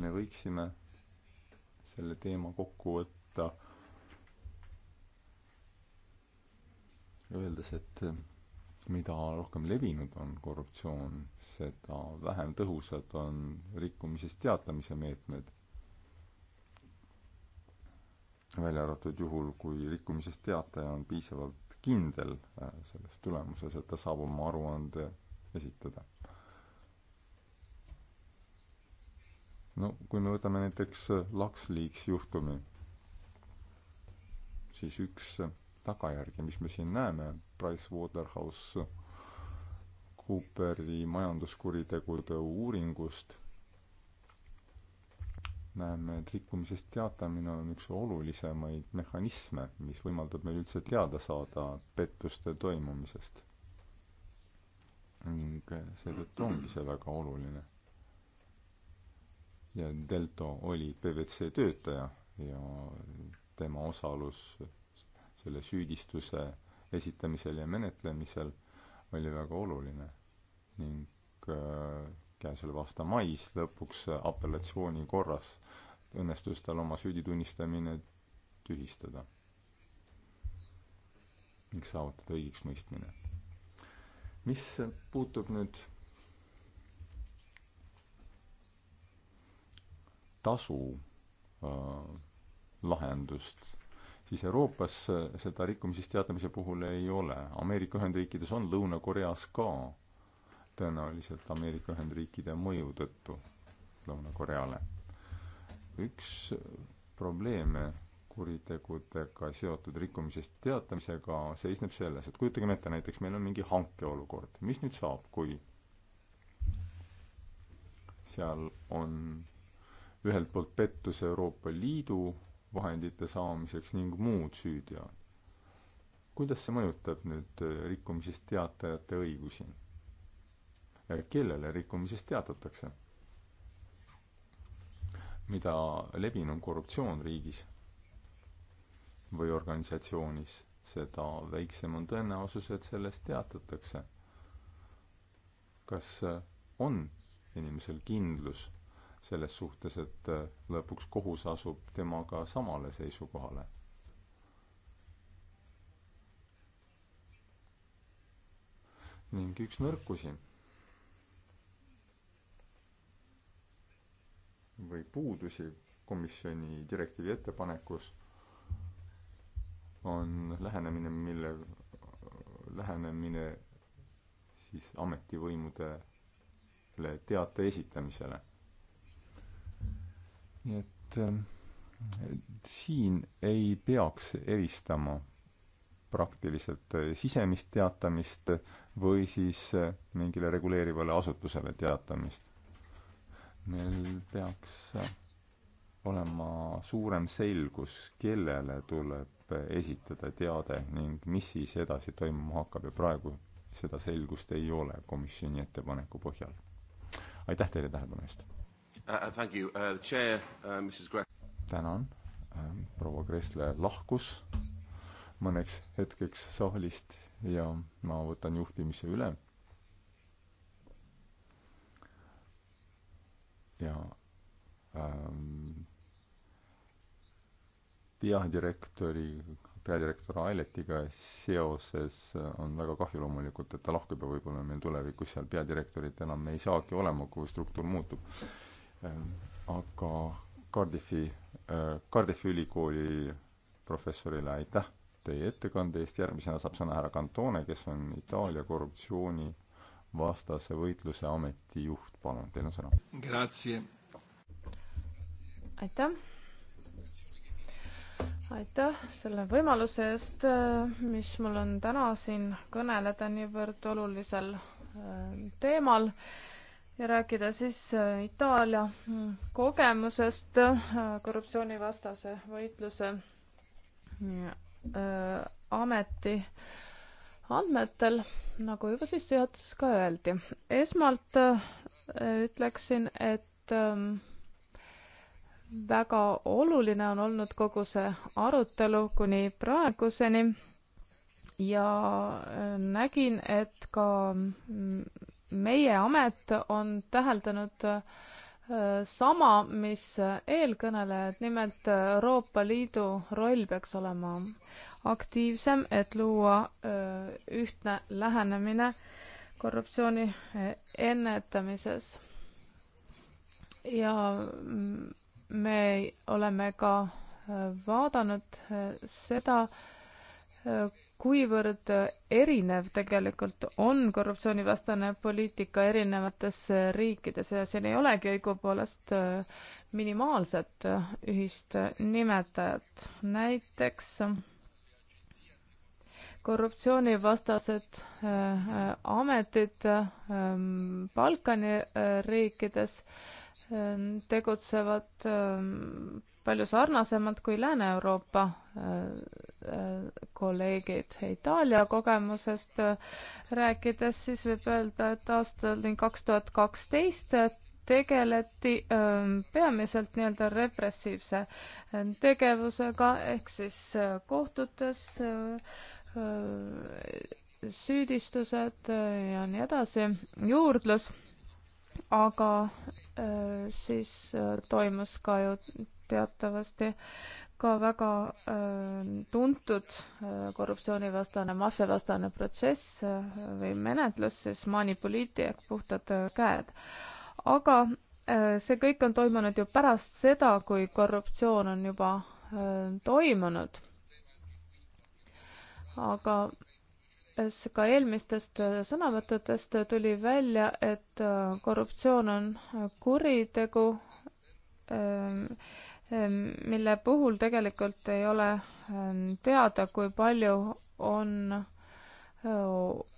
me võiksime selle teema kokku võtta öeldes, et mida rohkem levinud on korruptsioon, seda vähem tõhusad on rikkumisest teatamise meetmed välja arvatud juhul, kui rikkumisest teataja on piisavalt kindel äh, selles tulemuses, et ta saab oma aruande esitada. no kui me võtame näiteks äh, LuxLeaks juhtumi, siis üks äh, tagajärgi, mis me siin näeme, Pricewaterhouse Cooperi majanduskuritegude uuringust näeme, et rikkumisest teatamine on üks olulisemaid mehhanisme, mis võimaldab meil üldse teada saada pettuste toimumisest. ning seetõttu ongi see väga oluline. ja Delto oli PwC töötaja ja tema osalus selle süüdistuse esitamisel ja menetlemisel oli väga oluline ning äh, käesoleva aasta mais lõpuks apellatsiooni korras õnnestus tal oma süüditunnistamine tühistada ning saavutada õigeksmõistmine. mis puutub nüüd tasu äh, lahendust, siis Euroopas äh, seda rikkumisest teatamise puhul ei ole. Ameerika Ühendriikides on, Lõuna-Koreas ka tõenäoliselt Ameerika Ühendriikide mõju tõttu Lõuna-Koreale. üks probleeme kuritegudega seotud rikkumisest teatamisega seisneb selles, et kujutagem ette, näiteks meil on mingi hankeolukord, mis nüüd saab, kui seal on ühelt poolt pettus Euroopa Liidu vahendite saamiseks ning muud süüteod. kuidas see mõjutab nüüd rikkumisest teatajate õigusi? kellele rikkumisest teatatakse, mida levinum korruptsioon riigis või organisatsioonis, seda väiksem on tõenäosus, et sellest teatatakse. kas äh, on inimesel kindlus selles suhtes, et äh, lõpuks kohus asub temaga samale seisukohale? ning üks nõrkusi või puudusi komisjoni direktiivi ettepanekus on lähenemine, mille, lähenemine siis ametivõimudele teate esitamisele. nii et, et äh, siin ei peaks eristama praktiliselt sisemist teatamist või siis äh, mingile reguleerivale asutusele teatamist meil peaks olema suurem selgus, kellele tuleb esitada teade ning mis siis edasi toimuma hakkab ja praegu seda selgust ei ole komisjoni ettepaneku põhjal. aitäh teile tähelepanu eest uh,! Uh, uh, uh tänan uh,, proua Kressle lahkus mõneks hetkeks saalist ja ma võtan juhtimise üle ja ähm, peadirektori, peadirektor Ailetiga seoses äh, on väga kahju loomulikult, et ta lahkub ja võib-olla meil tulevikus seal peadirektorit enam ei saagi olema, kui struktuur muutub ähm,. aga Cardiffi äh,, Cardiffi ülikooli professorile aitäh teie ettekande eest, järgmisena saab sõna härra Cantone, kes on Itaalia korruptsiooni vastase võitluse ameti juht, palun, teil on sõna. aitäh. aitäh selle võimaluse eest, mis mul on täna siin kõneleda niivõrd olulisel äh, teemal ja rääkida siis äh, Itaalia mm, kogemusest äh, korruptsioonivastase võitluse ameti andmetel nagu juba sissejuhatuses ka öeldi. esmalt äh, ütleksin, et ähm, väga oluline on olnud kogu see arutelu kuni praeguseni ja äh, nägin, et ka mm, meie amet on täheldanud äh, sama, mis eelkõnelejad, nimelt Euroopa Liidu roll peaks olema aktiivsem, et luua ühtne lähenemine korruptsiooni ennetamises. ja me oleme ka vaadanud seda, kuivõrd erinev tegelikult on korruptsioonivastane poliitika erinevates riikides ja siin ei olegi õigupoolest äh, minimaalset äh, ühist nimetajat. näiteks äh, korruptsioonivastased ametid ähm, Balkani riikides äh, Ähm, tegutsevad ähm, palju sarnasemalt kui Lääne-Euroopa äh, äh, kolleegid. Itaalia kogemusest äh, rääkides siis võib öelda, et aastal kaks tuhat kaksteist tegeleti ähm, peamiselt nii-öelda repressiivse tegevusega ehk siis kohtutes süüdistused ja nii edasi, juurdlus aga äh, siis äh, toimus ka ju teatavasti ka väga äh, tuntud korruptsioonivastane, maffiavastane protsess või menetlus, siis manipuliiti ehk puhtad käed. aga see kõik on toimunud ju pärast seda, kui korruptsioon on juba toimunud. aga ka eelmistest äh, sõnavõttudest tuli välja, et äh, korruptsioon on äh, kuritegu, ähm, ähm, mille puhul tegelikult ei ole ähm, teada, kui palju on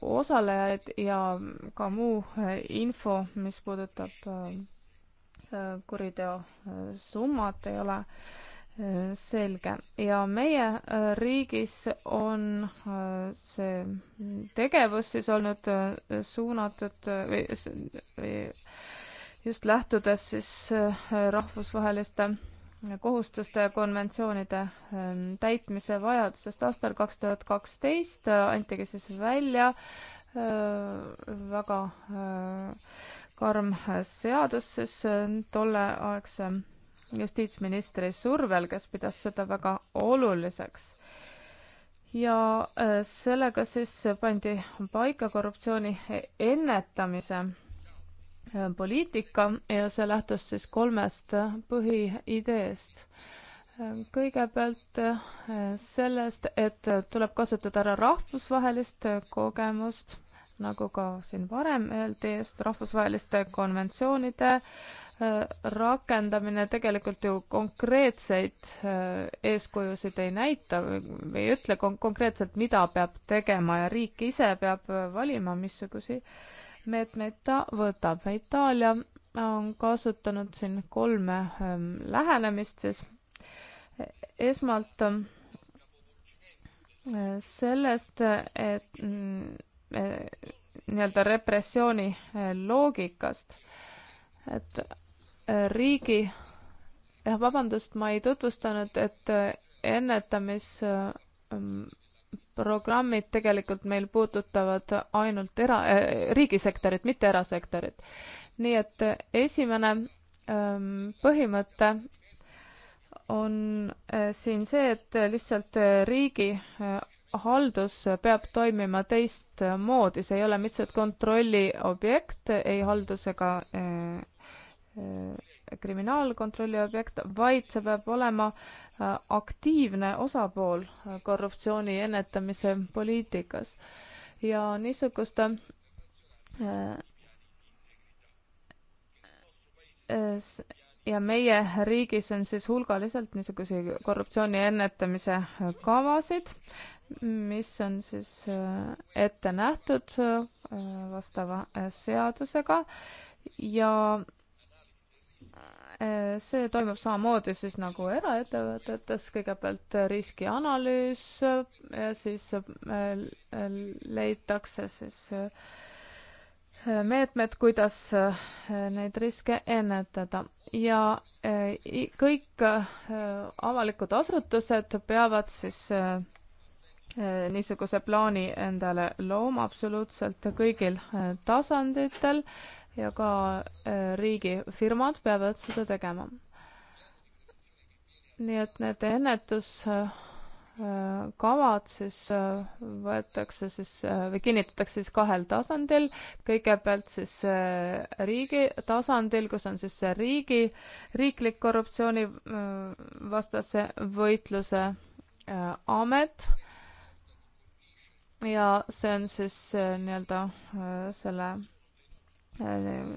osalejaid ja ka muu info, mis puudutab kuriteo summat, ei ole äh, selge ja meie äh, riigis on äh, see tegevus siis olnud äh, suunatud või just lähtudes siis rahvusvaheliste kohustuste ja konventsioonide ähm, täitmise vajadusest. aastal kaks tuhat kaksteist antigi siis välja väga karm seadus siis tolleaegse justiitsministri survel, kes pidas seda väga oluliseks. ja äh, sellega siis pandi paika korruptsiooni ennetamise äh, poliitika ja see lähtus siis kolmest äh, põhiideest kõigepealt sellest, et tuleb kasutada ära rahvusvahelist kogemust, nagu ka siin varem öeldi, just rahvusvaheliste konventsioonide Äh, rakendamine tegelikult ju konkreetseid äh, eeskujusid ei näita või ei ütle kon konkreetselt, mida peab tegema ja riik ise peab äh, valima, missuguseid meetmeid ta võtab. Itaalia on kasutanud siin kolme ähm, lähenemist siis. esmalt sellest, et mm, nii-öelda repressiooni loogikast, et riigi, jah, vabandust, ma ei tutvustanud, et äh, ennetamisprogrammid tegelikult meil puudutavad ainult era- äh,, riigisektorit, mitte erasektorit. nii et äh, esimene ähm, põhimõte on äh, siin see, et lihtsalt riigi haldus peab toimima teistmoodi, see ei ole lihtsalt kontrolli objekt ei haldus ega Äh, kriminaalkontrolli objekt, vaid see peab olema äh, aktiivne osapool äh, korruptsiooni ennetamise poliitikas. ja niisuguste ja meie riigis on siis hulgaliselt niisuguseid korruptsiooni ennetamise kavasid, mis on siis ette nähtud vastava seadusega ja Äh, see toimub samamoodi siis nagu eraettevõtetes, kõigepealt riskianalüüs ja siis äh, leitakse siis äh, meetmed, kuidas neid riske ennetada ja kõik avalikud asutused peavad siis niisuguse plaani endale looma absoluutselt kõigil tasanditel ja ka äh, riigifirmad peavad seda tegema. nii et need ennetuskavad äh, siis äh, võetakse siis või kinnitatakse siis kahel tasandil, kõigepealt siis riigi tasandil, kus on siis see riigi, riiklik korruptsioonivastase võitluse amet ja see on siis nii-öelda selle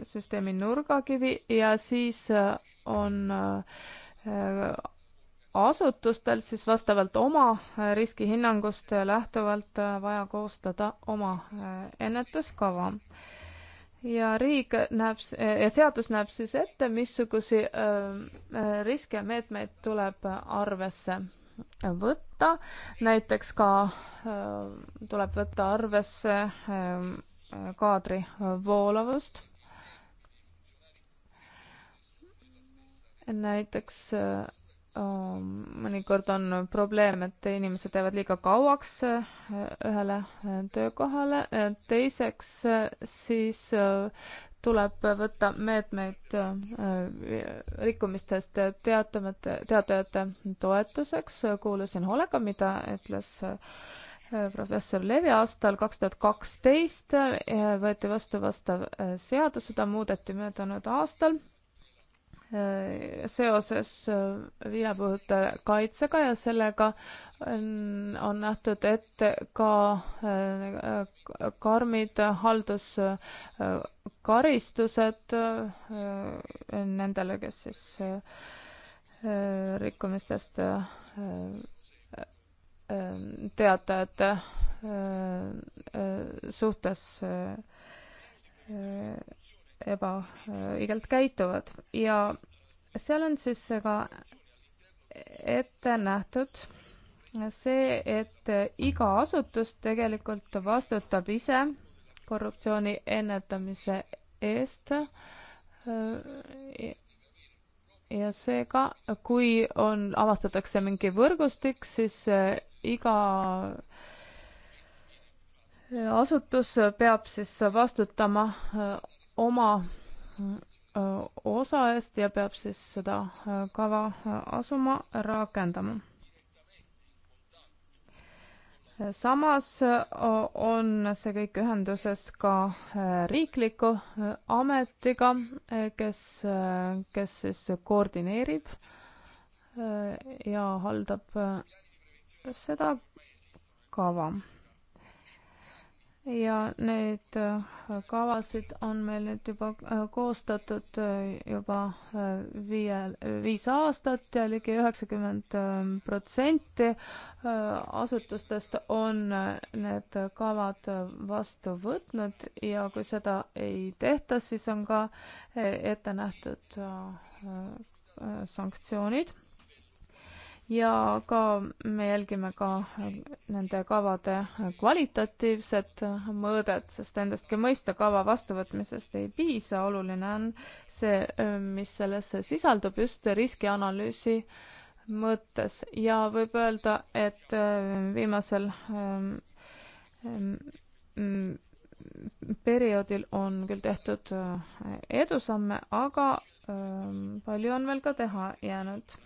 süsteemi nurgakivi ja siis äh, on äh, asutustel siis vastavalt oma äh, riskihinnangust lähtuvalt vaja koostada oma ennetuskava. ja riik näeb, ja seadus näeb siis ette, missugusi riske ja meetmeid tuleb arvesse võtta, näiteks ka äh, tuleb võtta arvesse äh, kaadri voolavust. näiteks äh, mõnikord on probleem, et inimesed jäävad liiga kauaks ühele töökohale, teiseks siis tuleb võtta meetmeid äh, rikkumistest teatamata, teatajate toetuseks. kuulasin hoolega, mida ütles äh, professor Levi aastal kaks tuhat kaksteist äh, võeti vastu vastav seadus, seda muudeti möödunud aastal Äh, seoses äh, viinapuhute kaitsega ja sellega on nähtud ette ka äh, karmid halduskaristused nendele, kes siis rikkumistest teatajate suhtes ebaõigelt äh, käituvad ja seal on siis ka ette nähtud see, et iga asutus tegelikult vastutab ise korruptsiooni ennetamise eest. Äh, ja seega, kui on, avastatakse mingi võrgustik, siis äh, iga asutus peab siis vastutama oma äh, osa eest ja peab siis seda äh, kava äh, asuma rakendama. samas on see kõik ühenduses ka riikliku ametiga, kes, kes siis koordineerib ja haldab seda kava ja need äh, kavasid on meil nüüd juba äh, koostatud äh, juba viie, viis aastat ja ligi üheksakümmend ähm, protsenti asutustest on need kavad vastu võtnud ja kui seda ei tehta, siis on ka ette nähtud sanktsioonid ja ka me jälgime ka nende kavade kvalitatiivset mõõdet, sest endastki mõista kava vastuvõtmisest ei piisa, oluline on see, mis sellesse sisaldub just riskianalüüsi mõttes ja võib öelda, et äh, viimasel ähm, ähm, perioodil on küll tehtud äh, edusamme, aga ähm, palju on veel ka teha jäänud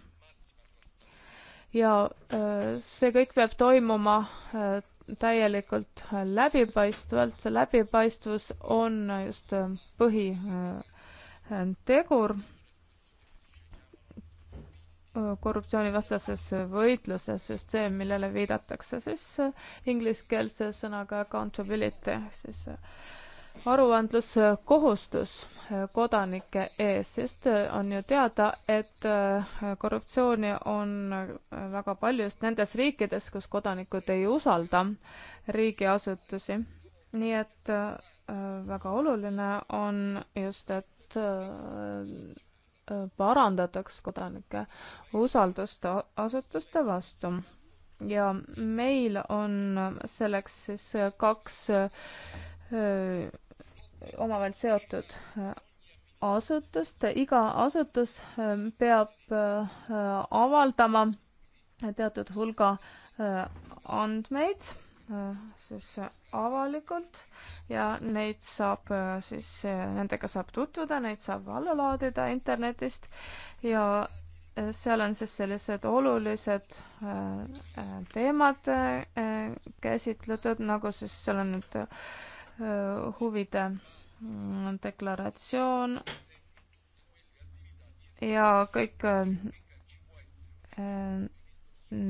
ja äh, see kõik peab toimuma äh, täielikult läbipaistvalt, see läbipaistvus on just äh, põhitegur korruptsioonivastases võitluses, just see, millele viidatakse siis ingliskeelse sõnaga accountability, siis äh, aruandluskohustus eh, kodanike ees, sest eh, on ju teada, et eh, korruptsiooni on väga palju just nendes riikides, kus kodanikud ei usalda riigiasutusi. nii et väga oluline on just, et parandataks kodanike usaldust asutuste vastu. ja meil on selleks siis kaks omavahel seotud äh, asutust, iga asutus äh, peab äh, avaldama teatud hulga andmeid siis avalikult ja neid saab siis, nendega saab tutvuda, neid saab alla laadida internetist ja seal on siis sellised olulised teemad käsitletud, nagu siis seal on nüüd Äh, huvide mm, deklaratsioon ja kõik äh, äh,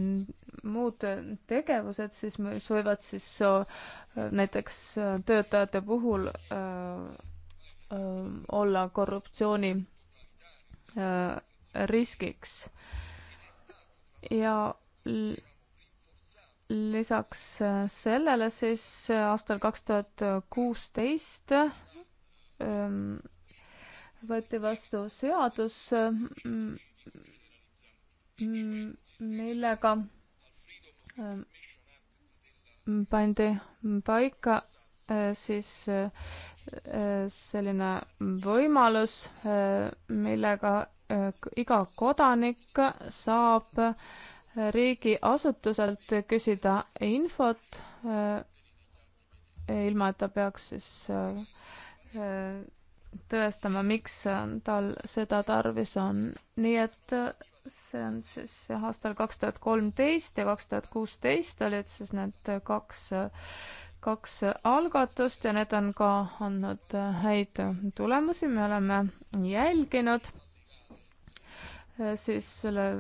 muud tegevused siis, mis võivad siis näiteks töötajate puhul olla korruptsiooni riskiks ja lisaks äh, sellele siis äh, aastal kaks tuhat kuusteist ähm, võeti vastu seadus, äh, millega ähm, pandi paika siis selline võimalus, millega iga kodanik saab riigiasutuselt küsida infot, eh, ilma et ta peaks siis eh, tõestama, miks tal seda tarvis on. nii et eh, see on siis aastal kaks tuhat kolmteist ja kaks tuhat kuusteist olid siis need kaks, kaks algatust ja need on ka andnud häid tulemusi, me oleme jälginud siis selle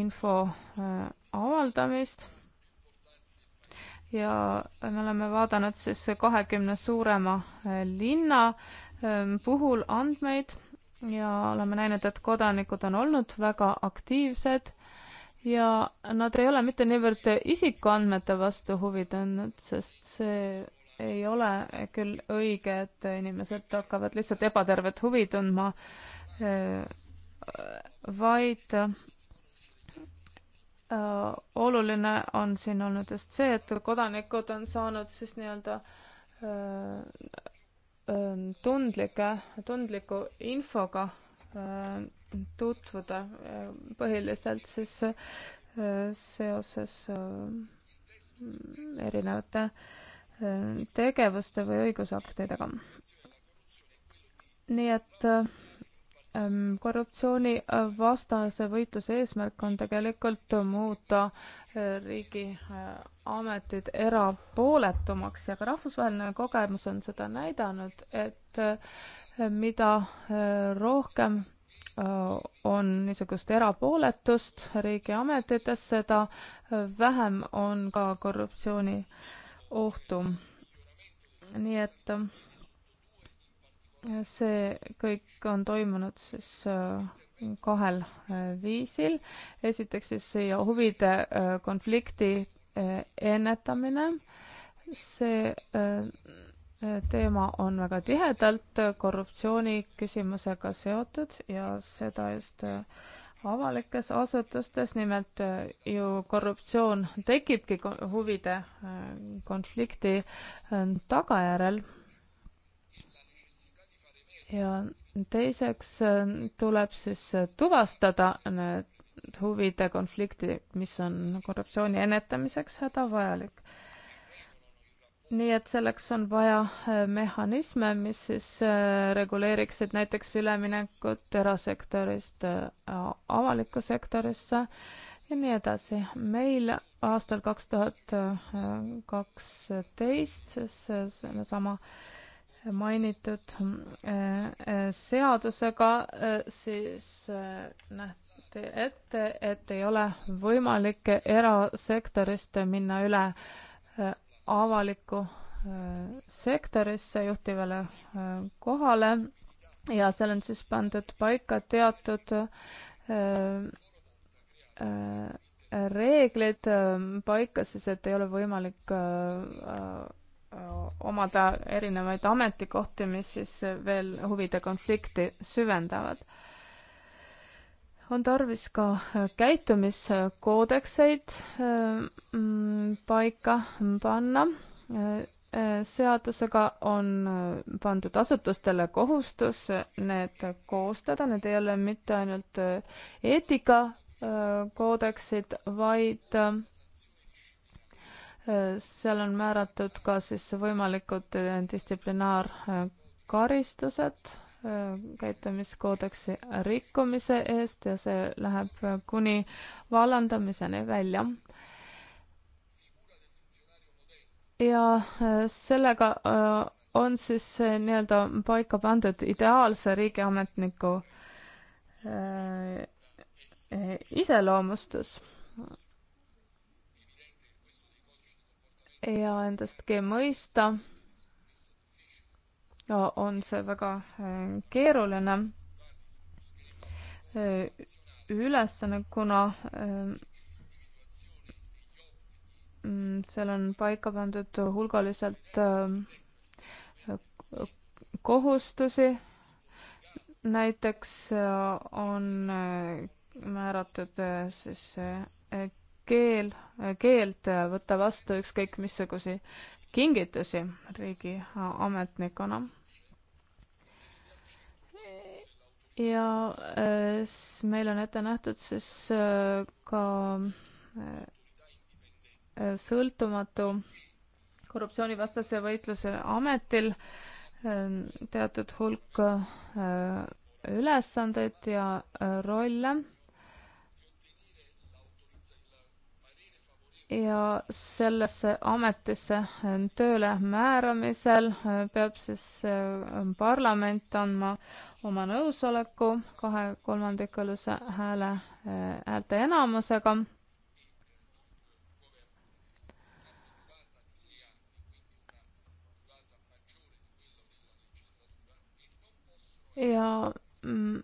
info äh, avaldamist ja me oleme vaadanud siis kahekümne suurema äh, linna ähm, puhul andmeid ja oleme näinud, et kodanikud on olnud väga aktiivsed ja nad ei ole mitte niivõrd isikuandmete vastu huvi tundnud, sest see ei ole küll õige, et inimesed hakkavad lihtsalt ebatervet huvi tundma, äh, vaid Äh, oluline on siin olnud just see, et kodanikud on saanud siis nii-öelda äh, ähm, tundlike, tundliku infoga äh, tutvuda põhiliselt siis seoses erinevate tegevuste või õigusaktidega. nii et Ehm, korruptsioonivastase võitluse eesmärk on tegelikult muuta eh, riigiametid eh, erapooletumaks ja ka rahvusvaheline kogemus on seda näidanud, et eh, mida rohkem on niisugust erapooletust riigiametites, seda vähem on ka korruptsiooniohtu. nii et see kõik on toimunud siis äh, kahel äh, viisil. esiteks siis huvide äh, konflikti ennetamine. see teema on väga tihedalt korruptsiooni küsimusega seotud ja seda just avalikes asutustes, nimelt ju korruptsioon tekibki huvide konflikti tagajärjel ja teiseks äh, tuleb siis äh, tuvastada need huvide konfliktid, mis on korruptsiooni ennetamiseks hädavajalik. nii et selleks on vaja äh, mehhanisme, mis siis reguleeriksid näiteks üleminekut erasektorist avalikku sektorisse ja nii edasi. meil aastal kaks tuhat kaksteist siis sellesama no mainitud äh, äh, seadusega, äh, siis nähti ette, et ei ole võimalik erasektorist minna üle avalikku sektorisse juhtivale kohale ja seal on siis pandud paika teatud reeglid paika siis, et ei ole võimalik omada erinevaid ametikohti, mis siis veel huvide konflikti süvendavad. on tarvis ka käitumiskoodekseid äh, mm, paika panna äh, seadusega on äh, pandud asutustele kohustus need koostada, need ei ole mitte ainult eetikakoodeksid, vaid seal on määratud ka siis võimalikud eh, distsiplinaarkaristused eh, käitumiskoodeksi rikkumise eest ja see läheb eh, kuni vallandamiseni välja. ja sellega on siis nii-öelda paika pandud ideaalse riigiametniku iseloomustus ja endastki mõista on see väga äh, keeruline äh, ülesanne, kuna äh, mm, seal on paika pandud hulgaliselt kohustusi, näiteks on määratud siis keel, keeld võtta vastu ükskõik missugusi kingitusi riigiametnikuna. ja äh, meil on ette nähtud siis äh, ka äh, sõltumatu korruptsioonivastase võitluse ametil teatud hulk ülesandeid ja rolle ja sellesse ametisse tööle määramisel äh, peab siis äh, parlament andma oma nõusoleku kahekolmandikulise hääle, äh, häälte enamusega ja mm,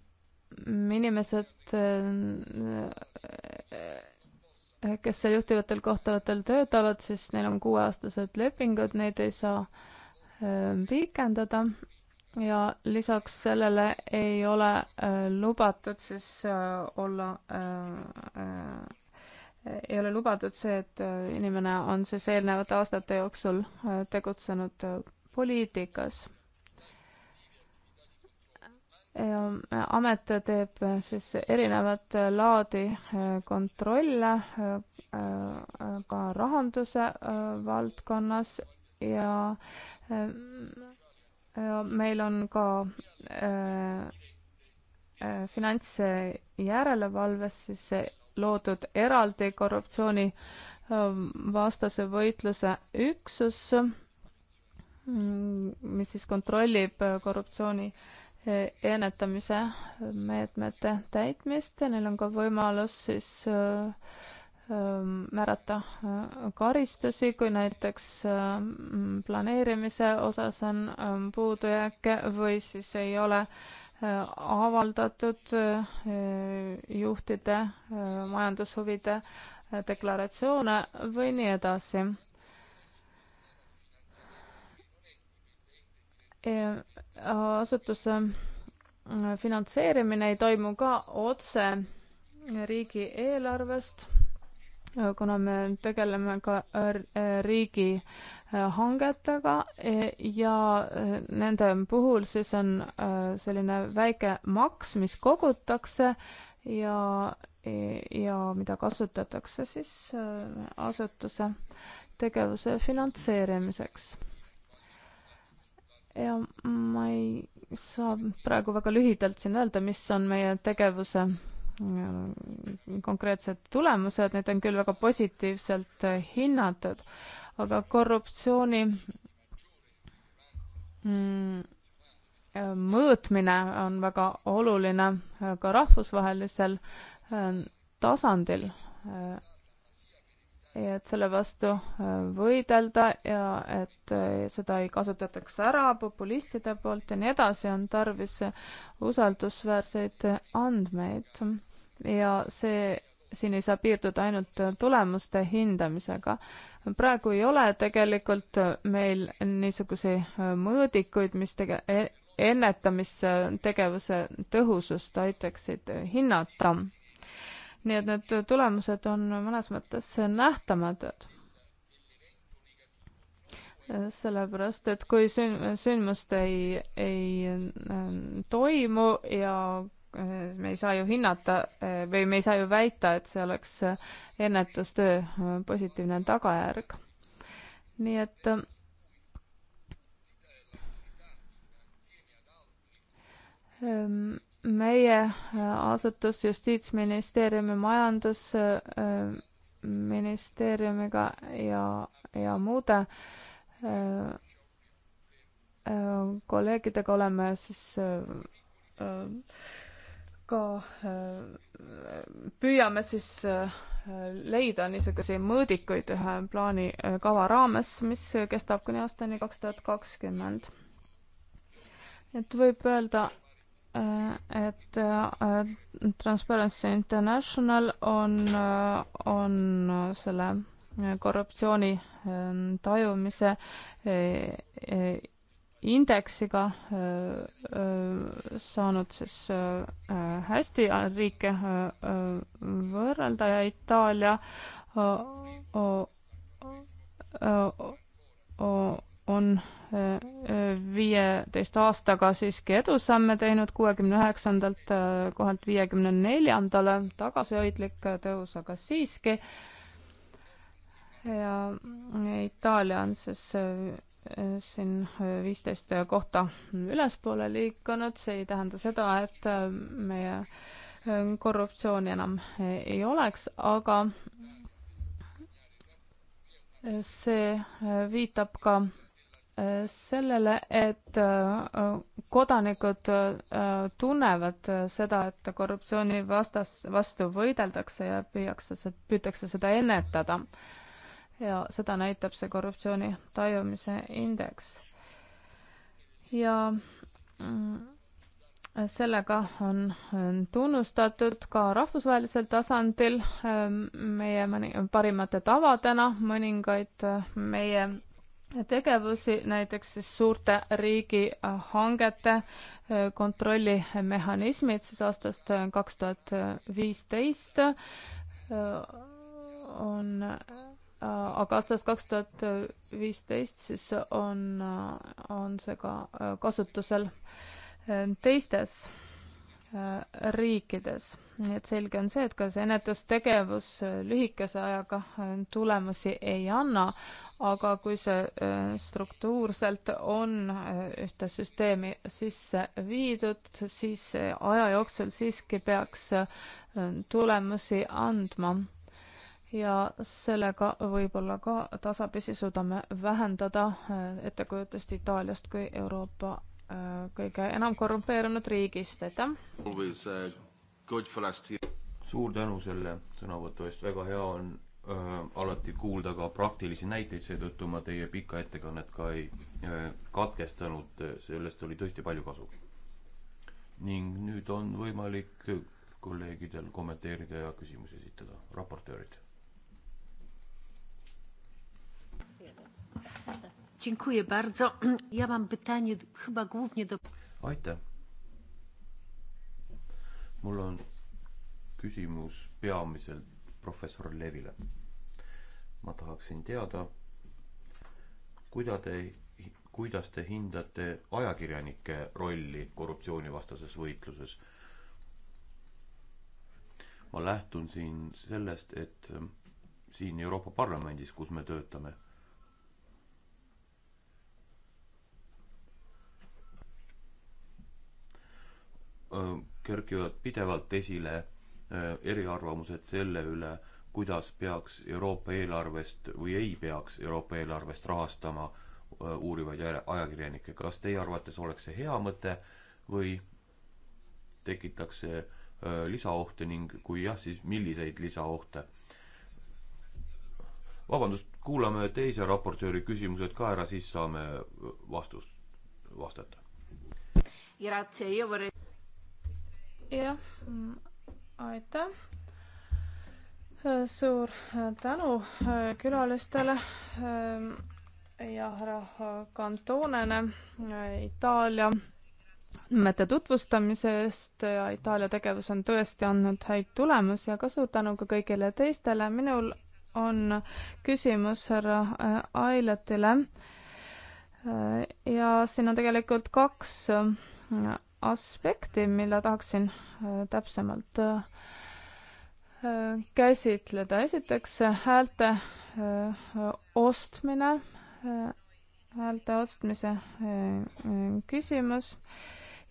inimesed äh, äh, Eh, kes seal juhtivatel kohtadel töötavad, siis neil on kuueaastased lepingud, neid ei saa eh, pikendada ja lisaks sellele ei ole eh, lubatud siis olla, ei ole lubatud see, et inimene on siis eelnevate aastate jooksul tegutsenud poliitikas Äh, amet teeb äh, siis erinevat äh, laadi kontrolle ka rahanduse valdkonnas ja, ja meil on ka äh, finantsjärelevalves siis loodud eraldi korruptsiooni vastase võitluse üksus, mm, mis siis kontrollib korruptsiooni äh, Eh, ennetamise meetmete täitmist ja neil on ka võimalus siis eh, eh, määrata karistusi, kui näiteks planeerimise osas on puudujääke või siis ei ole avaldatud juhtide majandushuvide deklaratsioone või nii edasi E, asutuse mm, finantseerimine ei toimu ka otse riigieelarvest, kuna me tegeleme ka e, riigihangetega e, ja nende puhul siis on selline väike maks, mis kogutakse ja, ja mida kasutatakse siis asutuse tegevuse finantseerimiseks ja ma ei saa praegu väga lühidalt siin öelda, mis on meie tegevuse äh, konkreetsed tulemused, need on küll väga positiivselt äh, hinnatud, aga korruptsiooni mm, äh, mõõtmine on väga oluline ka rahvusvahelisel tasandil ja et selle vastu äh, võidelda ja et äh, seda ei kasutataks ära populistide poolt ja nii edasi, on tarvis usaldusväärseid andmeid. ja see, siin ei saa piirduda ainult tulemuste hindamisega. praegu ei ole tegelikult meil niisuguseid äh, mõõdikuid, mis tege-, e-, ennetamistegevuse tõhusust aitaksid hinnata nii et need tulemused on mõnes mõttes nähtamatud. sellepärast, et kui sün-, sündmust ei, ei ähm, toimu ja äh, me ei saa ju hinnata äh, või me ei saa ju väita, et see oleks äh, ennetustöö positiivne tagajärg. nii et ähm, meie äh, asutus Justiitsministeeriumi majandusministeeriumiga ja, ja muude äh, äh, kolleegidega oleme siis ka püüame siis leida niisuguseid mõõdikuid ühe plaanikava raames, mis kestab kuni aastani kaks tuhat kakskümmend. et võib öelda, Äh, et äh, Transparency International on, äh, on selle korruptsiooni tajumise indeksiga saanud siis hästi riike võrrelda ja Itaalia on viieteist aastaga siiski edusamme teinud, kuuekümne üheksandalt äh, kohalt viiekümne neljandale, tagasihoidlik äh, tõus, aga siiski. ja Itaalia on siis äh, siin viisteist kohta ülespoole liikunud, see ei tähenda seda, et meie korruptsiooni enam ei oleks, aga see viitab ka sellele, et äh, kodanikud äh, tunnevad seda, et korruptsiooni vastas, vastu võideldakse ja püüakse, püütakse seda ennetada. ja seda näitab see korruptsiooni tajumise indeks. ja mm, sellega on tunnustatud ka rahvusvahelisel tasandil äh, meie mõni, parimate tavadena mõningaid meie tegevusi, näiteks siis suurte riigihangete äh, kontrollimehhanismid siis aastast äh, kaks tuhat viisteist äh, on aga aastast kaks tuhat viisteist siis on, on see ka kasutusel teistes riikides. nii et selge on see, et ka see ennetustegevus lühikese ajaga tulemusi ei anna, aga kui see äh, struktuurselt on äh, ühte süsteemi sisse viidud, siis äh, aja jooksul siiski peaks tulemusi andma. ja sellega võib-olla ka tasapisi suudame vähendada ettekujutust Itaaliast kui Euroopa kõige enam korrumpeerunud riigist, aitäh! Uh, suur tänu selle sõnavõtu eest, väga hea on Äh, alati kuulda ka praktilisi näiteid, seetõttu ma teie pika ettekannet ka ei äh, katkestanud, sellest oli tõesti palju kasu. ning nüüd on võimalik kolleegidel kommenteerida ja küsimusi esitada, raportöörid. aitäh. mul on küsimus peamiselt professor Levile. ma tahaksin teada, kuida te, kuidas te hindate ajakirjanike rolli korruptsioonivastases võitluses? ma lähtun siin sellest, et ähm, siin Euroopa Parlamendis, kus me töötame, äh, kerkivad pidevalt esile Äh, eriarvamused selle üle, kuidas peaks Euroopa eelarvest või ei peaks Euroopa eelarvest rahastama äh, uurivaid ajakirjanikke. kas teie arvates oleks see hea mõte või tekitaks see äh, lisaohte ning kui jah, siis milliseid lisaohte? vabandust, kuulame teise raportööri küsimused ka ära, siis saame vastust, vastata. jah, aitäh. suur tänu külalistele ehm, ja härra Kantonene eh, Itaalia andmete tutvustamise eest ja Itaalia tegevus on tõesti andnud häid tulemusi, aga suur tänu ka kõigile teistele. minul on küsimus härra eh, Ailetile. Eh, ja siin on tegelikult kaks aspekti, mille tahaksin äh, täpsemalt äh, käsitleda. esiteks häälte äh, ostmine, häälte ostmise küsimus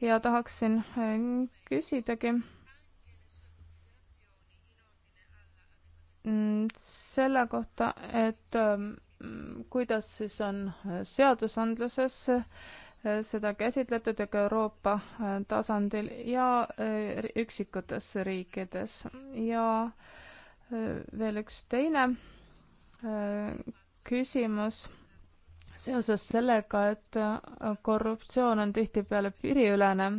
ja tahaksin küsidagi mm, selle kohta, et ähm, kuidas siis on seadusandluses seda käsitletud ja ka Euroopa äh, tasandil ja äh, üksikutes riikides. ja äh, veel üks teine küsimus seoses sellega, et korruptsioon on tihtipeale piiriülene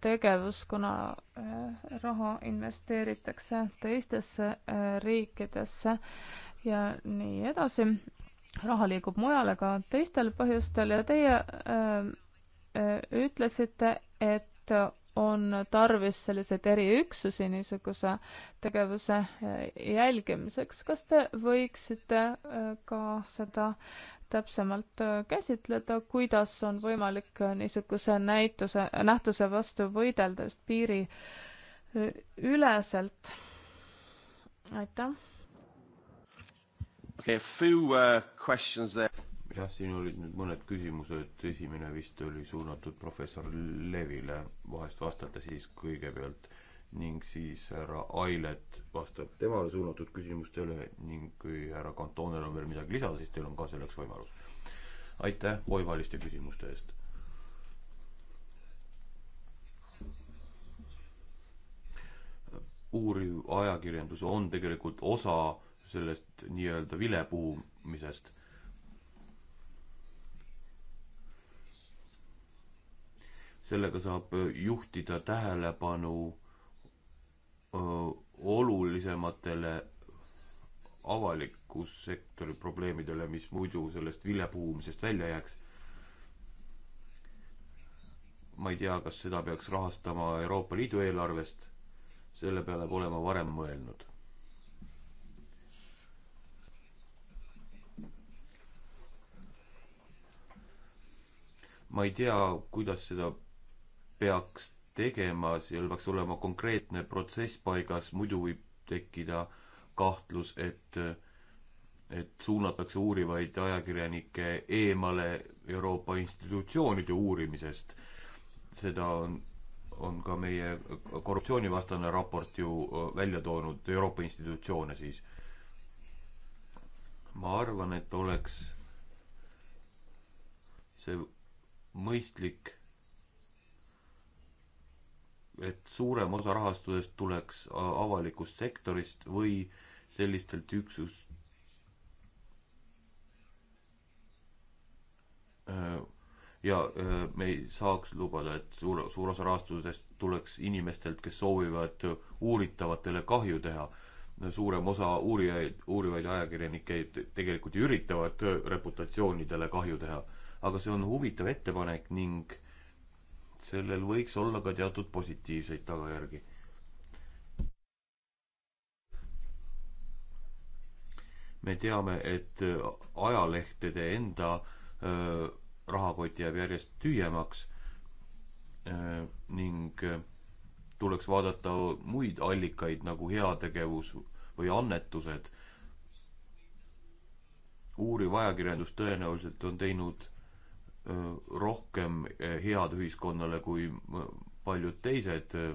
tegevus, kuna raha investeeritakse teistesse riikidesse ja nii edasi raha liigub mujale ka teistel põhjustel ja teie äh, äh, ütlesite, et on tarvis selliseid eriüksusi niisuguse tegevuse äh, jälgimiseks. kas te võiksite äh, ka seda täpsemalt äh, käsitleda, kuidas on võimalik niisuguse näituse, nähtuse vastu võidelda just piiriüleselt? aitäh okay,. Uh, jah, siin olid nüüd mõned küsimused, esimene vist oli suunatud professor Levile, vahest vastate siis kõigepealt ning siis härra Ailet vastab temale suunatud küsimustele ning kui härra Kantonel on veel midagi lisada, siis teil on ka selleks võimalus. aitäh oivaliste küsimuste eest. uuriv ajakirjandus on tegelikult osa sellest nii-öelda vilepuhumisest. sellega saab juhtida tähelepanu öö, olulisematele avalikus sektori probleemidele, mis muidu sellest vilepuhumisest välja jääks ma ei tea, kas seda peaks rahastama Euroopa Liidu eelarvest, selle peale pole ma varem mõelnud. ma ei tea, kuidas seda peaks tegema, seal peaks olema konkreetne protsess paigas, muidu võib tekkida kahtlus, et et suunatakse uurivaid ajakirjanikke eemale Euroopa institutsioonide uurimisest. seda on, on ka meie korruptsioonivastane raport ju välja toonud, Euroopa institutsioone siis. ma arvan, et oleks see mõistlik, et suurem osa rahastusest tuleks avalikust sektorist või sellistelt üksust, ja me ei saaks lubada, et suur, suur osa rahastusest tuleks inimestelt, kes soovivad uuritavatele kahju teha. suurem osa uurijaid, uurivaid ajakirjanikke tegelikult ju üritavad reputatsioonidele kahju teha aga see on huvitav ettepanek ning sellel võiks olla ka teatud positiivseid tagajärgi. me teame, et ajalehtede enda öö, rahakott jääb järjest tühjemaks öö, ning öö, tuleks vaadata muid allikaid nagu heategevus või annetused. uuriv ajakirjandus tõenäoliselt on teinud Äh, rohkem äh, head ühiskonnale kui paljud teised äh,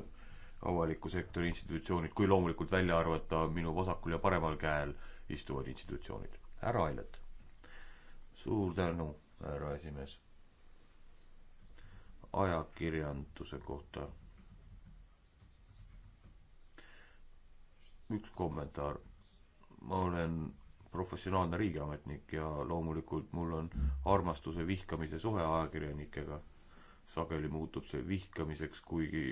avaliku sektori institutsioonid, kui loomulikult välja arvata minu vasakul ja paremal käel istuvad institutsioonid. härra Ailet. suur tänu, härra esimees. ajakirjanduse kohta. üks kommentaar. ma olen professionaalne riigiametnik ja loomulikult mul on armastuse vihkamise suhe ajakirjanikega. sageli muutub see vihkamiseks, kuigi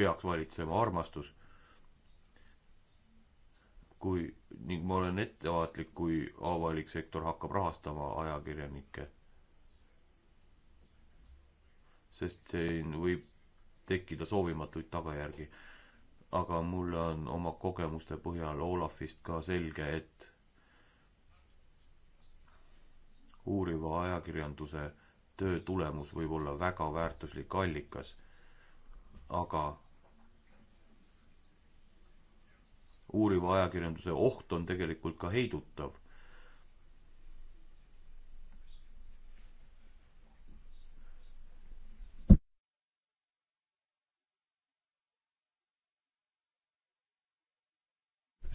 peaks valitsema armastus. kui, ning ma olen ettevaatlik, kui avalik sektor hakkab rahastama ajakirjanikke. sest siin võib tekkida soovimatuid tagajärgi aga mulle on oma kogemuste põhjal Olafist ka selge, et uuriva ajakirjanduse töö tulemus võib olla väga väärtuslik allikas, aga uuriva ajakirjanduse oht on tegelikult ka heidutav.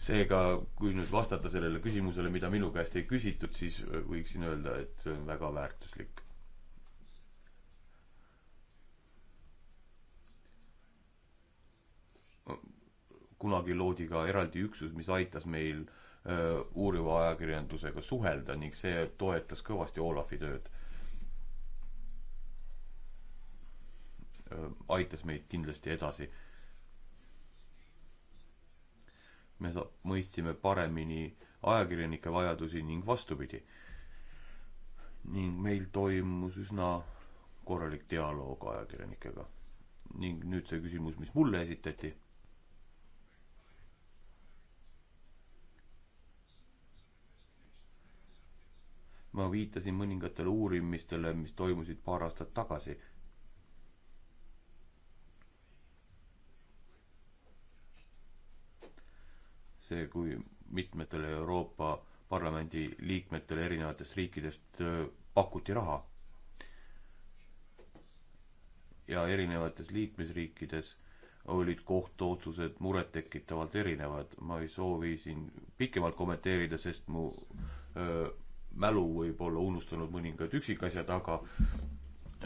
seega, kui nüüd vastata sellele küsimusele, mida minu käest ei küsitud, siis äh, võiksin öelda, et see on väga väärtuslik. kunagi loodi ka eraldi üksus, mis aitas meil öö, äh, uuriva ajakirjandusega suhelda ning see toetas kõvasti Olafi tööd. Äh, aitas meid kindlasti edasi me mõistsime paremini ajakirjanike vajadusi ning vastupidi. ning meil toimus üsna korralik dialoog ajakirjanikega. ning nüüd see küsimus, mis mulle esitati. ma viitasin mõningatele uurimistele, mis toimusid paar aastat tagasi see, kui mitmetele Euroopa Parlamendi liikmetele erinevatest riikidest pakuti raha. ja erinevates liikmesriikides olid kohtuotsused murettekitavalt erinevad. ma ei soovi siin pikemalt kommenteerida, sest mu öö, mälu võib olla unustanud mõningad üksikasjad, aga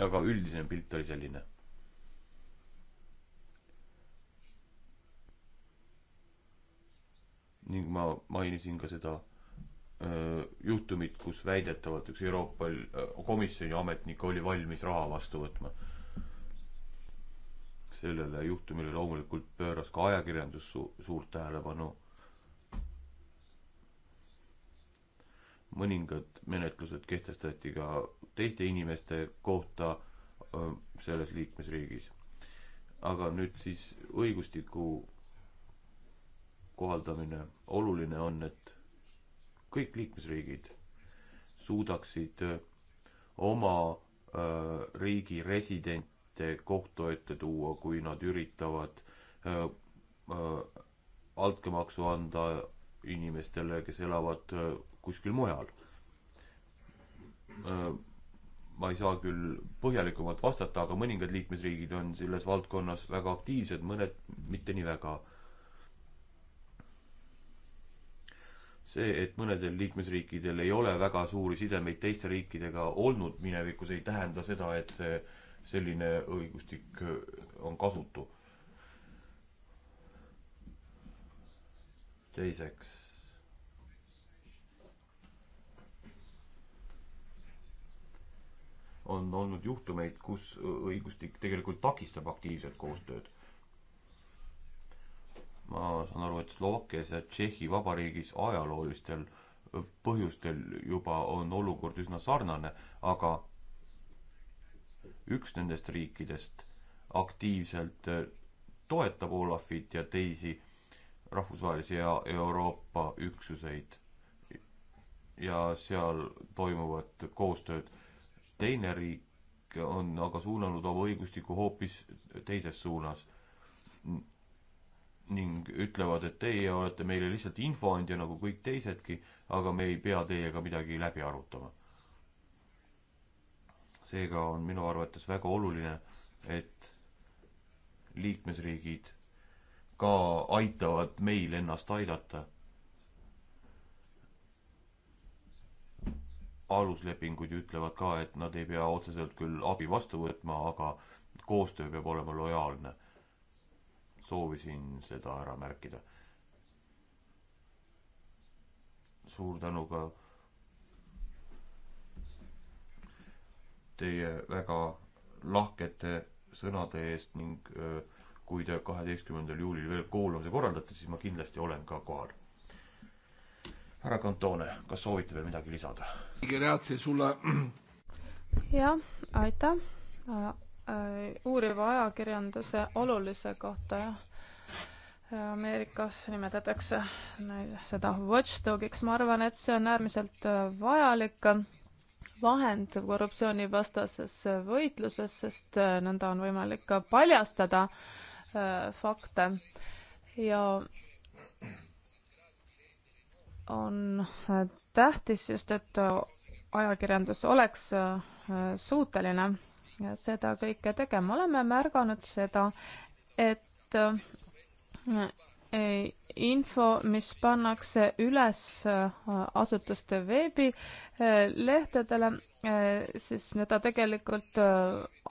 aga üldisem pilt oli selline ning ma mainisin ka seda öö, juhtumit, kus väidetavalt üks Euroopa Komisjoni ametnik oli valmis raha vastu võtma. sellele juhtumile loomulikult pööras ka ajakirjandus su suurt tähelepanu. mõningad menetlused kehtestati ka teiste inimeste kohta öö, selles liikmesriigis. aga nüüd siis õigustiku kohaldamine. oluline on, et kõik liikmesriigid suudaksid oma öö, äh, riigi residente kohtu ette tuua, kui nad üritavad öö, äh, öö, äh, altkäemaksu anda inimestele, kes elavad öö, kuskil mujal. ma ei saa küll põhjalikumalt vastata, aga mõningad liikmesriigid on selles valdkonnas väga aktiivsed, mõned mitte nii väga see, et mõnedel liikmesriikidel ei ole väga suuri sidemeid teiste riikidega olnud minevikus, ei tähenda seda, et see selline õigustik äh, on kasutu. teiseks. on olnud juhtumeid, kus õigustik tegelikult takistab aktiivset koostööd ma saan aru, et Slovakkias ja Tšehhi Vabariigis ajaloolistel põhjustel juba on olukord üsna sarnane, aga üks nendest riikidest aktiivselt toetab Olafit ja teisi rahvusvahelisi ja Euroopa üksuseid. ja seal toimuvad koostööd. teine riik on aga suunanud oma õigustiku hoopis teises suunas ning ütlevad, et teie olete meile lihtsalt infoandja nagu kõik teisedki, aga me ei pea teiega midagi läbi arutama. seega on minu arvates väga oluline, et liikmesriigid ka aitavad meil ennast aidata. aluslepingud ju ütlevad ka, et nad ei pea otseselt küll abi vastu võtma, aga koostöö peab olema lojaalne soovisin seda ära märkida. suur tänu ka teie väga lahkete sõnade eest ning äh, kui te kaheteistkümnendal juulil veel kuulamise korraldate, siis ma kindlasti olen ka kohal. härra Cantone, kas soovite veel midagi lisada? jah, aitäh Äh, uuriva ajakirjanduse olulise kohta, jah. Ameerikas nimetatakse seda watchdogiks, ma arvan, et see on äärmiselt äh, vajalik vahend korruptsioonivastases võitluses, sest äh, nõnda on võimalik ka paljastada äh, fakte ja on tähtis just, et ajakirjandus oleks suuteline seda kõike tegema. oleme märganud seda, et äh, info, mis pannakse üles äh, asutuste veebilehtedele, äh, siis seda tegelikult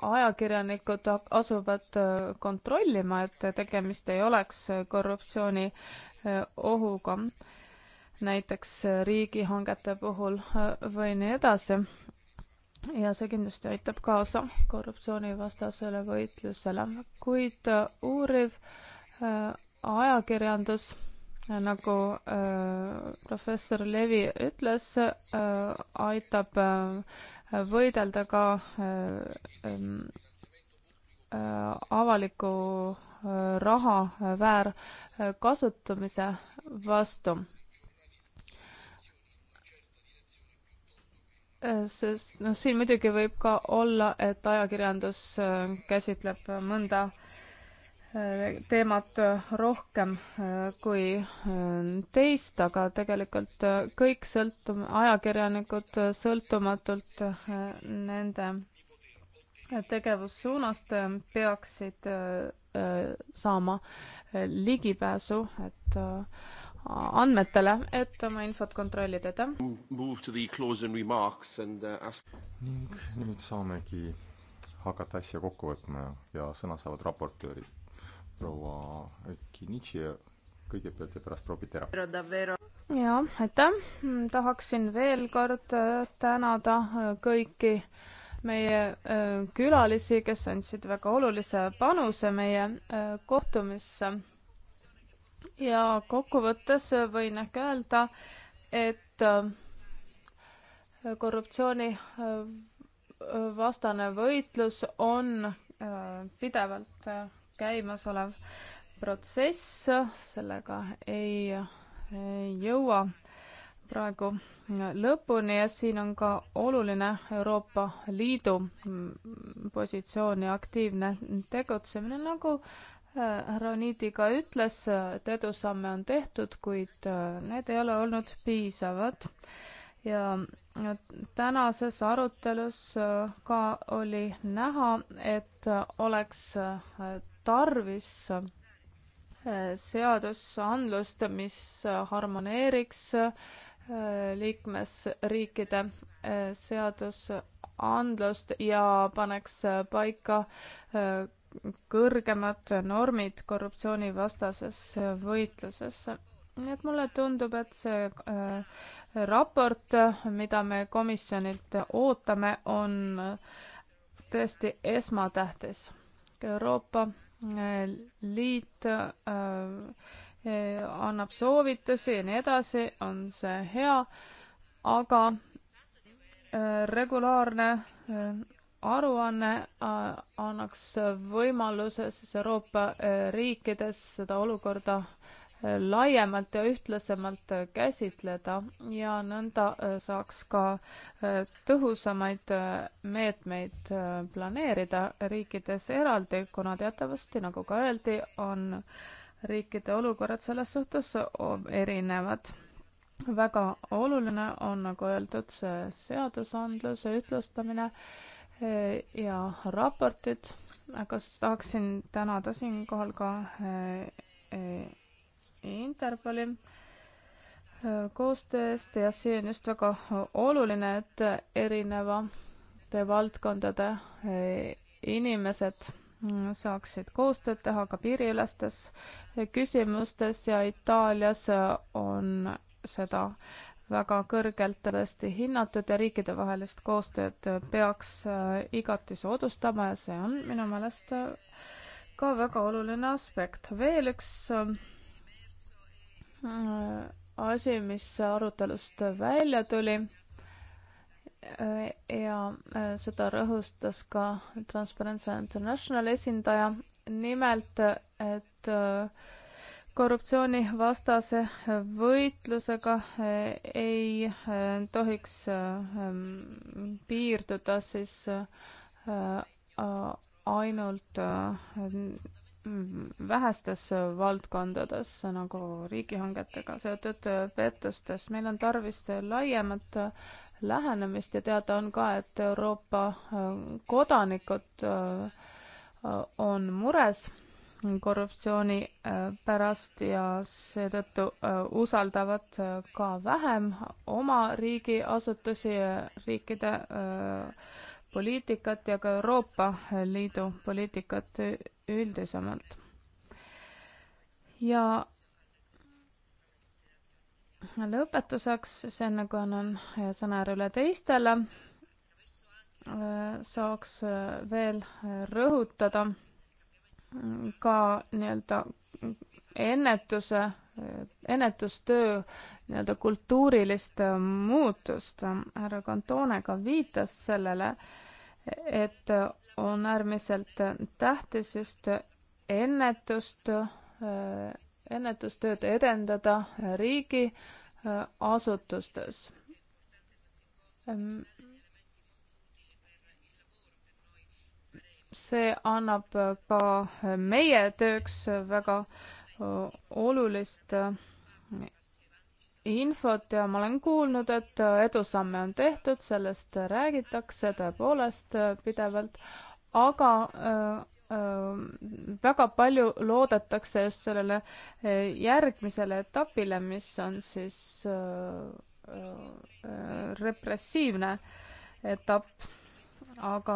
ajakirjanikud asuvad kontrollima, et tegemist ei oleks korruptsiooniohuga, näiteks riigihangete puhul või nii edasi ja see kindlasti aitab kaasa korruptsioonivastasele võitlusele, kuid uh, uuriv uh, ajakirjandus, uh, nagu professor Levi ütles, aitab võidelda ka um, avaliku raha väärkasutamise vastu Äh, sest noh, siin muidugi võib ka olla, et ajakirjandus äh, käsitleb mõnda äh, teemat rohkem kui teist, aga tegelikult kõik sõltum-, ajakirjanikud sõltumatult nende tegevussuunast peaksid saama ligipääsu, et äh, andmetele, et oma infot kontrollida, aitäh. Uh, ning nüüd saamegi hakata asja kokku võtma ja sõna saavad raportöörid. proua Kinitši kõigepealt ja pärast proovib ära. jaa, aitäh. tahaksin veel kord äh, tänada äh, kõiki meie äh, külalisi, kes andsid väga olulise panuse meie kohtumisse ja kokkuvõttes võin ehk öelda, et äh, korruptsiooni äh, vastane võitlus on äh, pidevalt käimasolev protsess, sellega ei, ei jõua praegu lõpuni ja siin on ka oluline Euroopa Liidu mm, positsioon ja aktiivne tegutsemine, nagu härra Niidi ka ütles, et edusamme on tehtud, kuid äh, need ei ole olnud piisavad. ja tänases arutelus äh, ka oli näha, et äh, oleks tarvis seadusandlust, mis harmoneeriks liikmesriikide seadusandlust ja paneks paika kõrgemad normid korruptsioonivastases võitluses. nii et mulle tundub, et see äh, raport, mida me komisjonilt ootame, on äh, tõesti esmatähtis. Euroopa äh, Liit annab soovitusi ja nii edasi, on see hea, aga regulaarne aruanne äh, annaks võimaluse siis Euroopa äh, riikides seda olukorda äh, laiemalt ja ühtlasemalt käsitleda ja nõnda saaks ka tõhusamaid meetmeid planeerida riikides eraldi, kuna teatavasti, nagu ka öeldi, on riikide olukorrad selles suhtes erinevad. väga oluline on, nagu öeldud, see seadusandluse ühtlustamine Äh, ja raportid, aga tahaksin tänada siinkohal ka äh, äh, Interpoli koostöö eest ja see on just väga oluline, et erinevate valdkondade inimesed mm, saaksid koostööd teha ka piiriülestes küsimustes ja Itaalias on seda väga kõrgelt tõesti hinnatud ja riikidevahelist koostööd peaks äh, igati soodustama ja see on minu meelest äh, ka väga oluline aspekt. veel üks äh, asi, mis arutelust välja tuli ja seda rõhustas ka Transparency International esindaja, nimelt et äh, korruptsioonivastase võitlusega eh, ei eh, tohiks eh, piirduda siis ainult vähestes valdkondades nagu riigihangetega seotud pettustest. meil on tarvis laiemat lähenemist ja teada on ka, et Euroopa kodanikud on mures korruptsiooni äh, pärast ja seetõttu äh, usaldavad äh, ka vähem oma riigi asutusi, riikide poliitikat ja ka Euroopa Liidu poliitikat üldisemalt. ja lõpetuseks, siis enne kui nagu annan sõna üle teistele, saaks veel rõhutada ka nii-öelda ennetuse, ennetustöö nii-öelda kultuurilist muutust. härra Cantone ka viitas sellele, et on äärmiselt tähtis just ennetust, ennetustööd edendada riigiasutustes see annab ka meie tööks väga olulist infot ja ma olen kuulnud, et edusamme on tehtud, sellest räägitakse tõepoolest pidevalt, aga äh, äh, väga palju loodetakse just sellele järgmisele etapile, mis on siis äh, repressiivne etapp aga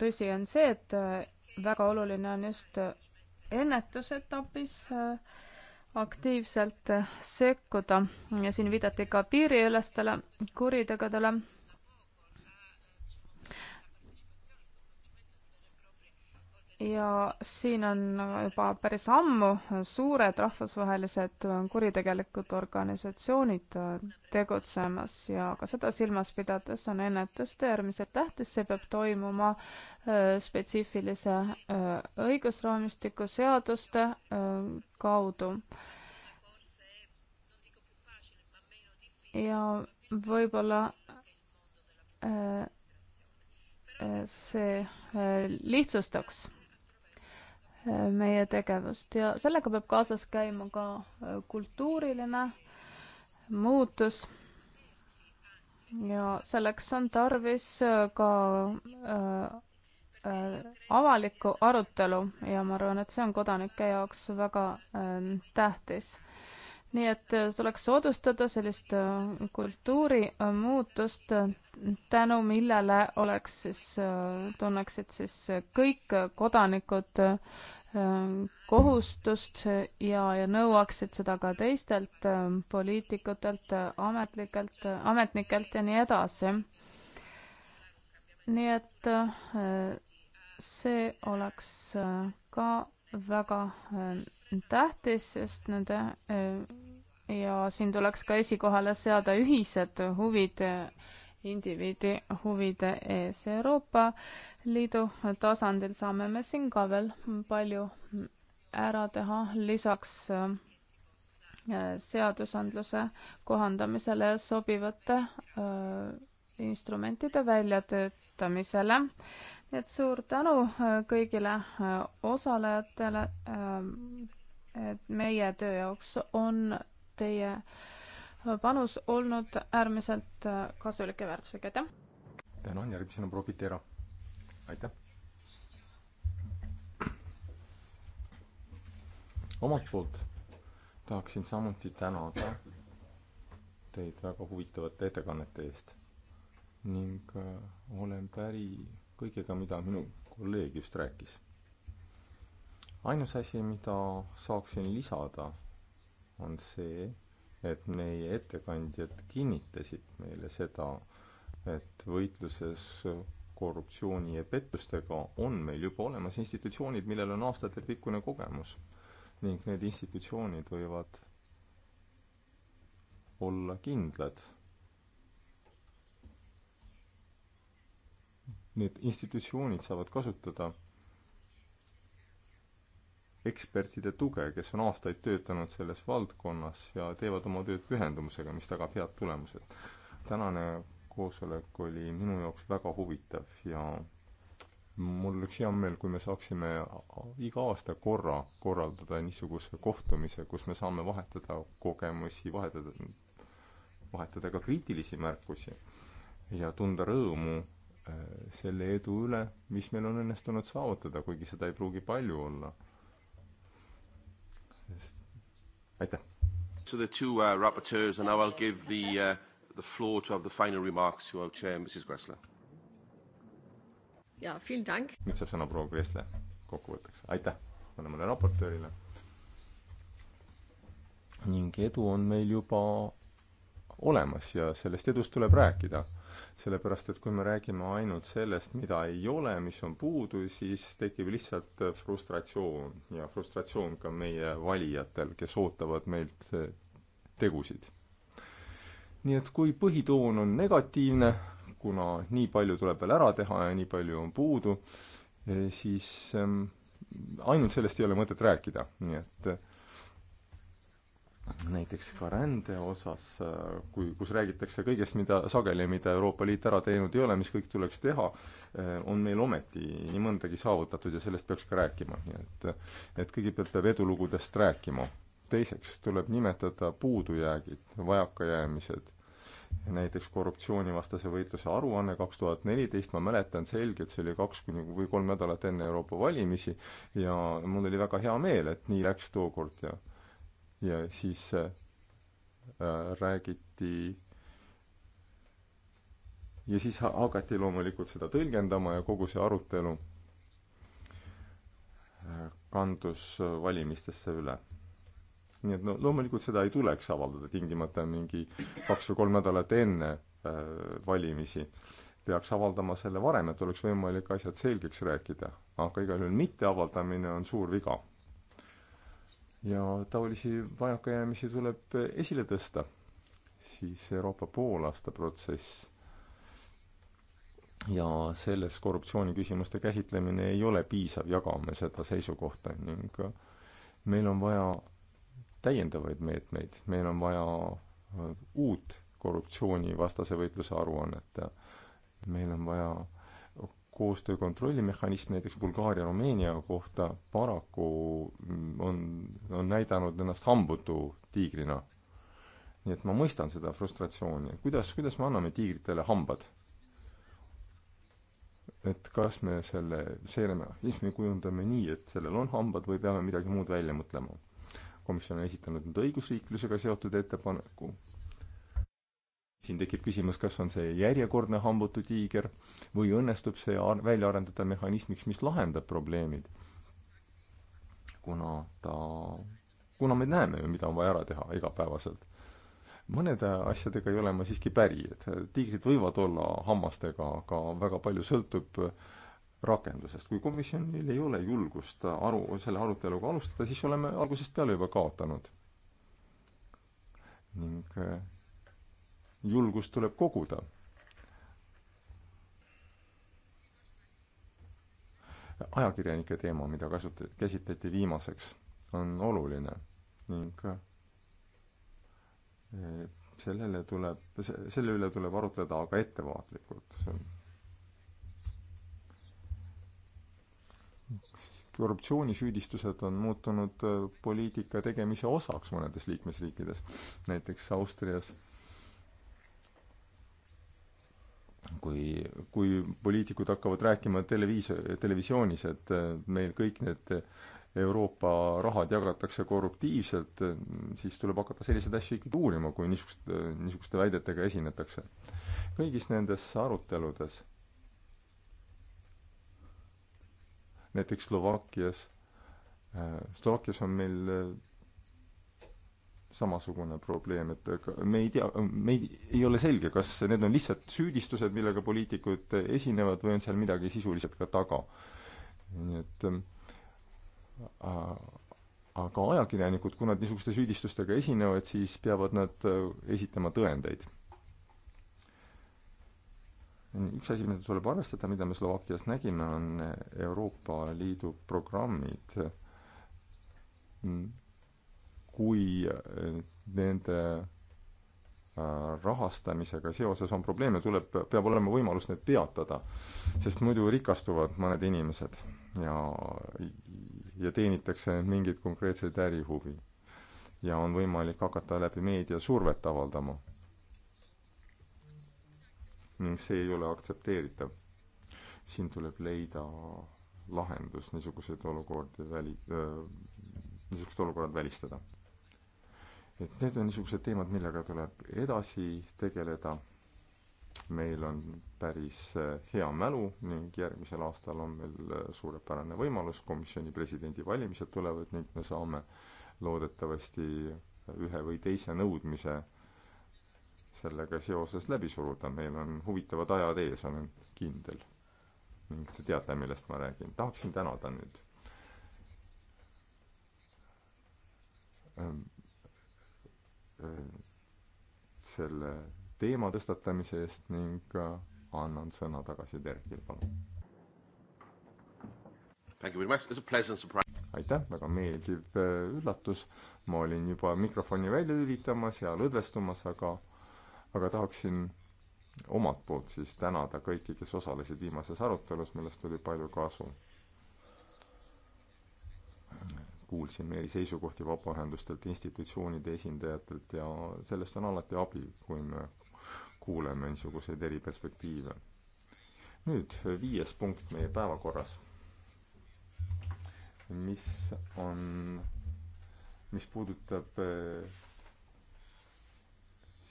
tõsi on see, et äh, väga oluline on just ennetusetapis äh, aktiivselt äh, sekkuda ja siin viidati ka piiriülestele kuritegudele ja siin on juba päris ammu suured rahvusvahelised kuritegelikud organisatsioonid tegutsemas ja ka seda silmas pidades on ennetustöö äärmiselt tähtis, see peab toimuma äh, spetsiifilise äh, õigusraamistiku seaduste äh, kaudu. ja võib-olla see lihtsustaks meie tegevust ja sellega peab kaasas käima ka äh, kultuuriline muutus. ja selleks on tarvis äh, ka äh, avalikku arutelu ja ma arvan, et see on kodanike jaoks väga tähtis nii et äh, tuleks soodustada sellist äh, kultuurimuutust, äh, tänu millele oleks siis, tunneksid siis kõik kodanikud kohustust ja, ja nõuaksid seda ka teistelt poliitikutelt, ametlikelt, ametnikelt ja nii edasi. nii et see oleks ka väga äh, tähtis, sest nende äh, ja siin tuleks ka esikohale seada ühised huvid äh, indiviidi huvide ees. Euroopa Liidu tasandil saame me siin ka veel palju ära teha, lisaks seadusandluse kohandamisele sobivate öö, instrumentide väljatöötamisele. nii et suur tänu äh, kõigile äh, osalejatele. Äh, et meie töö jaoks on teie panus olnud äärmiselt kasulik ja väärtuslik, aitäh! tänan, järgmisena Profitera, aitäh! omalt poolt tahaksin samuti tänada teid väga huvitavate ettekannete eest ning äh, olen päri kõigega, mida minu kolleeg just rääkis. ainus asi, mida saaksin lisada, on see, et meie ettekandjad kinnitasid meile seda, et võitluses korruptsiooni ja pettustega on meil juba olemas institutsioonid, millel on aastatepikkune kogemus. ning need institutsioonid võivad olla kindlad need institutsioonid saavad kasutada ekspertide tuge, kes on aastaid töötanud selles valdkonnas ja teevad oma tööd pühendumusega, mis tagab head tulemused. tänane koosolek oli minu jaoks väga huvitav ja mul oleks hea meel, kui me saaksime iga aasta korra korraldada niisuguse kohtumise, kus me saame vahetada kogemusi, vahetada, vahetada ka kriitilisi märkusi ja tunda rõõmu Äh, selle edu üle, mis meil on õnnestunud saavutada, kuigi seda ei pruugi palju olla. sest, aitäh! To the two uh, rapporteurs and now I'll give the uh, the floor to have the final remarks to our chair, Mrs Gressler. jaa, vielen Dank! nüüd saab sõna proua Gressler kokkuvõtteks, aitäh mõlemale raportöörile! ning edu on meil juba olemas ja sellest edust tuleb rääkida sellepärast et kui me räägime ainult sellest, mida ei ole, mis on puudu, siis tekib lihtsalt frustratsioon ja frustratsioon ka meie valijatel, kes ootavad meilt tegusid. nii et kui põhitoon on negatiivne, kuna nii palju tuleb veel ära teha ja nii palju on puudu, eh, siis ehm, ainult sellest ei ole mõtet rääkida, nii et näiteks ka rände osas, kui, kus räägitakse kõigest, mida sageli, mida Euroopa Liit ära teinud ei ole, mis kõik tuleks teha, on meil ometi nii mõndagi saavutatud ja sellest peaks ka rääkima, nii et et kõigepealt peab edulugudest rääkima. teiseks tuleb nimetada puudujäägid, vajakajäämised, näiteks korruptsioonivastase võitluse aruanne kaks tuhat neliteist, ma mäletan selgelt, see oli kaks kuni või kolm nädalat enne Euroopa valimisi ja mul oli väga hea meel, et nii läks tookord ja ja siis äh, äh, räägiti ja siis hakati loomulikult seda tõlgendama ja kogu see arutelu äh, kandus valimistesse üle. nii et no loomulikult seda ei tuleks avaldada tingimata mingi kaks või kolm nädalat enne valimisi. peaks avaldama selle varem, et oleks võimalik asjad selgeks rääkida, aga igal juhul mitteavaldamine on suur viga ja taolisi vajakajäämisi tuleb esile tõsta. siis Euroopa poolaasta protsess ja selles korruptsiooniküsimuste käsitlemine ei ole piisav, jagame seda seisukohta ning meil on vaja täiendavaid meetmeid, meil on vaja äh, uut korruptsioonivastase võitluse aruannet, meil on vaja koostöö kontrollimehhanism näiteks Bulgaaria, Rumeenia kohta paraku mm, on, on näidanud ennast hambutu tiigrina. nii et ma mõistan seda frustratsiooni, kuidas, kuidas me anname tiigritele hambad? et kas me selle seelemehhanismi kujundame nii, et sellel on hambad või peame midagi muud välja mõtlema? komisjon on esitanud nüüd õigusriiklusega seotud ettepaneku, siin tekib küsimus, kas on see järjekordne hambutu tiiger või õnnestub see välja arendada mehhanismiks, mis lahendab probleemid. kuna ta, kuna me näeme ju, mida on vaja ära teha igapäevaselt. mõnede asjadega ei ole ma siiski päri, et tiigrid võivad olla hammastega, aga väga palju sõltub rakendusest. kui komisjonil ei ole julgust aru, selle aruteluga alustada, siis oleme algusest peale juba kaotanud. ning julgust tuleb koguda. ajakirjanike teema, mida kasutati, käsitleti viimaseks, on oluline ning eh, sellele tuleb, selle üle tuleb arutleda, aga ettevaatlikult. korruptsioonisüüdistused on muutunud eh, poliitika tegemise osaks mõnedes liikmesriikides, näiteks Austrias kui, kui poliitikud hakkavad rääkima televiis-, televisioonis, et äh, meil kõik need Euroopa rahad jagatakse korruptiivselt, siis tuleb hakata selliseid asju ikkagi uurima, kui niisugust, niisuguste väidetega esinetakse. kõigis nendes aruteludes, näiteks Slovakkias, äh, Slovakkias on meil äh, samasugune probleem, et me ei tea, me ei, ei ole selge, kas need on lihtsalt süüdistused, millega poliitikud esinevad või on seal midagi sisuliselt ka taga. nii et ähm, aga ajakirjanikud, kui nad niisuguste süüdistustega esinevad, siis peavad nad äh, esitama tõendeid. üks asi, mida tuleb arvestada, mida me Slovakkias nägime, on Euroopa Liidu programmid mm, kui eh, nende eh, rahastamisega seoses on probleeme, tuleb, peab olema võimalus need peatada. sest muidu rikastuvad mõned inimesed ja, ja teenitakse mingeid konkreetseid ärihuvi. ja on võimalik hakata läbi meedia survet avaldama. ning see ei ole aktsepteeritav. siin tuleb leida lahendus niisuguseid olukordi väli- äh,, eh, niisugused olukorrad välistada et need on niisugused teemad, millega tuleb edasi tegeleda. meil on päris äh, hea mälu ning järgmisel aastal on meil äh, suurepärane võimalus, komisjoni presidendi valimised tulevad ning me saame loodetavasti ühe või teise nõudmise sellega seoses läbi suruda, meil on huvitavad ajad ees, olen kindel. ning te teate, millest ma räägin, tahaksin tänada nüüd ähm, selle teema tõstatamise eest ning äh, annan sõna tagasi Terkile, palun. aitäh, väga meeldiv äh, üllatus. ma olin juba mikrofoni välja lülitamas ja lõdvestumas, aga, aga tahaksin omalt poolt siis tänada kõiki, kes osalesid viimases arutelus, millest oli palju kasu kuulsin eri seisukohti vabaühendustelt, institutsioonide esindajatelt ja sellest on alati abi, kui me kuuleme niisuguseid eri perspektiive. nüüd viies punkt meie päevakorras, mis on, mis puudutab eh,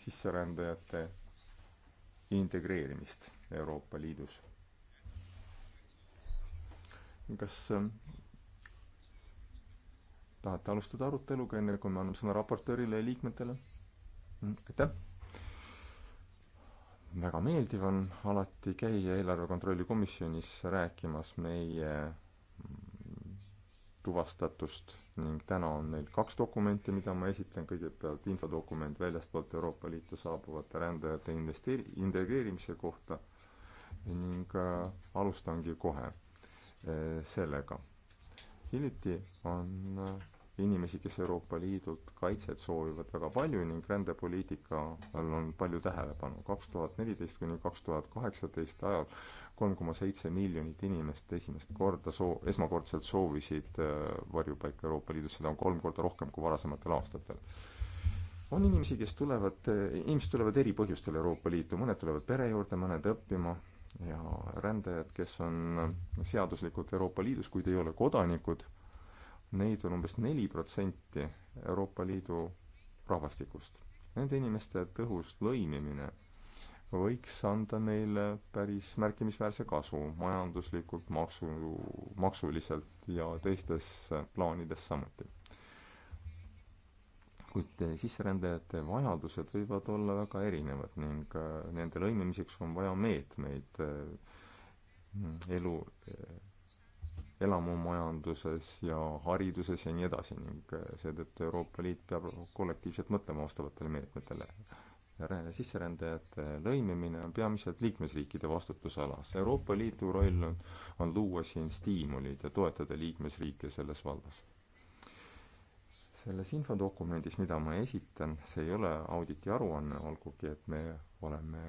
sisserändajate integreerimist Euroopa Liidus. kas tahate alustada aruteluga, enne kui me anname sõna raportöörile ja liikmetele? Mm, aitäh! väga meeldiv on alati käia eelarve kontrolli komisjonis rääkimas meie mm, tuvastatust ning täna on meil kaks dokumenti, mida ma esitan, kõigepealt infodokument väljastpoolt Euroopa Liitu saabuvate rändajate investeeri-, integreerimise kohta ning äh, alustangi kohe äh, sellega hiljuti on äh, inimesi, kes Euroopa Liidult kaitset soovivad väga palju ning rändepoliitika all on palju tähelepanu. kaks tuhat neliteist kuni kaks tuhat kaheksateist ajal kolm koma seitse miljonit inimest esimest korda soo-, esmakordselt soovisid äh, varjupaika Euroopa Liidus, seda on kolm korda rohkem kui varasematel aastatel on inimesi, kes tulevad, äh, inimesed tulevad eri põhjustel Euroopa Liitu, mõned tulevad pere juurde, mõned õppima, ja rändajad, kes on seaduslikult Euroopa Liidus, kuid ei ole kodanikud, neid on umbes neli protsenti Euroopa Liidu rahvastikust. Nende inimeste tõhus lõimimine võiks anda meile päris märkimisväärse kasu majanduslikult, maksu, maksuliselt ja teistes plaanides samuti kuid eh, sisserändajate vajadused võivad olla väga erinevad ning eh, nende lõimimiseks on vaja meetmeid eh, elu, elamumajanduses ja hariduses ja nii edasi ning seetõttu Euroopa Liit peab kollektiivselt mõtlema vastavatele meetmetele. sisserändajate lõimimine on peamiselt liikmesriikide vastutusalas. Euroopa Liidu roll on, on luua siin stiimulid ja toetada liikmesriike selles vallas selles infodokumendis, mida ma esitan, see ei ole auditi aruanne, olgugi et me oleme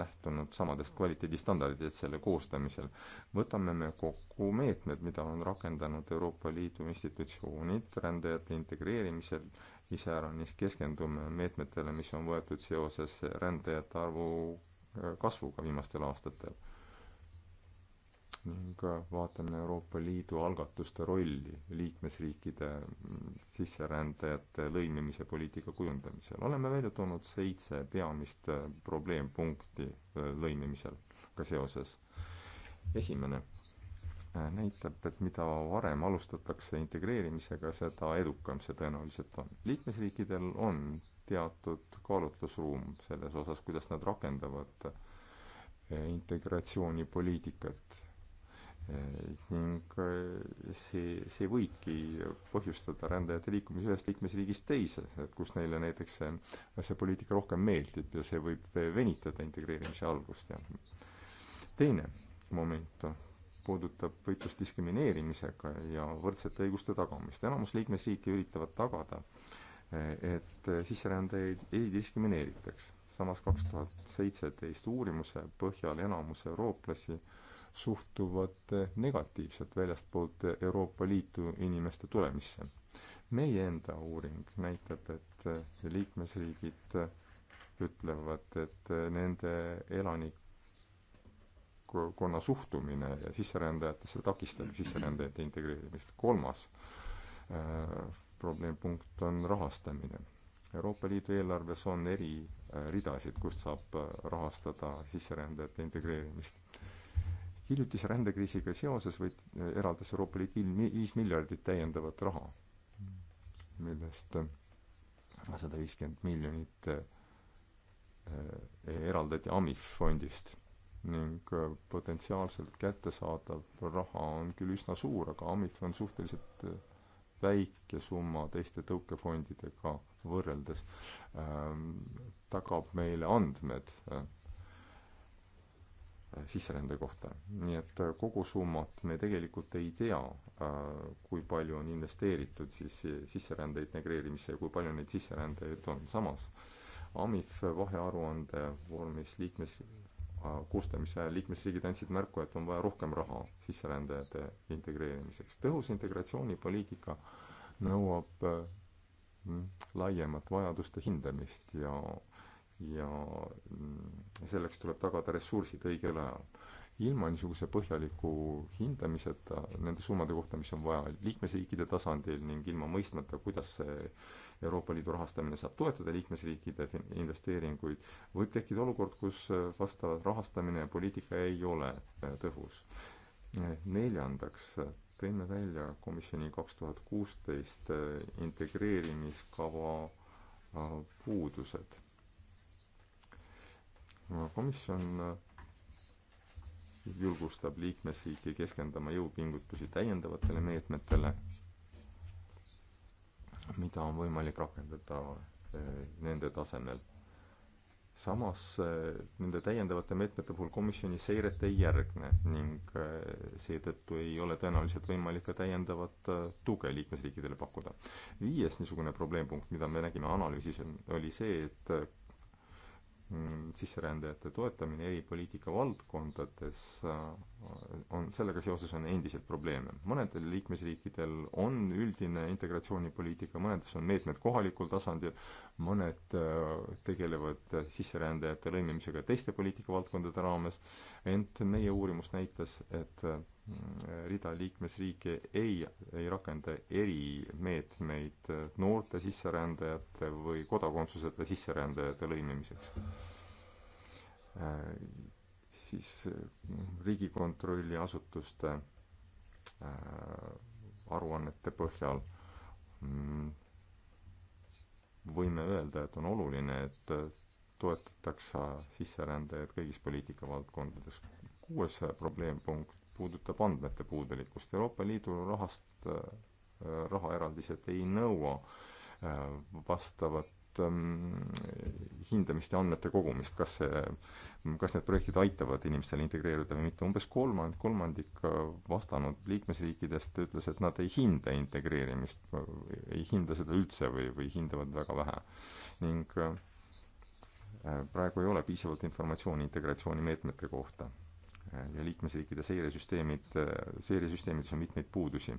lähtunud samadest kvaliteedistandarditest selle koostamisel, võtame me kokku meetmed, mida on rakendanud Euroopa Liidu institutsioonid rändajate integreerimisel, iseäranis keskendume meetmetele, mis on võetud seoses rändajate arvu kasvuga viimastel aastatel ning vaatame Euroopa Liidu algatuste rolli liikmesriikide sisserändajate lõimimise poliitika kujundamisel. oleme välja toonud seitse peamist äh, probleempunkti äh, lõimimisega seoses. esimene äh, näitab, et mida varem alustatakse integreerimisega, seda edukam see tõenäoliselt on. liikmesriikidel on teatud kaalutlusruum selles osas, kuidas nad rakendavad integratsioonipoliitikat ning eh, see, see võibki põhjustada rändajate liikumise ühest liikmesriigist teise, et kus neile näiteks see, see poliitika rohkem meeldib ja see võib venitada integreerimise algust ja teine moment puudutab võitlust diskrimineerimisega ja võrdsete õiguste tagamist. enamus liikmesriike üritavad tagada, eh, et eh, sisserändajaid ei diskrimineeritaks. samas kaks tuhat seitseteist uurimuse põhjal enamus eurooplasi äh, suhtuvad negatiivselt väljastpoolt Euroopa Liitu inimeste tulemisse. meie enda uuring näitab, et liikmesriigid ütlevad, et nende elanikkonna suhtumine sisserändajatesse takistab sisserändajate integreerimist. kolmas äh, probleempunkt on rahastamine. Euroopa Liidu eelarves on eri äh, ridasid, kust saab äh, rahastada sisserändajate integreerimist hiljutise rändekriisiga seoses võid, eraldas Euroopa Liit viis miljardit täiendavat raha, millest äh, sada viiskümmend miljonit äh, eraldati AMIF fondist ning äh, potentsiaalselt kättesaadav raha on küll üsna suur, aga AMIF on suhteliselt väike summa teiste tõukefondidega võrreldes ähm,, tagab meile andmed äh, Äh, sisserände kohta. nii et äh, kogusummat me tegelikult ei tea, äh, kui palju on investeeritud siis sisserände integreerimisse ja kui palju neid sisserändajaid on. samas AMIF vahearuande vormis liikmes, koostamise ajal liikmesriigid andsid märku, et on vaja rohkem raha sisserändajate integreerimiseks. tõhus integratsioonipoliitika nõuab laiemat vajaduste hindamist ja ja mm, selleks tuleb tagada ressursid õigel ajal. ilma niisuguse põhjaliku hindamiseta nende summade kohta, mis on vaja liikmesriikide tasandil ning ilma mõistmata, kuidas see Euroopa Liidu rahastamine saab toetada liikmesriikide investeeringuid, võib tekkida olukord, kus äh, vastav rahastamine ja poliitika ei ole äh, tõhus. Äh, neljandaks tõime välja komisjoni kaks tuhat kuusteist integreerimiskava puudused komisjon äh, julgustab liikmesriike keskendama jõupingutusi täiendavatele meetmetele, mida on võimalik rakendada äh, nende tasemel. samas äh, nende täiendavate meetmete puhul komisjoni seiret ei järgne ning seetõttu ei ole tõenäoliselt võimalik ka täiendavat tuge liikmesriikidele pakkuda. viies niisugune probleempunkt, mida me nägime analüüsis, on, oli see, et Mm, sisserändajate toetamine eri poliitikavaldkondades äh, on, sellega seoses on endiselt probleeme. mõnedel liikmesriikidel on üldine integratsioonipoliitika, mõnedes on meetmed kohalikul tasandil, mõned äh, tegelevad sisserändajate lõimimisega teiste poliitikavaldkondade raames, ent meie uurimus näitas, et äh, rida liikmesriike ei, ei rakenda erimeetmeid noorte sisserändajate või kodakondsuseta sisserändajate lõimimiseks. siis Riigikontrolli asutuste äh, aruannete põhjal mm, võime öelda, et on oluline, et toetatakse sisserändajaid kõigis poliitikavaldkondades. kuues probleempunkt puudutab andmete puudulikkust. Euroopa Liidu rahast, äh, rahaeraldised ei nõua äh, vastavat ähm, hindamist ja andmete kogumist, kas see, kas need projektid aitavad inimestel integreeruda või mitte, umbes kolmand-, kolmandik äh, vastanud liikmesriikidest ütles, et nad ei hinda integreerimist, ei hinda seda üldse või, või hindavad väga vähe. ning praegu ei ole piisavalt informatsiooni integratsioonimeetmete kohta ja liikmesriikide seiresüsteemid, äh, seiresüsteemides on mitmeid puudusi.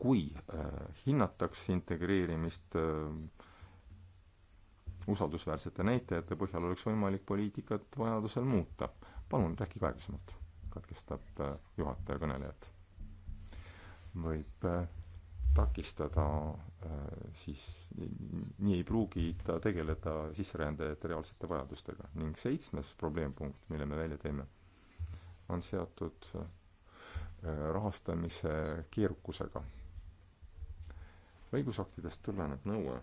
kui äh, hinnataks integreerimist äh, usaldusväärsete näitajate põhjal, oleks võimalik poliitikat vajadusel muuta. palun rääkige aeglasemalt, katkestab juhataja kõnelejat. võib takistada, äh, siis nii ei pruugi ta tegeleda sisserändajate reaalsete vajadustega. ning seitsmes probleempunkt, mille me välja teeme, on seotud äh, rahastamise keerukusega. õigusaktidest tuleneb nõue,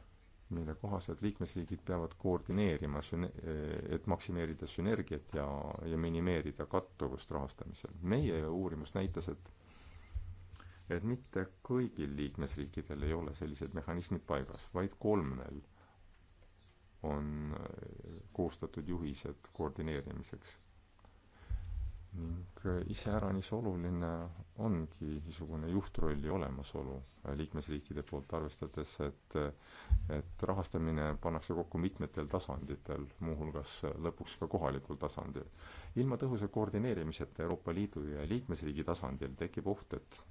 mille kohaselt liikmesriigid peavad koordineerima süne-, äh, et maksimeerida sünergiat ja, ja minimeerida kattuvust rahastamisel. meie uurimus näitas, et et mitte kõigil liikmesriikidel ei ole sellised mehhanismid paigas, vaid kolmel on äh, koostatud juhised koordineerimiseks. ning äh, iseäranis oluline ongi niisugune juhtrolli olemasolu äh, liikmesriikide poolt, arvestades, et et rahastamine pannakse kokku mitmetel tasanditel, muuhulgas lõpuks ka kohalikul tasandil. ilma tõhusa koordineerimiseta Euroopa Liidu ja liikmesriigi tasandil tekib oht, et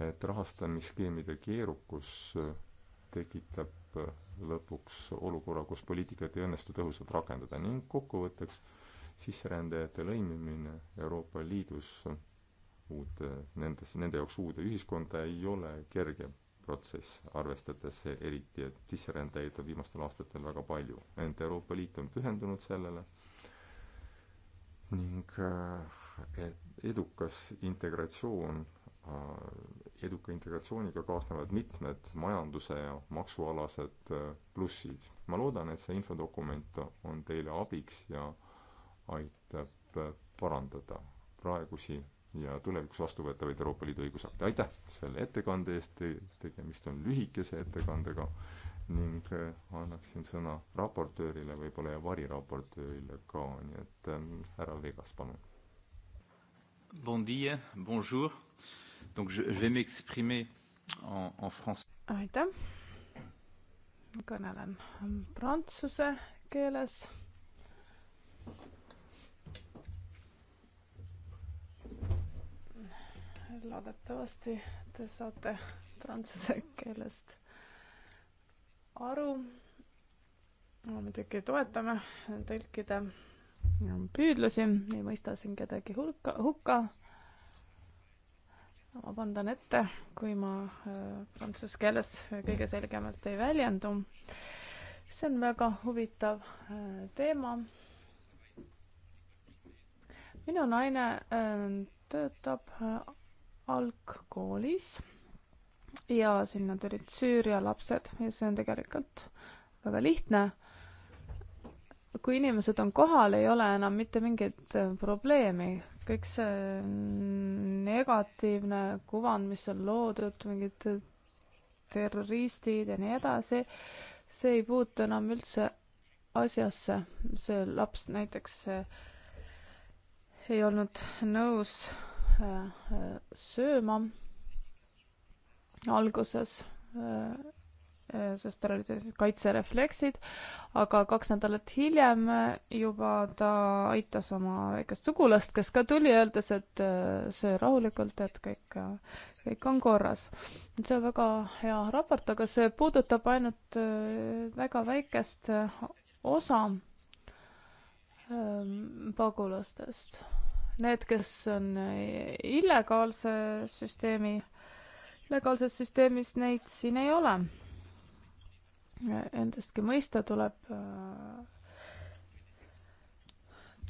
et rahastamisskeemide keerukus tekitab lõpuks olukorra, kus poliitikat ei õnnestu tõhusalt rakendada ning kokkuvõtteks sisserändajate lõimimine Euroopa Liidus uude, nendes, nende jaoks uude ühiskonda ei ole kerge protsess, arvestades eriti, et sisserändajaid on viimastel aastatel väga palju. ent Euroopa Liit on pühendunud sellele ning äh, edukas integratsioon Äh, eduka integratsiooniga kaasnevad mitmed majanduse ja maksualased äh, plussid. ma loodan, et see infodokument on teile abiks ja aitab äh, parandada praegusi ja tulevikus vastuvõetavaid Euroopa Liidu õigusakte. aitäh selle ettekande eest, tegemist on lühikese ettekandega ning annaksin sõna raportöörile võib-olla ja variraportöörile ka, nii et härra Vegas, palun. Bon dia, bonjour Donc je, je vais m'exprimer en, en français. aitäh. kõnelen prantsuse keeles. loodetavasti te saate prantsuse keelest aru. ma muidugi toetame tõlkide püüdlusi, ei mõista siin kedagi hulka, hukka, hukka vabandan ette, kui ma äh, prantsuse keeles kõige selgemalt ei väljendu. see on väga huvitav äh, teema. minu naine äh, töötab algkoolis ja sinna tulid Süüria lapsed ja see on tegelikult väga lihtne. kui inimesed on kohal, ei ole enam mitte mingit probleemi kõik see mm, negatiivne kuvand, mis on loodud, mingid terroristid ja nii edasi, see ei puutu enam üldse asjasse. see laps näiteks eh, ei olnud nõus eh, sööma alguses eh, Äh, sest tal olid sellised kaitserefleksid, aga kaks nädalat hiljem äh, juba ta aitas oma väikest sugulast, kes ka tuli, öeldes, et äh, söö rahulikult, et kõik, kõik on korras. see on väga hea raport, aga see puudutab ainult väga väikest osa ähm, pagulastest. Need, kes on illegaalse süsteemi legaalses süsteemis neid siin ei ole endastki mõista, tuleb,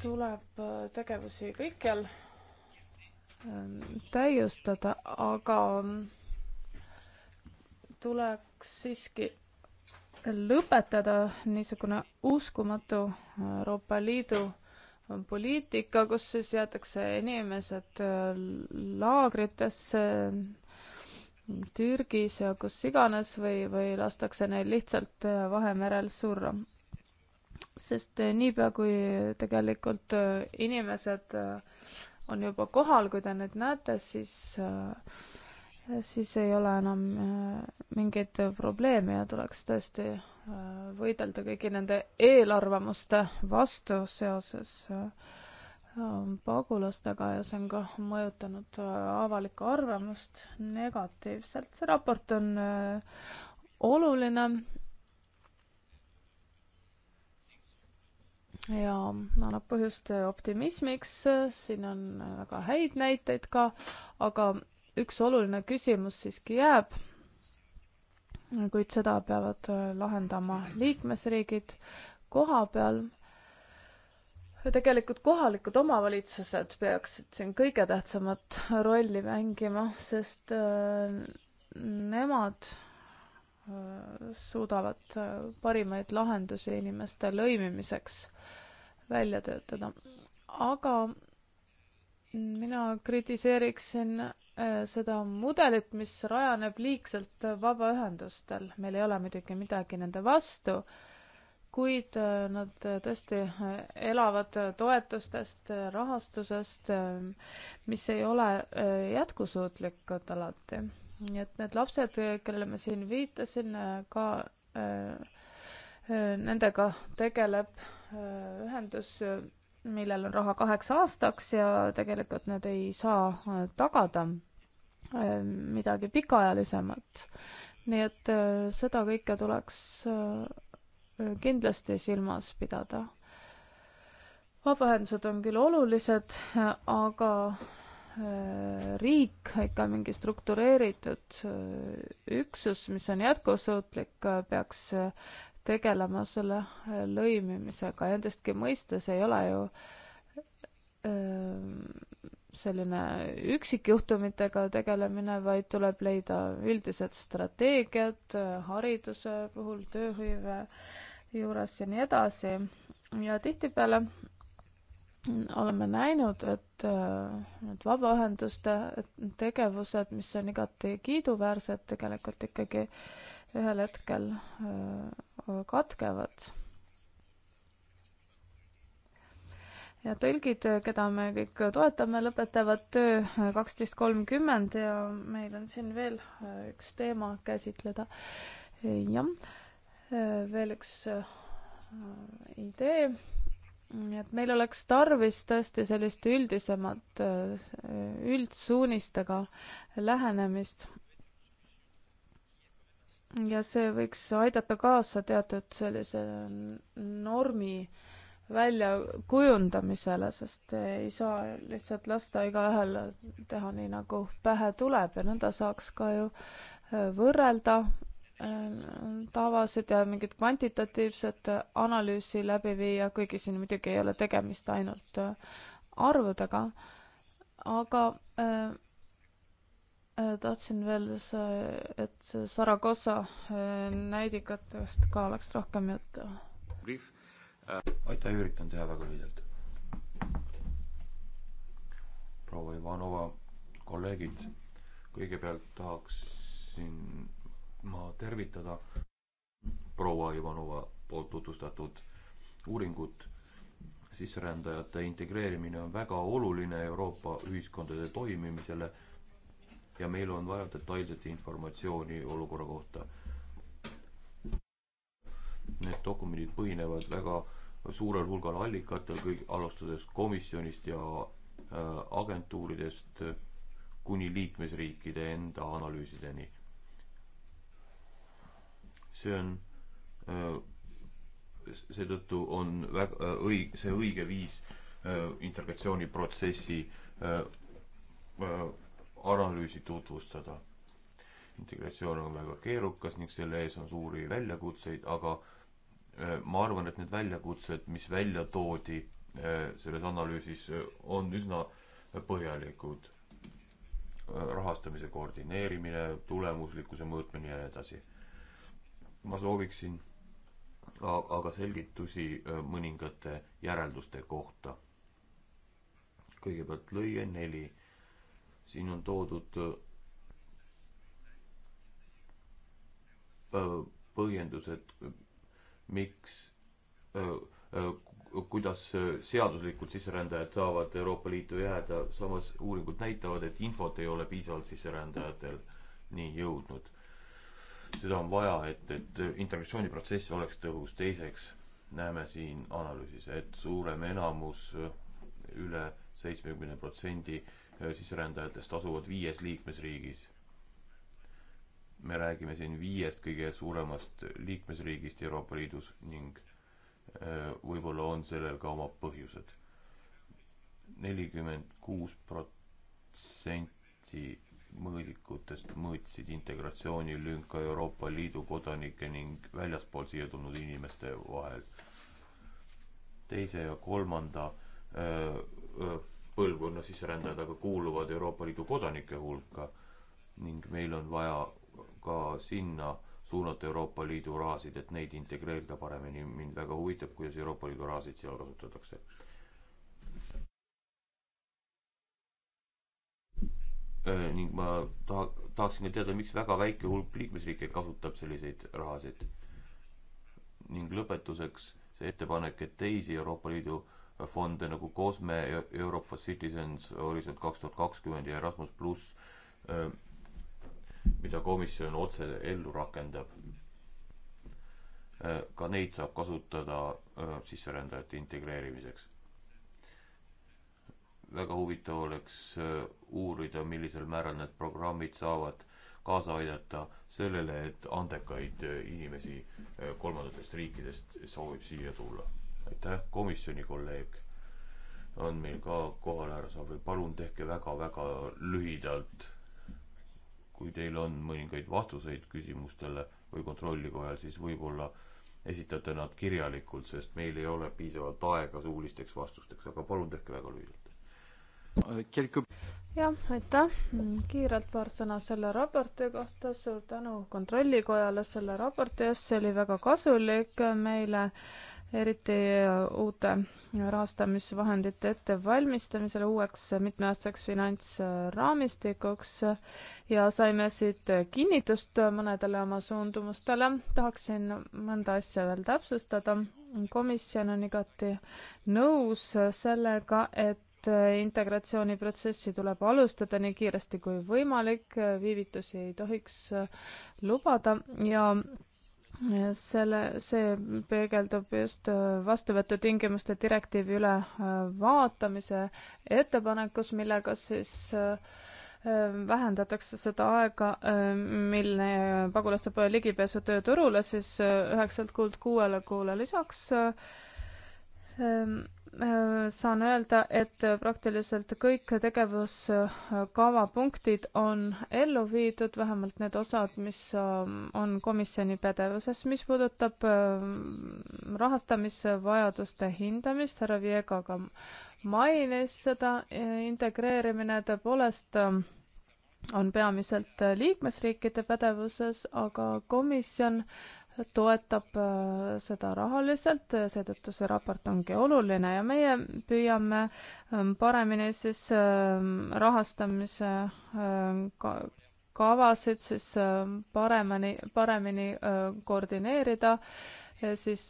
tuleb tegevusi kõikjal ähm, täiustada, aga ähm, tuleks siiski lõpetada niisugune uskumatu Euroopa Liidu poliitika, kus siis jäetakse inimesed äh, laagritesse Türgis ja kus iganes või, või lastakse neil lihtsalt äh, Vahemerel surra. sest äh, niipea, kui tegelikult äh, inimesed on juba kohal, kui te neid näete, siis, siis ei ole enam mingeid probleeme ja tuleks tõesti võidelda kõigi nende eelarvamuste vastu seoses äh, Ähm, pagulastega ja see on ka mõjutanud äh, avalikku arvamust negatiivselt. see raport on äh, oluline ja annab põhjust optimismiks, siin on äh, väga häid näiteid ka, aga üks oluline küsimus siiski jääb, kuid seda peavad lahendama liikmesriigid koha peal tegelikult kohalikud omavalitsused peaksid siin kõige tähtsamat rolli mängima, sest äh, nemad äh, suudavad äh, parimaid lahendusi inimeste lõimimiseks välja töötada. aga mina kritiseeriksin seda mudelit, mis rajaneb liigselt vabaühendustel. meil ei ole muidugi midagi nende vastu kuid äh, nad äh, tõesti äh, elavad toetustest, rahastusest, mis ei ole jätkusuutlikud alati. nii et need lapsed, kellele ma siin viitasin, ka nendega tegeleb ühendus, millel on raha kaheks aastaks ja tegelikult nad ei saa tagada midagi pikaajalisemat. nii et seda kõike tuleks kindlasti silmas pidada. vabaühendused on küll olulised, aga äh, riik, ikka mingi struktureeritud äh, üksus, mis on jätkusuutlik, äh, peaks tegelema selle lõimimisega, endastki mõistes ei ole ju selline üksikjuhtumitega tegelemine, vaid tuleb leida üldised strateegiad hariduse puhul, tööhõive äh, juures ja nii edasi. ja tihtipeale oleme näinud, et need äh, vabaühenduste tegevused, mis on igati kiiduväärsed, tegelikult ikkagi ühel hetkel äh, katkevad. ja tõlgid, keda me kõik toetame, lõpetavad töö äh, kaksteist kolmkümmend ja meil on siin veel üks teema käsitleda. jah Äh, veel üks äh, idee, et meil oleks tarvis tõesti sellist üldisemat, äh, üldsuunistega lähenemist. ja see võiks aidata kaasa teatud sellise normi väljakujundamisele, sest ei saa lihtsalt lasta igaühel teha nii, nagu pähe tuleb ja nõnda saaks ka ju võrrelda tavasid ja mingit kvantitatiivset analüüsi läbi viia, kuigi siin muidugi ei ole tegemist ainult äh, arvudega, aga äh, äh tahtsin veel, et Saragossa äh, näidikatest ka oleks rohkem juttu. aitäh, üritan teha väga lühidalt. proua Ivanova, kolleegid, kõigepealt tahaksin ma tervitada proua Ivanova poolt tutvustatud uuringut. sisserändajate integreerimine on väga oluline Euroopa ühiskondade toimimisele ja meil on vaja detailset informatsiooni olukorra kohta. Need dokumendid põhinevad väga suurel hulgal allikatel, kõik alustades komisjonist ja äh, agentuuridest kuni liikmesriikide enda analüüsideni see on, äh, seetõttu on väga äh, õig-, see õige viis äh, integratsiooniprotsessi analüüsi tutvustada. integratsioon on väga keerukas ning selle ees on suuri väljakutseid, aga ma arvan, et need väljakutsed, mis välja toodi selles analüüsis, on üsna põhjalikud. rahastamise koordineerimine, tulemuslikkuse mõõtmine ja nii edasi ma sooviksin aga selgitusi mõningate järelduste kohta. kõigepealt lõige neli. siin on toodud põhjendused, miks, kuidas seaduslikult sisserändajad saavad Euroopa Liitu jääda, samas uuringud näitavad, et infot ei ole piisavalt sisserändajatel nii jõudnud seda on vaja, et, et integratsiooniprotsess oleks tõhus. teiseks näeme siin analüüsis, et suurem enamus üle seitsmekümne protsendi sisserändajatest asuvad viies liikmesriigis. me räägime siin viiest kõige suuremast liikmesriigist Euroopa Liidus ning äh, võib-olla on sellel ka oma põhjused. nelikümmend kuus protsenti mõõdikutest mõõtsid integratsioonilünka Euroopa Liidu kodanike ning väljaspool siia tulnud inimeste vahel. teise ja kolmanda öö, öö, põlvkonna sisserändajad aga kuuluvad Euroopa Liidu kodanike hulka ning meil on vaja ka sinna suunata Euroopa Liidu rahasid, et neid integreerida paremini. mind väga huvitab, kuidas Euroopa Liidu rahasid seal kasutatakse Äh, ning ma taha, tahaksin ka teada, miks väga väike hulk liikmesriike kasutab selliseid rahasid. ning lõpetuseks see ettepanek, et teisi Euroopa Liidu fonde nagu COSME, e-, Europe for Citizens, Horisont kaks tuhat kakskümmend ja Erasmus pluss, äh, mida komisjon otse ellu rakendab, äh, ka neid saab kasutada sisserändajate integreerimiseks väga huvitav oleks äh, uurida, millisel määral need programmid saavad kaasa aidata sellele, et andekaid äh, inimesi äh, kolmandatest riikidest soovib siia tulla. aitäh, komisjoni kolleeg on meil ka kohal, härra Saabri, palun tehke väga-väga lühidalt. kui teil on mõningaid vastuseid küsimustele või kontrollikojal, siis võib-olla esitate nad kirjalikult, sest meil ei ole piisavalt aega suulisteks vastusteks, aga palun tehke väga lühidalt jah, aitäh, kiirelt paar sõna selle raporti kohta, suur tänu Kontrollikojale selle raporti eest, see oli väga kasulik meile eriti uute rahastamisvahendite ettevalmistamisele uueks mitmeaastaseks finantsraamistikuks ja saime siit kinnitust mõnedele oma suundumustele. tahaksin mõnda asja veel täpsustada. komisjon on igati nõus sellega, et Äh, integratsiooniprotsessi tuleb alustada nii kiiresti kui võimalik, viivitusi ei tohiks äh, lubada ja äh, selle, see peegeldub just vastuvõtutingimuste direktiivi ülevaatamise ettepanekus, millega siis vähendatakse seda aega, mil pagulaste ligipääsu tööturule siis üheksalt kuult kuuele kuule lisaks Äh, saan öelda, et äh, praktiliselt kõik tegevuskava punktid on ellu viidud, vähemalt need osad, mis ähm, on komisjoni pädevuses. mis puudutab ähm, rahastamisvajaduste hindamist, härra Viega ka mainis seda, äh, integreerimine tõepoolest ähm, on peamiselt äh, liikmesriikide pädevuses, aga komisjon toetab äh, seda rahaliselt, äh, seetõttu see raport ongi oluline ja meie püüame ähm, paremini siis ähm, rahastamise ähm, kavasid siis paremini, paremini koordineerida Ja siis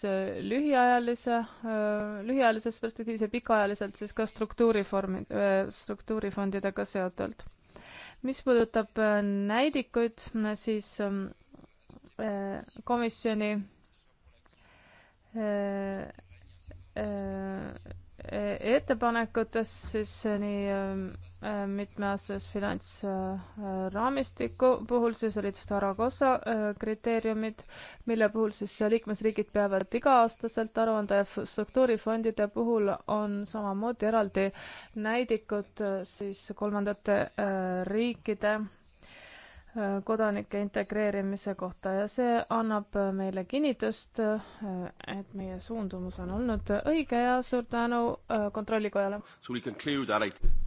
lühiajalise, lühiajalises perspektiivis ja pikaajaliselt siis ka struktuuriformi, struktuurifondidega seotult mis puudutab äh, näidikuid, siis ähm, äh, komisjoni äh, ettepanekutes siis nii äh, mitmeaastases finantsraamistiku puhul siis olid Staragossa äh, kriteeriumid, mille puhul siis liikmesriigid peavad iga-aastaselt aru anda ja struktuurifondide puhul on samamoodi eraldi näidikud äh, siis kolmandate riikide kodanike integreerimise kohta ja see annab meile kinnitust, et meie suundumus on olnud õige ja suur tänu äh, Kontrollikojale.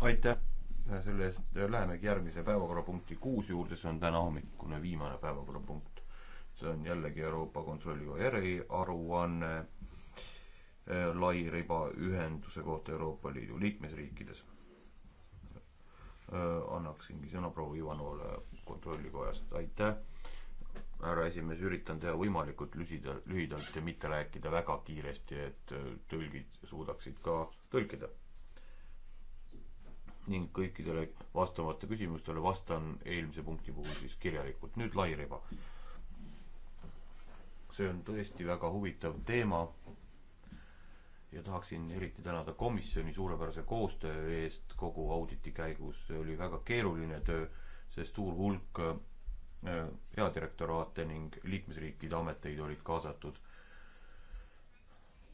aitäh selle eest, äh, lähemegi järgmise päevakorrapunkti kuus juurde, see on tänahommikune viimane päevakorrapunkt. see on jällegi Euroopa Kontrollikoja eriaruanne äh, lairibaühenduse kohta Euroopa Liidu liikmesriikides annaksingi sõna proua Ivanovale kontrollikojast, aitäh. härra esimees, üritan teha võimalikult lüsida, lühidalt ja mitte rääkida väga kiiresti, et tõlgid suudaksid ka tõlkida. ning kõikidele vastamata küsimustele vastan eelmise punkti puhul siis kirjalikult, nüüd lairiba. see on tõesti väga huvitav teema ja tahaksin eriti tänada komisjoni suurepärase koostöö eest kogu auditi käigus, see oli väga keeruline töö, sest suur hulk äh, peadirektoraate ning liikmesriikide ameteid olid kaasatud.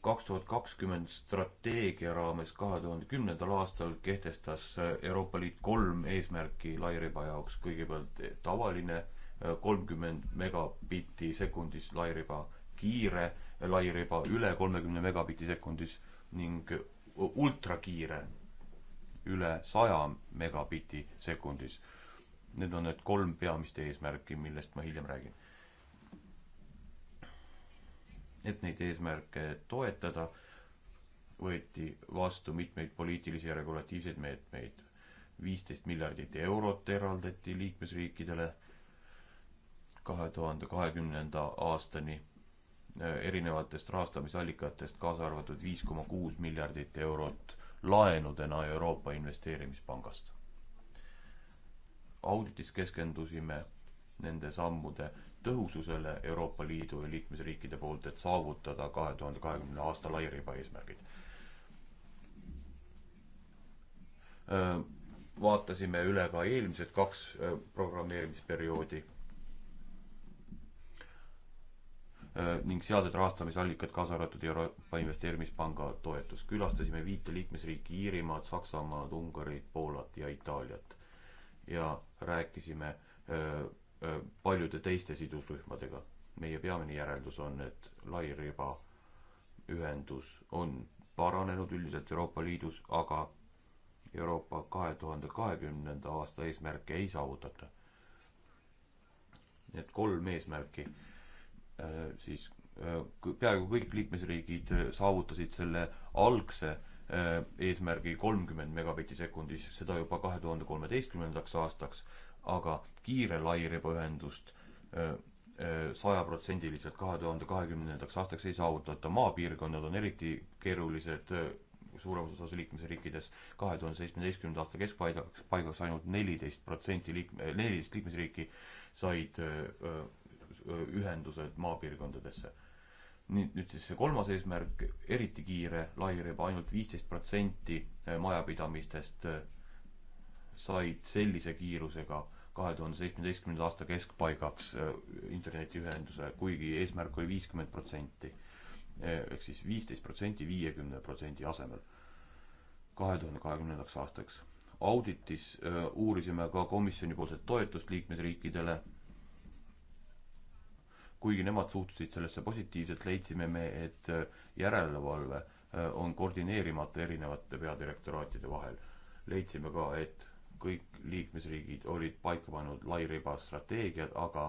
kaks tuhat kakskümmend strateegia raames kahe tuhande kümnendal aastal kehtestas äh, Euroopa Liit kolm eesmärki lairiba jaoks, kõigepealt tavaline äh, kolmkümmend megabitti sekundis lairiba kiire lairiba üle kolmekümne megabitti sekundis ning ultrakiire üle saja megabitti sekundis. Need on need kolm peamist eesmärki, millest ma hiljem räägin. et neid eesmärke toetada, võeti vastu mitmeid poliitilisi ja regulatiivseid meetmeid. viisteist miljardit eurot eraldati liikmesriikidele kahe tuhande kahekümnenda aastani Äh, erinevatest rahastamisallikatest, kaasa arvatud viis koma kuus miljardit eurot laenudena Euroopa Investeerimispangast. auditis keskendusime nende sammude tõhususele Euroopa Liidu ja liikmesriikide poolt, et saavutada kahe tuhande kahekümne aasta lairiba eesmärgid. Äh, vaatasime üle ka eelmised kaks äh, programmeerimisperioodi Äh, ning sealsed rahastamisallikad, kaasa arvatud Euroopa Investeerimispanga toetus. külastasime viite liikmesriiki Iirimaad, Saksamaad, Ungarit, Poolat ja Itaaliat. ja rääkisime öö, äh, öö, äh, paljude teiste sidusrühmadega. meie peamine järeldus on, et lairiba ühendus on paranenud üldiselt Euroopa Liidus, aga Euroopa kahe tuhande kahekümnenda aasta eesmärke ei saavutata. Need kolm eesmärki Äh, siis äh, peaaegu kõik liikmesriigid äh, saavutasid selle algse eesmärgi kolmkümmend megabitti sekundis, seda juba kahe tuhande kolmeteistkümnendaks aastaks, aga kiire lairibaühendust sajaprotsendiliselt kahe tuhande kahekümnendaks aastaks ei saavutata, maapiirkonnad on eriti keerulised suuremas osas liikmesriikides, kahe tuhande seitsmeteistkümnenda aasta keskpaigaks, paigaks ainult neliteist protsenti liikme, neliteist liikmesriiki said öö, ühendused maapiirkondadesse. nüüd, nüüd siis see kolmas eesmärk, eriti kiire lairiba ainult, ainult viisteist protsenti majapidamistest said sellise kiirusega kahe tuhande seitsmeteistkümnenda aasta keskpaigaks internetiühenduse, kuigi eesmärk oli viiskümmend protsenti. ehk siis viisteist protsenti viiekümne protsendi asemel kahe tuhande kahekümnendaks aastaks. auditis öö, uurisime ka komisjonipoolset toetust liikmesriikidele kuigi nemad suhtusid sellesse positiivselt, leidsime me, et äh, järelevalve äh, on koordineerimata erinevate peadirektoraatide vahel. leidsime ka, et kõik liikmesriigid olid paika pannud lairibastrateegiad, aga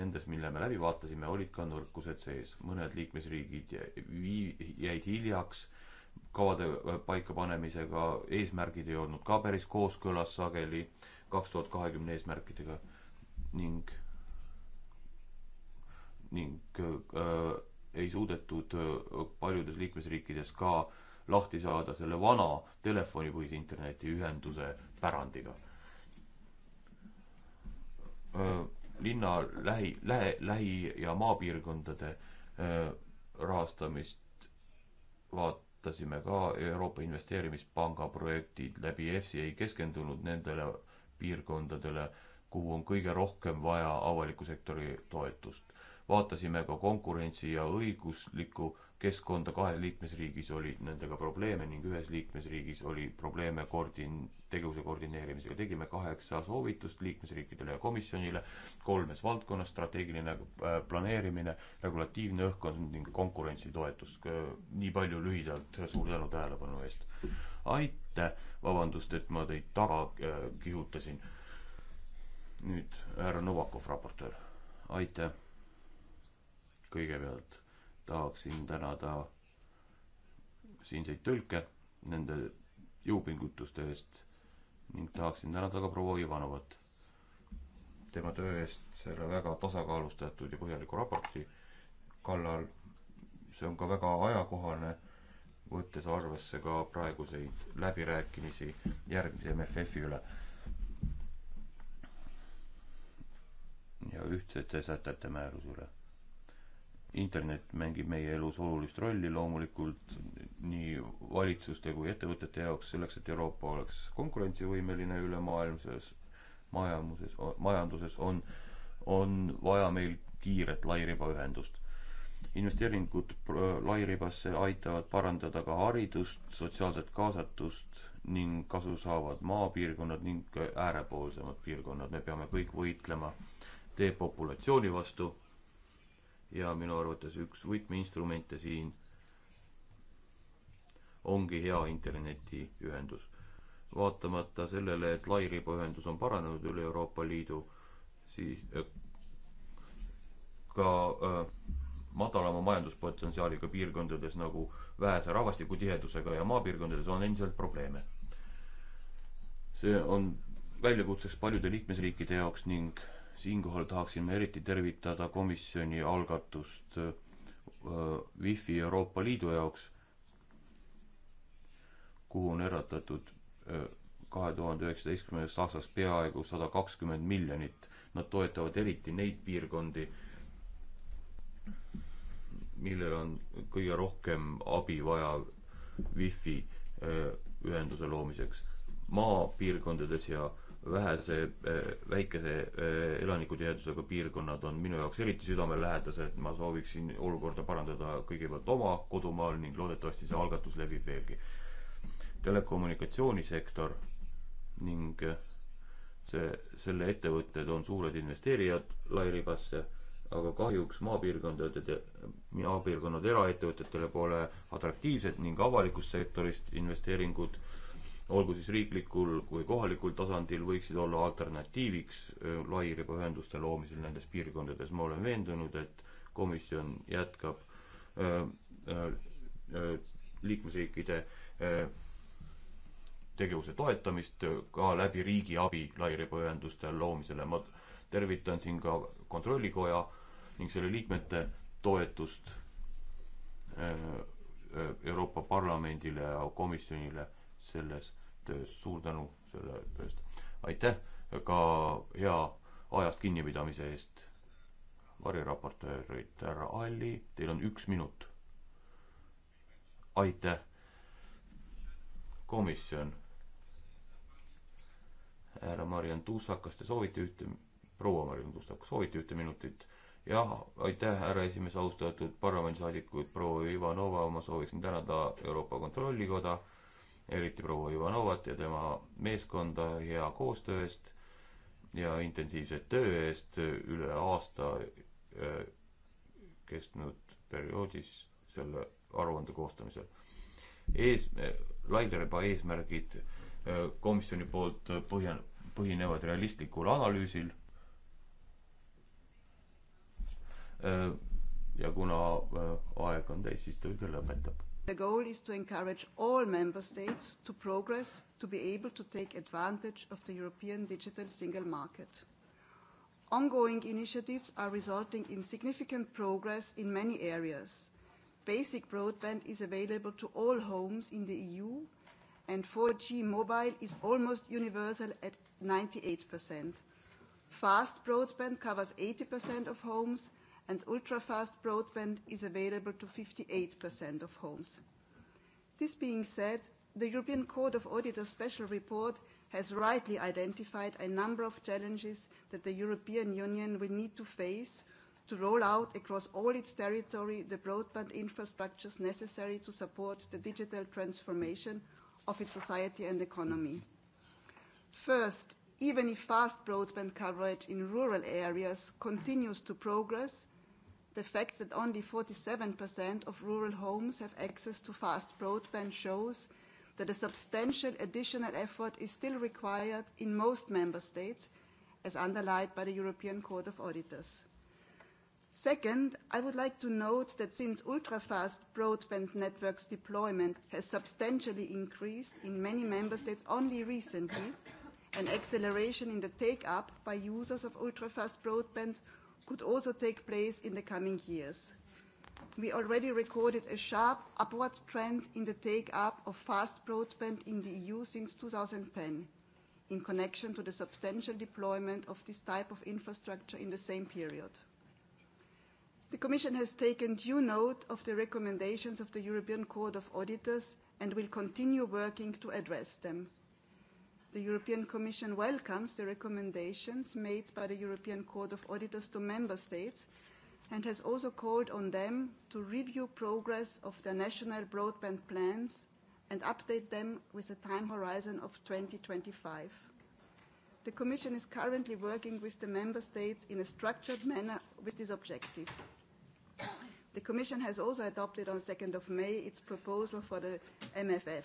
nendes, mille me läbi vaatasime, olid ka nõrkused sees. mõned liikmesriigid jäid hiljaks kavade äh, paikapanemisega, eesmärgid ei olnud ka päris kooskõlas sageli kaks tuhat kahekümne eesmärkidega ning ning äh, ei suudetud äh, paljudes liikmesriikides ka lahti saada selle vana telefonipõhise internetiühenduse pärandiga äh,. linna lähi, lähe, lähi- ja maapiirkondade äh, rahastamist vaatasime ka Euroopa Investeerimispanga projektid läbi EFSI ei keskendunud nendele piirkondadele, kuhu on kõige rohkem vaja avaliku sektori toetust vaatasime ka konkurentsi ja õiguslikku keskkonda, kahes liikmesriigis oli nendega probleeme ning ühes liikmesriigis oli probleeme koordin-, tegevuse koordineerimisega. tegime kaheksa soovitust liikmesriikidele ja komisjonile kolmes valdkonnas, strateegiline äh, planeerimine, regulatiivne õhkkond ning konkurentsitoetus. Äh, nii palju lühidalt, suur tänu tähelepanu eest. aitäh, vabandust, et ma teid taga äh, kihutasin. nüüd härra Novakov, raportöör. aitäh kõigepealt tahaksin tänada siinseid tõlke nende jõupingutuste eest ning tahaksin tänada ka proua Ivanovat tema töö eest selle väga tasakaalustatud ja põhjaliku raporti kallal. see on ka väga ajakohane, võttes arvesse ka praeguseid läbirääkimisi järgmise MFF-i üle. ja ühtsete sätete määruse üle internet mängib meie elus olulist rolli loomulikult nii valitsuste kui ettevõtete jaoks, selleks et Euroopa oleks konkurentsivõimeline ülemaailmses majanduses, majanduses on, on vaja meil kiiret lairibaühendust. investeeringud lairibasse aitavad parandada ka haridust, sotsiaalset kaasatust ning kasu saavad maapiirkonnad ning äärepoolsemad piirkonnad, me peame kõik võitlema depopulatsiooni vastu ja minu arvates üks võtmeinstrumente siin ongi hea internetiühendus. vaatamata sellele, et lairibaühendus on paranenud üle Euroopa Liidu, siis äh, ka äh, madalama majanduspotentsiaaliga piirkondades nagu vähese rahvastikutihedusega ja maapiirkondades on endiselt probleeme. see on väljakutseks paljude liikmesriikide jaoks ning siinkohal tahaksime eriti tervitada komisjoni algatust äh, Wi-Fi Euroopa Liidu jaoks, kuhu on eraldatud äh, kahe tuhande üheksateistkümnendast aastast peaaegu sada kakskümmend miljonit. Nad toetavad eriti neid piirkondi, millel on kõige rohkem abi vaja Wi-Fi äh, ühenduse loomiseks maapiirkondades ja vähese, eh, väikese eh, elanikutihedusega piirkonnad on minu jaoks eriti südamelähedased, ma sooviksin olukorda parandada kõigepealt oma kodumaal ning loodetavasti see algatus levib veelgi. telekommunikatsioonisektor ning eh, see, selle ettevõtted on suured investeerijad lairibasse, aga kahjuks maapiirkondade, maapiirkonnad eraettevõtetele pole atraktiivsed ning avalikust sektorist investeeringud äh, olgu siis riiklikul kui kohalikul tasandil, võiksid olla alternatiiviks äh, lairibaühenduste loomisel nendes piirkondades. ma olen veendunud, et komisjon jätkab öö, äh, öö, äh, liikmesriikide öö, tegevuse toetamist ka läbi riigiabi lairibaühenduste loomisele. ma tervitan siin ka Kontrollikoja ning selle liikmete toetust Euroopa Parlamendile ja komisjonile selles töös. suur tänu selle tööst. aitäh ka hea ajast kinnipidamise eest. variraportöörid, härra Alli, teil on üks minut. aitäh. komisjon. härra Mariann Tuusak, kas te soovite ühte, proua Mariann Tuusak, soovite ühte minutit? jah, aitäh, härra esimees, austatud parlamendisaadikud, proua Ivanova, ma sooviksin tänada Euroopa Kontrollikoda eriti proua Ivanovat ja tema meeskonda hea koostöö eest ja intensiivse töö eest üle aasta äh, kestnud perioodis selle aruande koostamisel. ees, Laidereba eesmärgid äh, komisjoni poolt põhja, põhinevad realistlikul analüüsil. Äh, ja kuna aeg on täis, siis ta ikka lõpetab. The goal is to encourage all member states to progress to be able to take advantage of the European digital single market. Ongoing initiatives are resulting in significant progress in many areas. Basic broadband is available to all homes in the EU, and 4G mobile is almost universal at 98%. Fast broadband covers 80% of homes, and ultra-fast broadband is available to 58% of homes. This being said, the European Court of Auditors Special Report has rightly identified a number of challenges that the European Union will need to face to roll out across all its territory the broadband infrastructures necessary to support the digital transformation of its society and economy. First, even if fast broadband coverage in rural areas continues to progress, The fact that only 47% of rural homes have access to fast broadband shows that a substantial additional effort is still required in most member states, as underlined by the European Court of Auditors. Second, I would like to note that since ultra-fast broadband networks deployment has substantially increased in many member states only recently, an acceleration in the take-up by users of ultra-fast broadband could also take place in the coming years. We already recorded a sharp upward trend in the take-up of fast broadband in the EU since 2010, in connection to the substantial deployment of this type of infrastructure in the same period. The Commission has taken due note of the recommendations of the European Court of Auditors and will continue working to address them. The European Commission welcomes the recommendations made by the European Court of Auditors to member states and has also called on them to review progress of their national broadband plans and update them with a time horizon of 2025. The Commission is currently working with the member states in a structured manner with this objective. The Commission has also adopted on 2nd of May its proposal for the MFF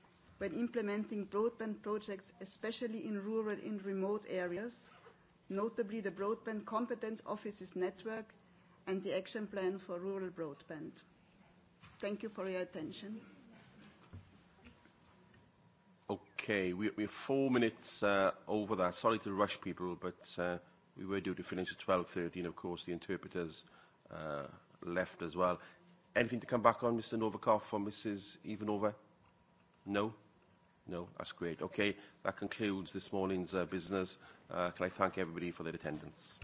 when implementing broadband projects, especially in rural and remote areas, notably the Broadband Competence Offices Network and the Action Plan for Rural Broadband. Thank you for your attention. Okay, we, we're four minutes uh, over that. Sorry to rush people, but uh, we were due to finish at 12.30, and of course the interpreters uh, left as well. Anything to come back on, Mr Novikov or Mrs Ivanova? No? No? That's great. Okay. That concludes this morning's uh, business. Uh, can I thank everybody for their attendance?